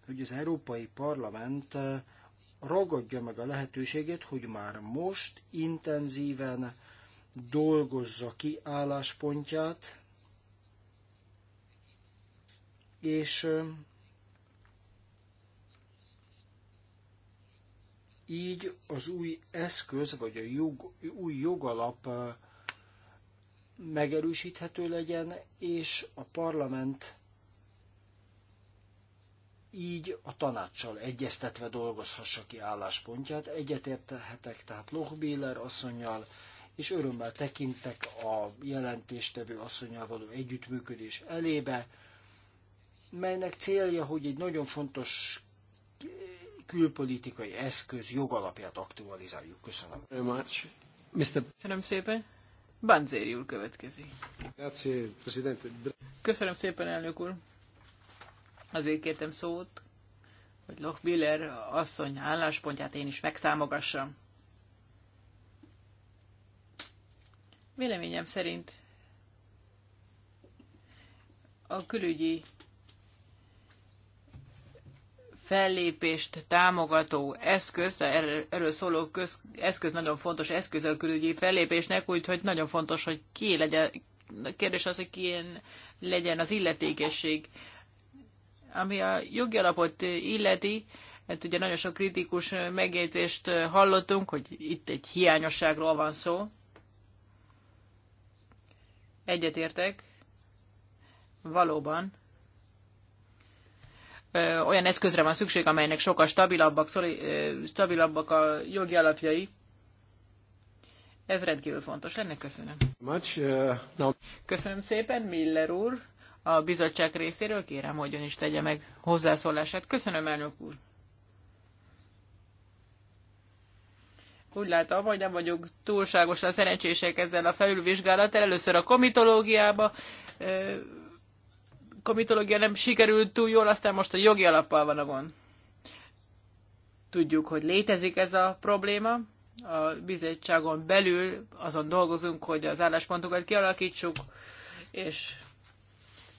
hogy az Európai Parlament eh, ragadja meg a lehetőséget, hogy már most intenzíven dolgozza ki álláspontját, és eh, így az új eszköz, vagy a jog, új jogalap eh, megerősíthető legyen, és a parlament így a tanácssal egyeztetve dolgozhassa ki álláspontját. Egyetérthetek tehát Lochbiller asszonyjal, és örömmel tekintek a jelentéstevő asszonyjal való együttműködés elébe, melynek célja, hogy egy nagyon fontos külpolitikai eszköz jogalapját aktualizáljuk. Köszönöm. Very much. Mr. Köszönöm szépen. Banzéri úr következik. Grazie, Presidente. Köszönöm szépen, elnök úr. Azért kértem szót, hogy Lochbiller asszony álláspontját én is megtámogassam. Véleményem szerint a külügyi fellépést támogató eszköz, erről szóló köz, eszköz nagyon fontos eszköz a külügyi fellépésnek, úgyhogy nagyon fontos, hogy ki legyen, kérdés az, hogy ki legyen az illetékesség ami a jogi alapot illeti, mert hát ugye nagyon sok kritikus megjegyzést hallottunk, hogy itt egy hiányosságról van szó. Egyetértek. Valóban. Ö, olyan eszközre van szükség, amelynek sokkal stabilabbak, ö, stabilabbak a jogi alapjai. Ez rendkívül fontos lenne. Köszönöm. Uh, Köszönöm szépen, Miller úr a bizottság részéről. Kérem, hogy ön is tegye meg hozzászólását. Köszönöm, elnök úr! Úgy látom, hogy nem vagyunk túlságosan szerencsések ezzel a felülvizsgálattal. Először a komitológiába komitológia nem sikerült túl jól, aztán most a jogi alappal van a gond. Tudjuk, hogy létezik ez a probléma. A bizottságon belül azon dolgozunk, hogy az álláspontokat kialakítsuk, és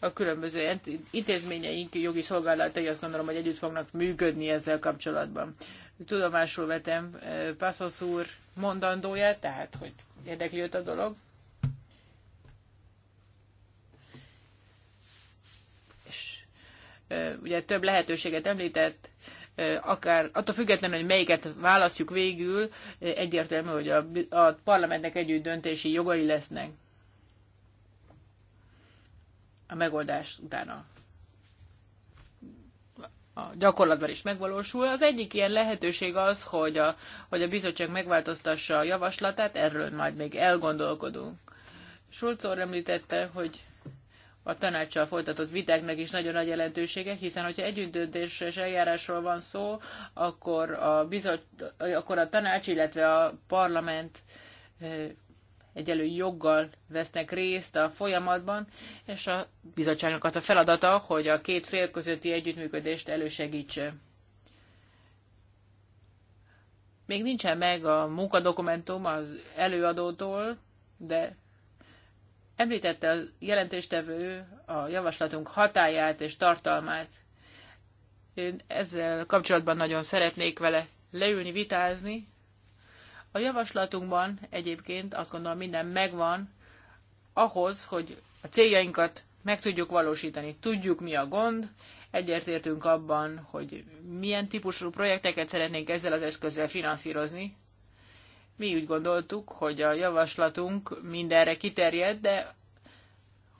a különböző intézményeink jogi szolgálatai azt gondolom, hogy együtt fognak működni ezzel kapcsolatban. Tudomásul vetem eh, Passos úr mondandóját, tehát hogy érdekli őt a dolog. És eh, ugye több lehetőséget említett, eh, akár attól függetlenül, hogy melyiket választjuk végül, egyértelmű, hogy a, a parlamentnek együtt döntési jogai lesznek a megoldás utána a gyakorlatban is megvalósul. Az egyik ilyen lehetőség az, hogy a, hogy a bizottság megváltoztassa a javaslatát, erről majd még elgondolkodunk. Schulz említette, hogy a tanácssal folytatott vitáknak is nagyon nagy jelentősége, hiszen hogyha együttdöntéses eljárásról van szó, akkor a, bizot, akkor a tanács, illetve a parlament eh, egyelő joggal vesznek részt a folyamatban, és a bizottságnak az a feladata, hogy a két fél közötti együttműködést elősegítse. Még nincsen meg a munkadokumentum az előadótól, de említette a jelentéstevő a javaslatunk hatáját és tartalmát. Én ezzel kapcsolatban nagyon szeretnék vele leülni, vitázni, a javaslatunkban egyébként azt gondolom minden megvan ahhoz, hogy a céljainkat meg tudjuk valósítani. Tudjuk, mi a gond, egyetértünk abban, hogy milyen típusú projekteket szeretnénk ezzel az eszközzel finanszírozni. Mi úgy gondoltuk, hogy a javaslatunk mindenre kiterjed, de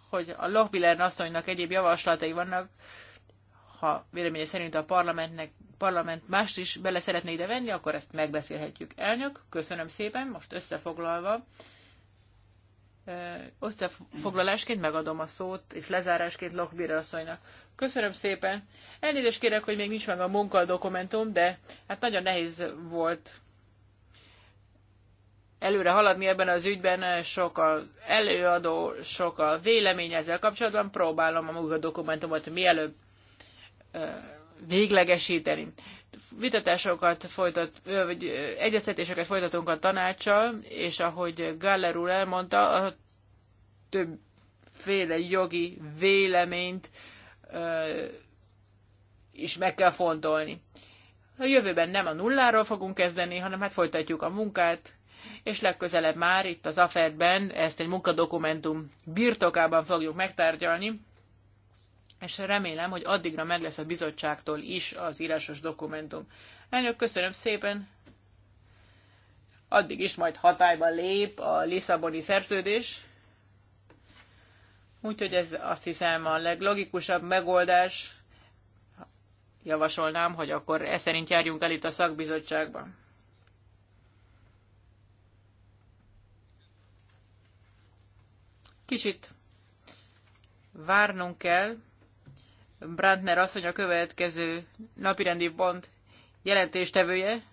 hogy a Lochbiller asszonynak egyéb javaslatai vannak, ha véleménye szerint a parlamentnek parlament mást is bele szeretné ide venni, akkor ezt megbeszélhetjük. Elnök, köszönöm szépen, most összefoglalva, összefoglalásként megadom a szót, és lezárásként Lokbira asszonynak. Köszönöm szépen. Elnézést kérek, hogy még nincs meg a dokumentum, de hát nagyon nehéz volt előre haladni ebben az ügyben, sok a előadó, sok a vélemény ezzel kapcsolatban, próbálom a dokumentumot mielőbb véglegesíteni. Vitatásokat folytat, vagy egyeztetéseket folytatunk a tanácssal, és ahogy Galler úr elmondta, a többféle jogi véleményt is meg kell fontolni. A jövőben nem a nulláról fogunk kezdeni, hanem hát folytatjuk a munkát, és legközelebb már itt az AFED-ben ezt egy munkadokumentum birtokában fogjuk megtárgyalni és remélem, hogy addigra meg lesz a bizottságtól is az írásos dokumentum. Elnök, köszönöm szépen! Addig is majd hatályba lép a Lisszaboni szerződés, úgyhogy ez azt hiszem a leglogikusabb megoldás. Javasolnám, hogy akkor e szerint járjunk el itt a szakbizottságban. Kicsit várnunk kell, Brandner asszony a következő napirendi pont jelentéstevője,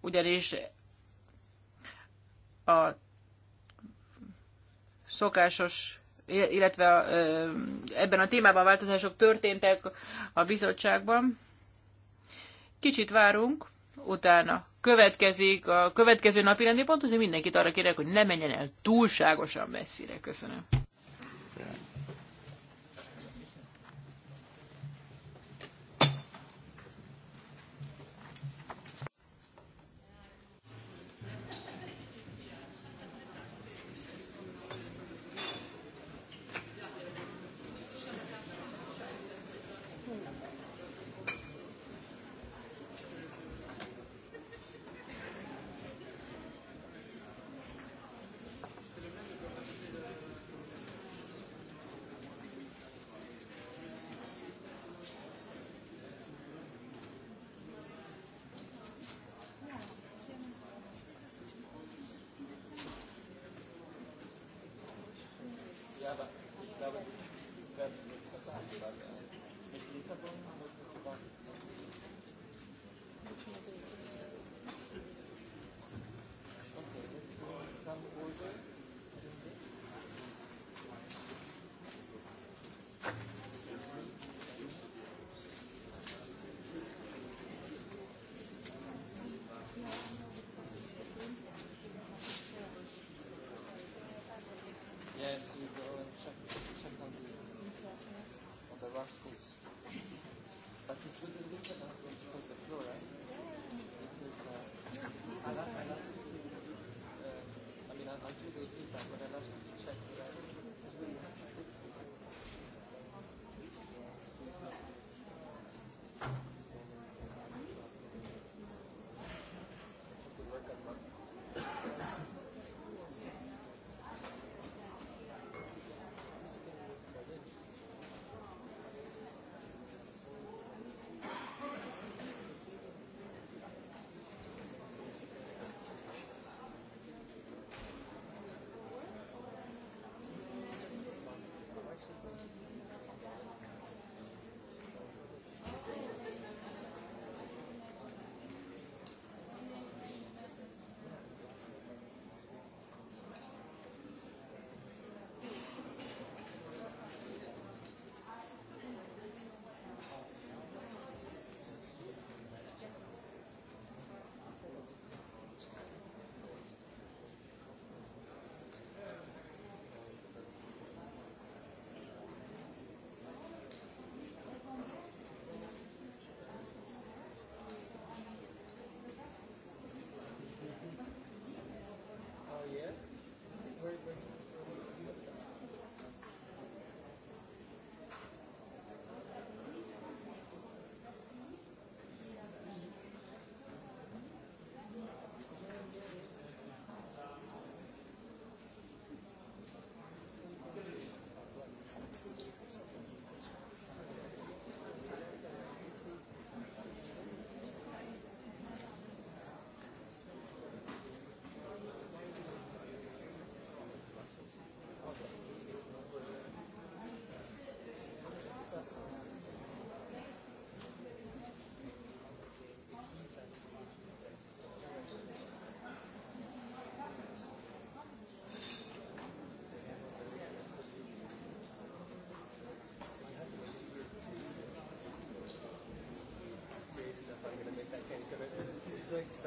ugyanis a szokásos, illetve ebben a témában változások történtek a bizottságban. Kicsit várunk, utána következik a következő napi rendi pont, hogy mindenkit arra kérek, hogy ne menjen el túlságosan messzire. Köszönöm. Thanks,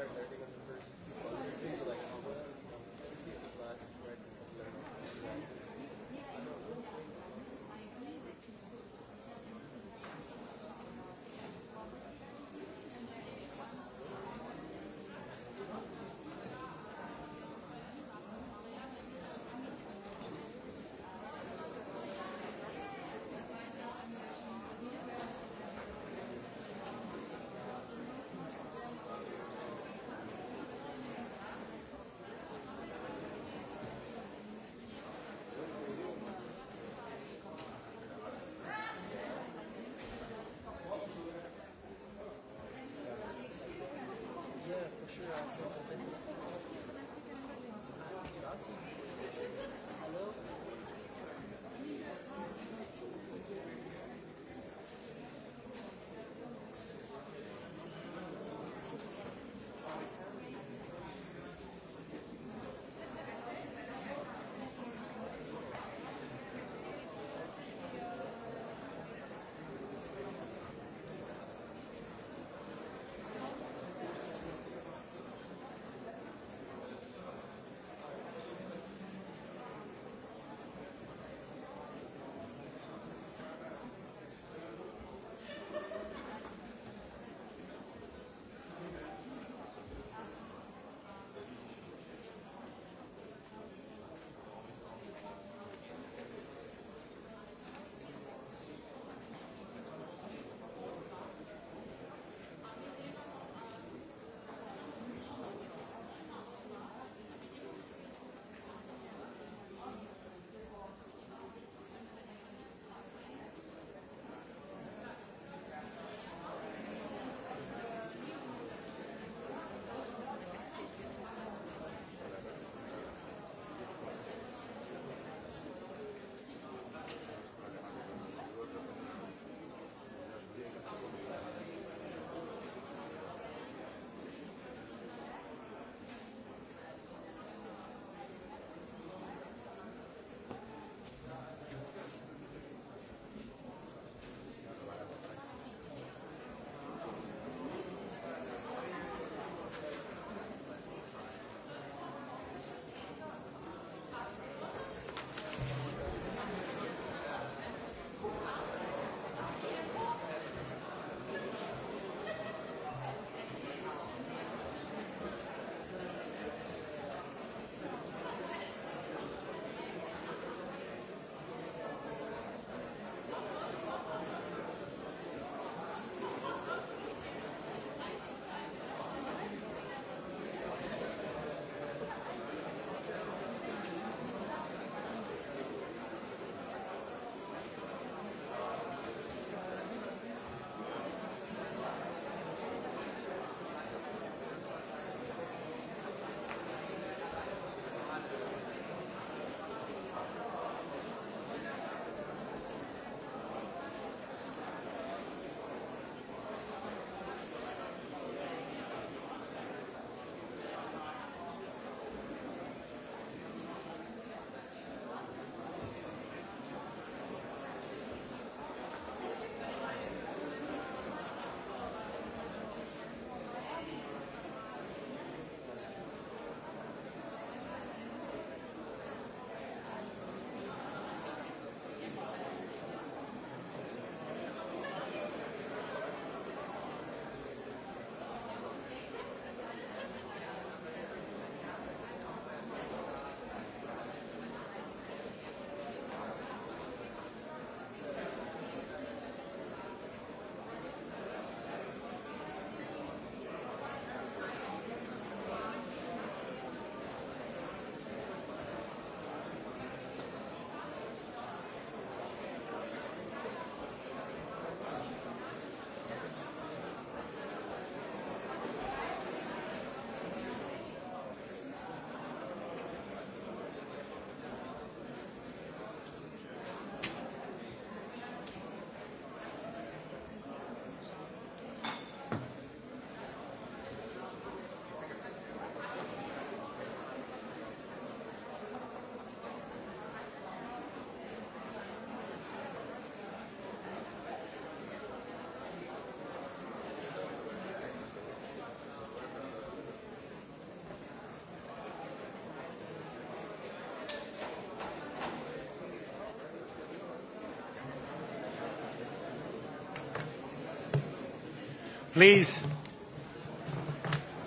Please,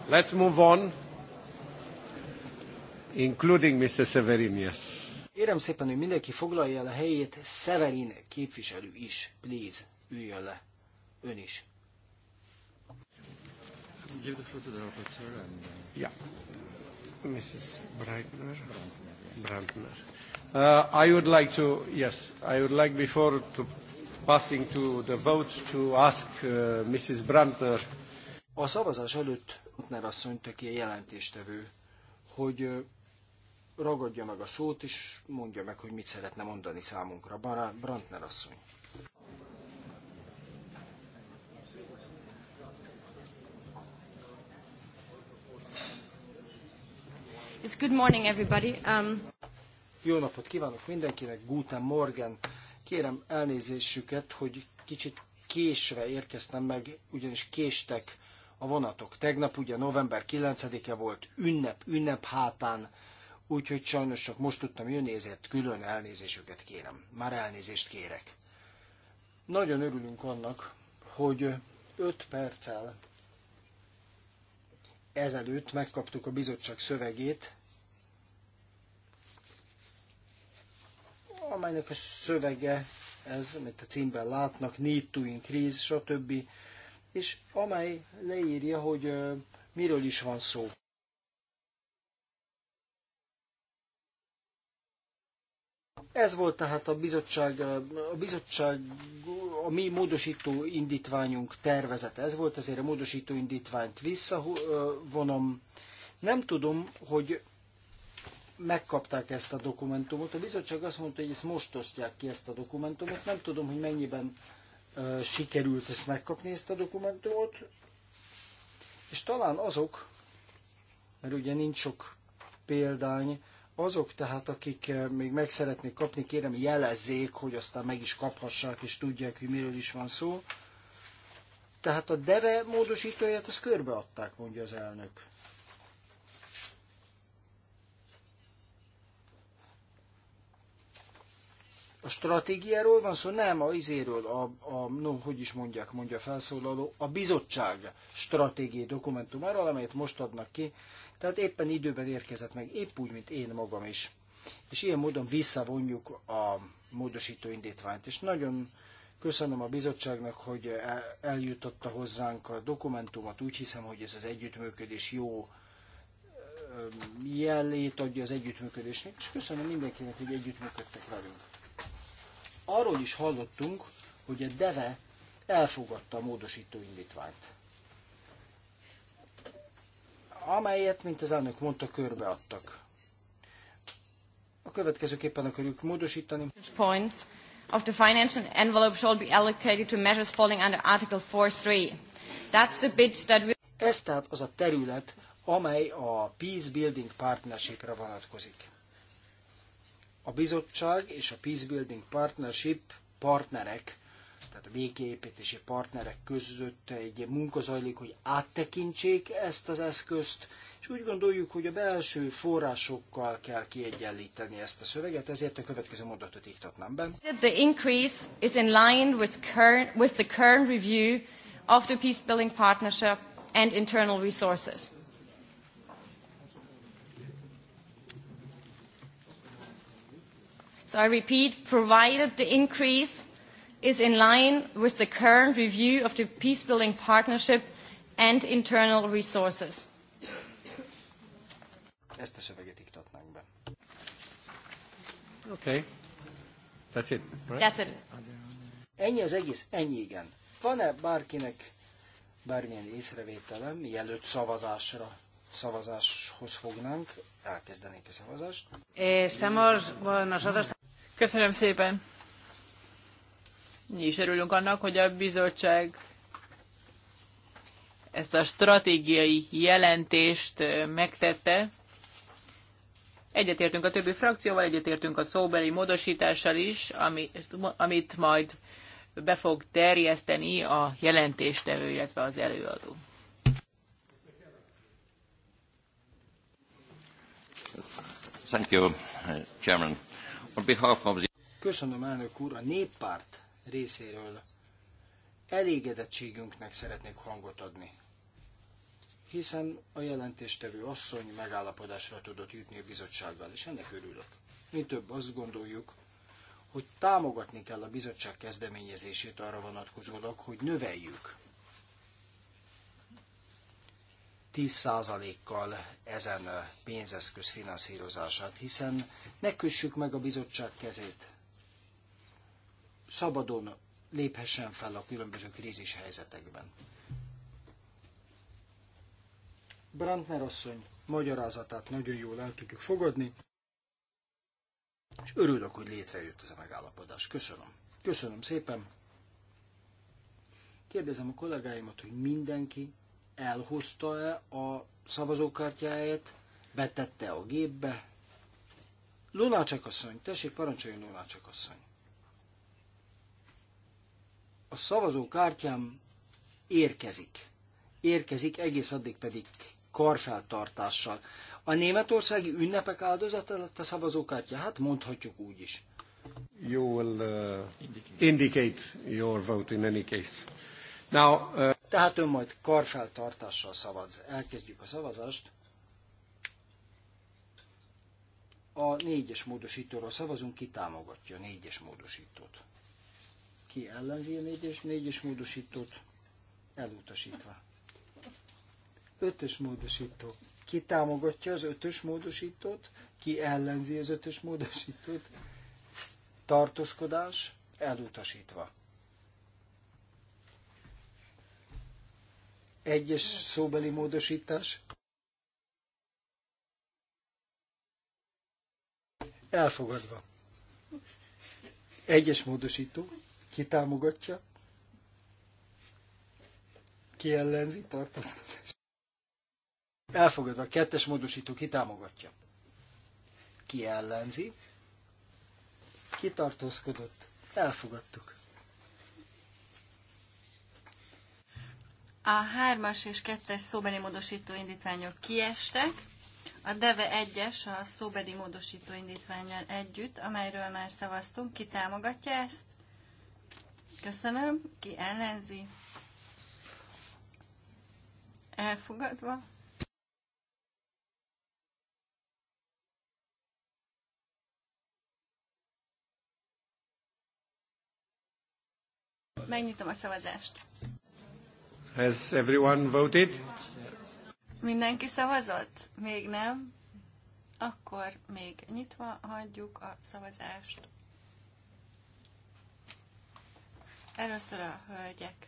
let's move on, including Mr. Severin, yes. Érem szépen, hogy mindenki foglalja el a helyét, Severin képviselő is, please, üljön le. Ön is. Give the floor to the rapporteur and... Uh, yeah. Mrs. Breitner. Brandner. Brandner. Uh, I would like to, yes, I would like before to passing to the vote to ask uh, Mrs. Brandner. A szavazás előtt Brandner asszony teki a jelentéstevő, hogy ragadja meg a szót, és mondja meg, hogy mit szeretne mondani számunkra. Brandner asszony. It's good morning, everybody. Um... Jó napot kívánok mindenkinek, Guten Morgen. Kérem elnézésüket, hogy kicsit késve érkeztem meg, ugyanis késtek a vonatok. Tegnap ugye november 9-e volt, ünnep, ünnep hátán, úgyhogy sajnos csak most tudtam jönni, ezért külön elnézésüket kérem. Már elnézést kérek. Nagyon örülünk annak, hogy 5 perccel ezelőtt megkaptuk a bizottság szövegét, amelynek a szövege ez, amit a címben látnak, Need to Increase, stb. És amely leírja, hogy miről is van szó. Ez volt tehát a bizottság, a bizottság, a mi módosító indítványunk tervezete. Ez volt azért a módosító indítványt visszavonom. Nem tudom, hogy megkapták ezt a dokumentumot. A bizottság azt mondta, hogy ezt most osztják ki ezt a dokumentumot. Nem tudom, hogy mennyiben sikerült ezt megkapni, ezt a dokumentumot. És talán azok, mert ugye nincs sok példány, azok tehát, akik még meg szeretnék kapni, kérem jelezzék, hogy aztán meg is kaphassák, és tudják, hogy miről is van szó. Tehát a deve módosítóját, ezt körbeadták, mondja az elnök. A stratégiáról van szó, nem a izéről, a, a no, hogy is mondják, mondja a felszólaló, a bizottság stratégiai dokumentumáról, amelyet most adnak ki, tehát éppen időben érkezett meg, épp úgy, mint én magam is. És ilyen módon visszavonjuk a módosító indítványt. És nagyon köszönöm a bizottságnak, hogy eljutotta hozzánk a dokumentumot. Úgy hiszem, hogy ez az együttműködés jó jellét adja az együttműködésnek, és köszönöm mindenkinek, hogy együttműködtek velünk arról is hallottunk, hogy a DEVE elfogadta a módosító indítványt, amelyet, mint az elnök mondta, körbeadtak. A következőképpen akarjuk módosítani. Points of the financial envelope shall be allocated to measures falling under Article 4.3. That's the bit that we... Ez tehát az a terület, amely a Peace Building Partnership-ra vonatkozik a bizottság és a Peace Building Partnership partnerek, tehát a békéépítési partnerek között egy munka zajlik, hogy áttekintsék ezt az eszközt, és úgy gondoljuk, hogy a belső forrásokkal kell kiegyenlíteni ezt a szöveget, ezért a következő mondatot iktatnám be. The increase is in line with, current, with the current review of the peace building partnership and internal resources. So I repeat, provided the increase is in line with the current review of the peacebuilding partnership and internal resources. Ezt a szöveget iktatnánk be. Okay. That's it. Right? That's it. Ennyi az egész, ennyi igen. Van-e bárkinek bármilyen észrevétele, mielőtt szavazásra, szavazáshoz fognánk, elkezdenénk a szavazást? Eh, estamos, nosotros... Köszönöm szépen. Mi is örülünk annak, hogy a bizottság ezt a stratégiai jelentést megtette. Egyetértünk a többi frakcióval, egyetértünk a szóbeli módosítással is, amit, majd be fog terjeszteni a jelentéstevő, illetve az előadó. Thank you, Chairman. Köszönöm, elnök úr, a néppárt részéről elégedettségünknek szeretnék hangot adni, hiszen a jelentéstevő asszony megállapodásra tudott jutni a bizottsággal, és ennek örülök. Mi több azt gondoljuk, hogy támogatni kell a bizottság kezdeményezését arra vonatkozólag, hogy növeljük 10%-kal ezen a pénzeszköz finanszírozását, hiszen ne kössük meg a bizottság kezét. Szabadon léphessen fel a különböző krízis helyzetekben. Brandner asszony magyarázatát nagyon jól el tudjuk fogadni, és örülök, hogy létrejött ez a megállapodás. Köszönöm. Köszönöm szépen. Kérdezem a kollégáimat, hogy mindenki elhozta-e a szavazókártyáját, betette a gépbe. Lunácsak asszony, tessék, parancsoljon Lunácsak asszony. A szavazókártyám érkezik. Érkezik, egész addig pedig karfeltartással. A németországi ünnepek áldozata lett a szavazókártya? Hát mondhatjuk úgy is. You will uh, indicate your vote in any case. Now, uh... Tehát ön majd karfeltartással szavaz. Elkezdjük a szavazást. A négyes módosítóról szavazunk, ki támogatja a négyes módosítót. Ki ellenzi a négyes, négyes módosítót, elutasítva. Ötös módosító. Ki támogatja az ötös módosítót, ki ellenzi az ötös módosítót, tartózkodás, elutasítva. Egyes szóbeli módosítás. Elfogadva. Egyes módosító. Ki támogatja? Ki ellenzi? Tartózkodás. Elfogadva. Kettes módosító. Ki támogatja? Ki ellenzi? Ki tartózkodott? Elfogadtuk. A hármas és kettes szóbeli módosító indítványok kiestek. A DEVE 1-es a szóbeli módosító indítványjal együtt, amelyről már szavaztunk. Ki támogatja ezt? Köszönöm. Ki ellenzi? Elfogadva. Megnyitom a szavazást. Has everyone voted? Mindenki szavazott? Még nem? Akkor még nyitva hagyjuk a szavazást. Először a hölgyek.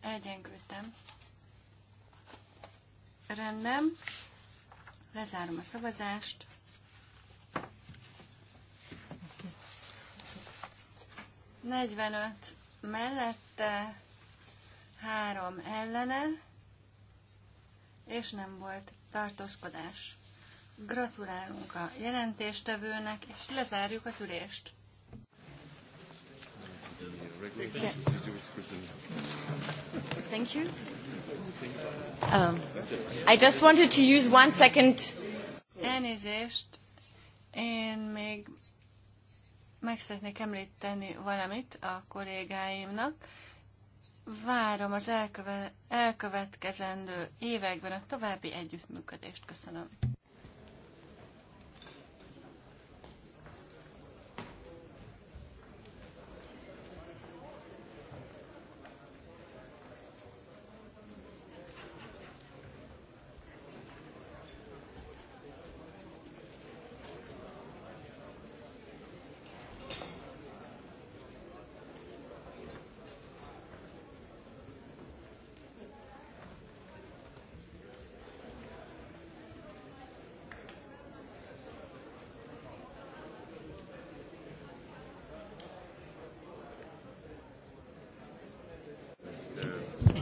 Elgyengültem. Rendben. Lezárom a szavazást. Negyvenöt mellette három ellene, és nem volt tartózkodás. Gratulálunk a jelentéstevőnek, és lezárjuk az ülést. Thank you. Um, I just wanted to use one second. Elnézést, én még meg szeretnék említeni valamit a kollégáimnak várom az elköve- elkövetkezendő években a további együttműködést. Köszönöm.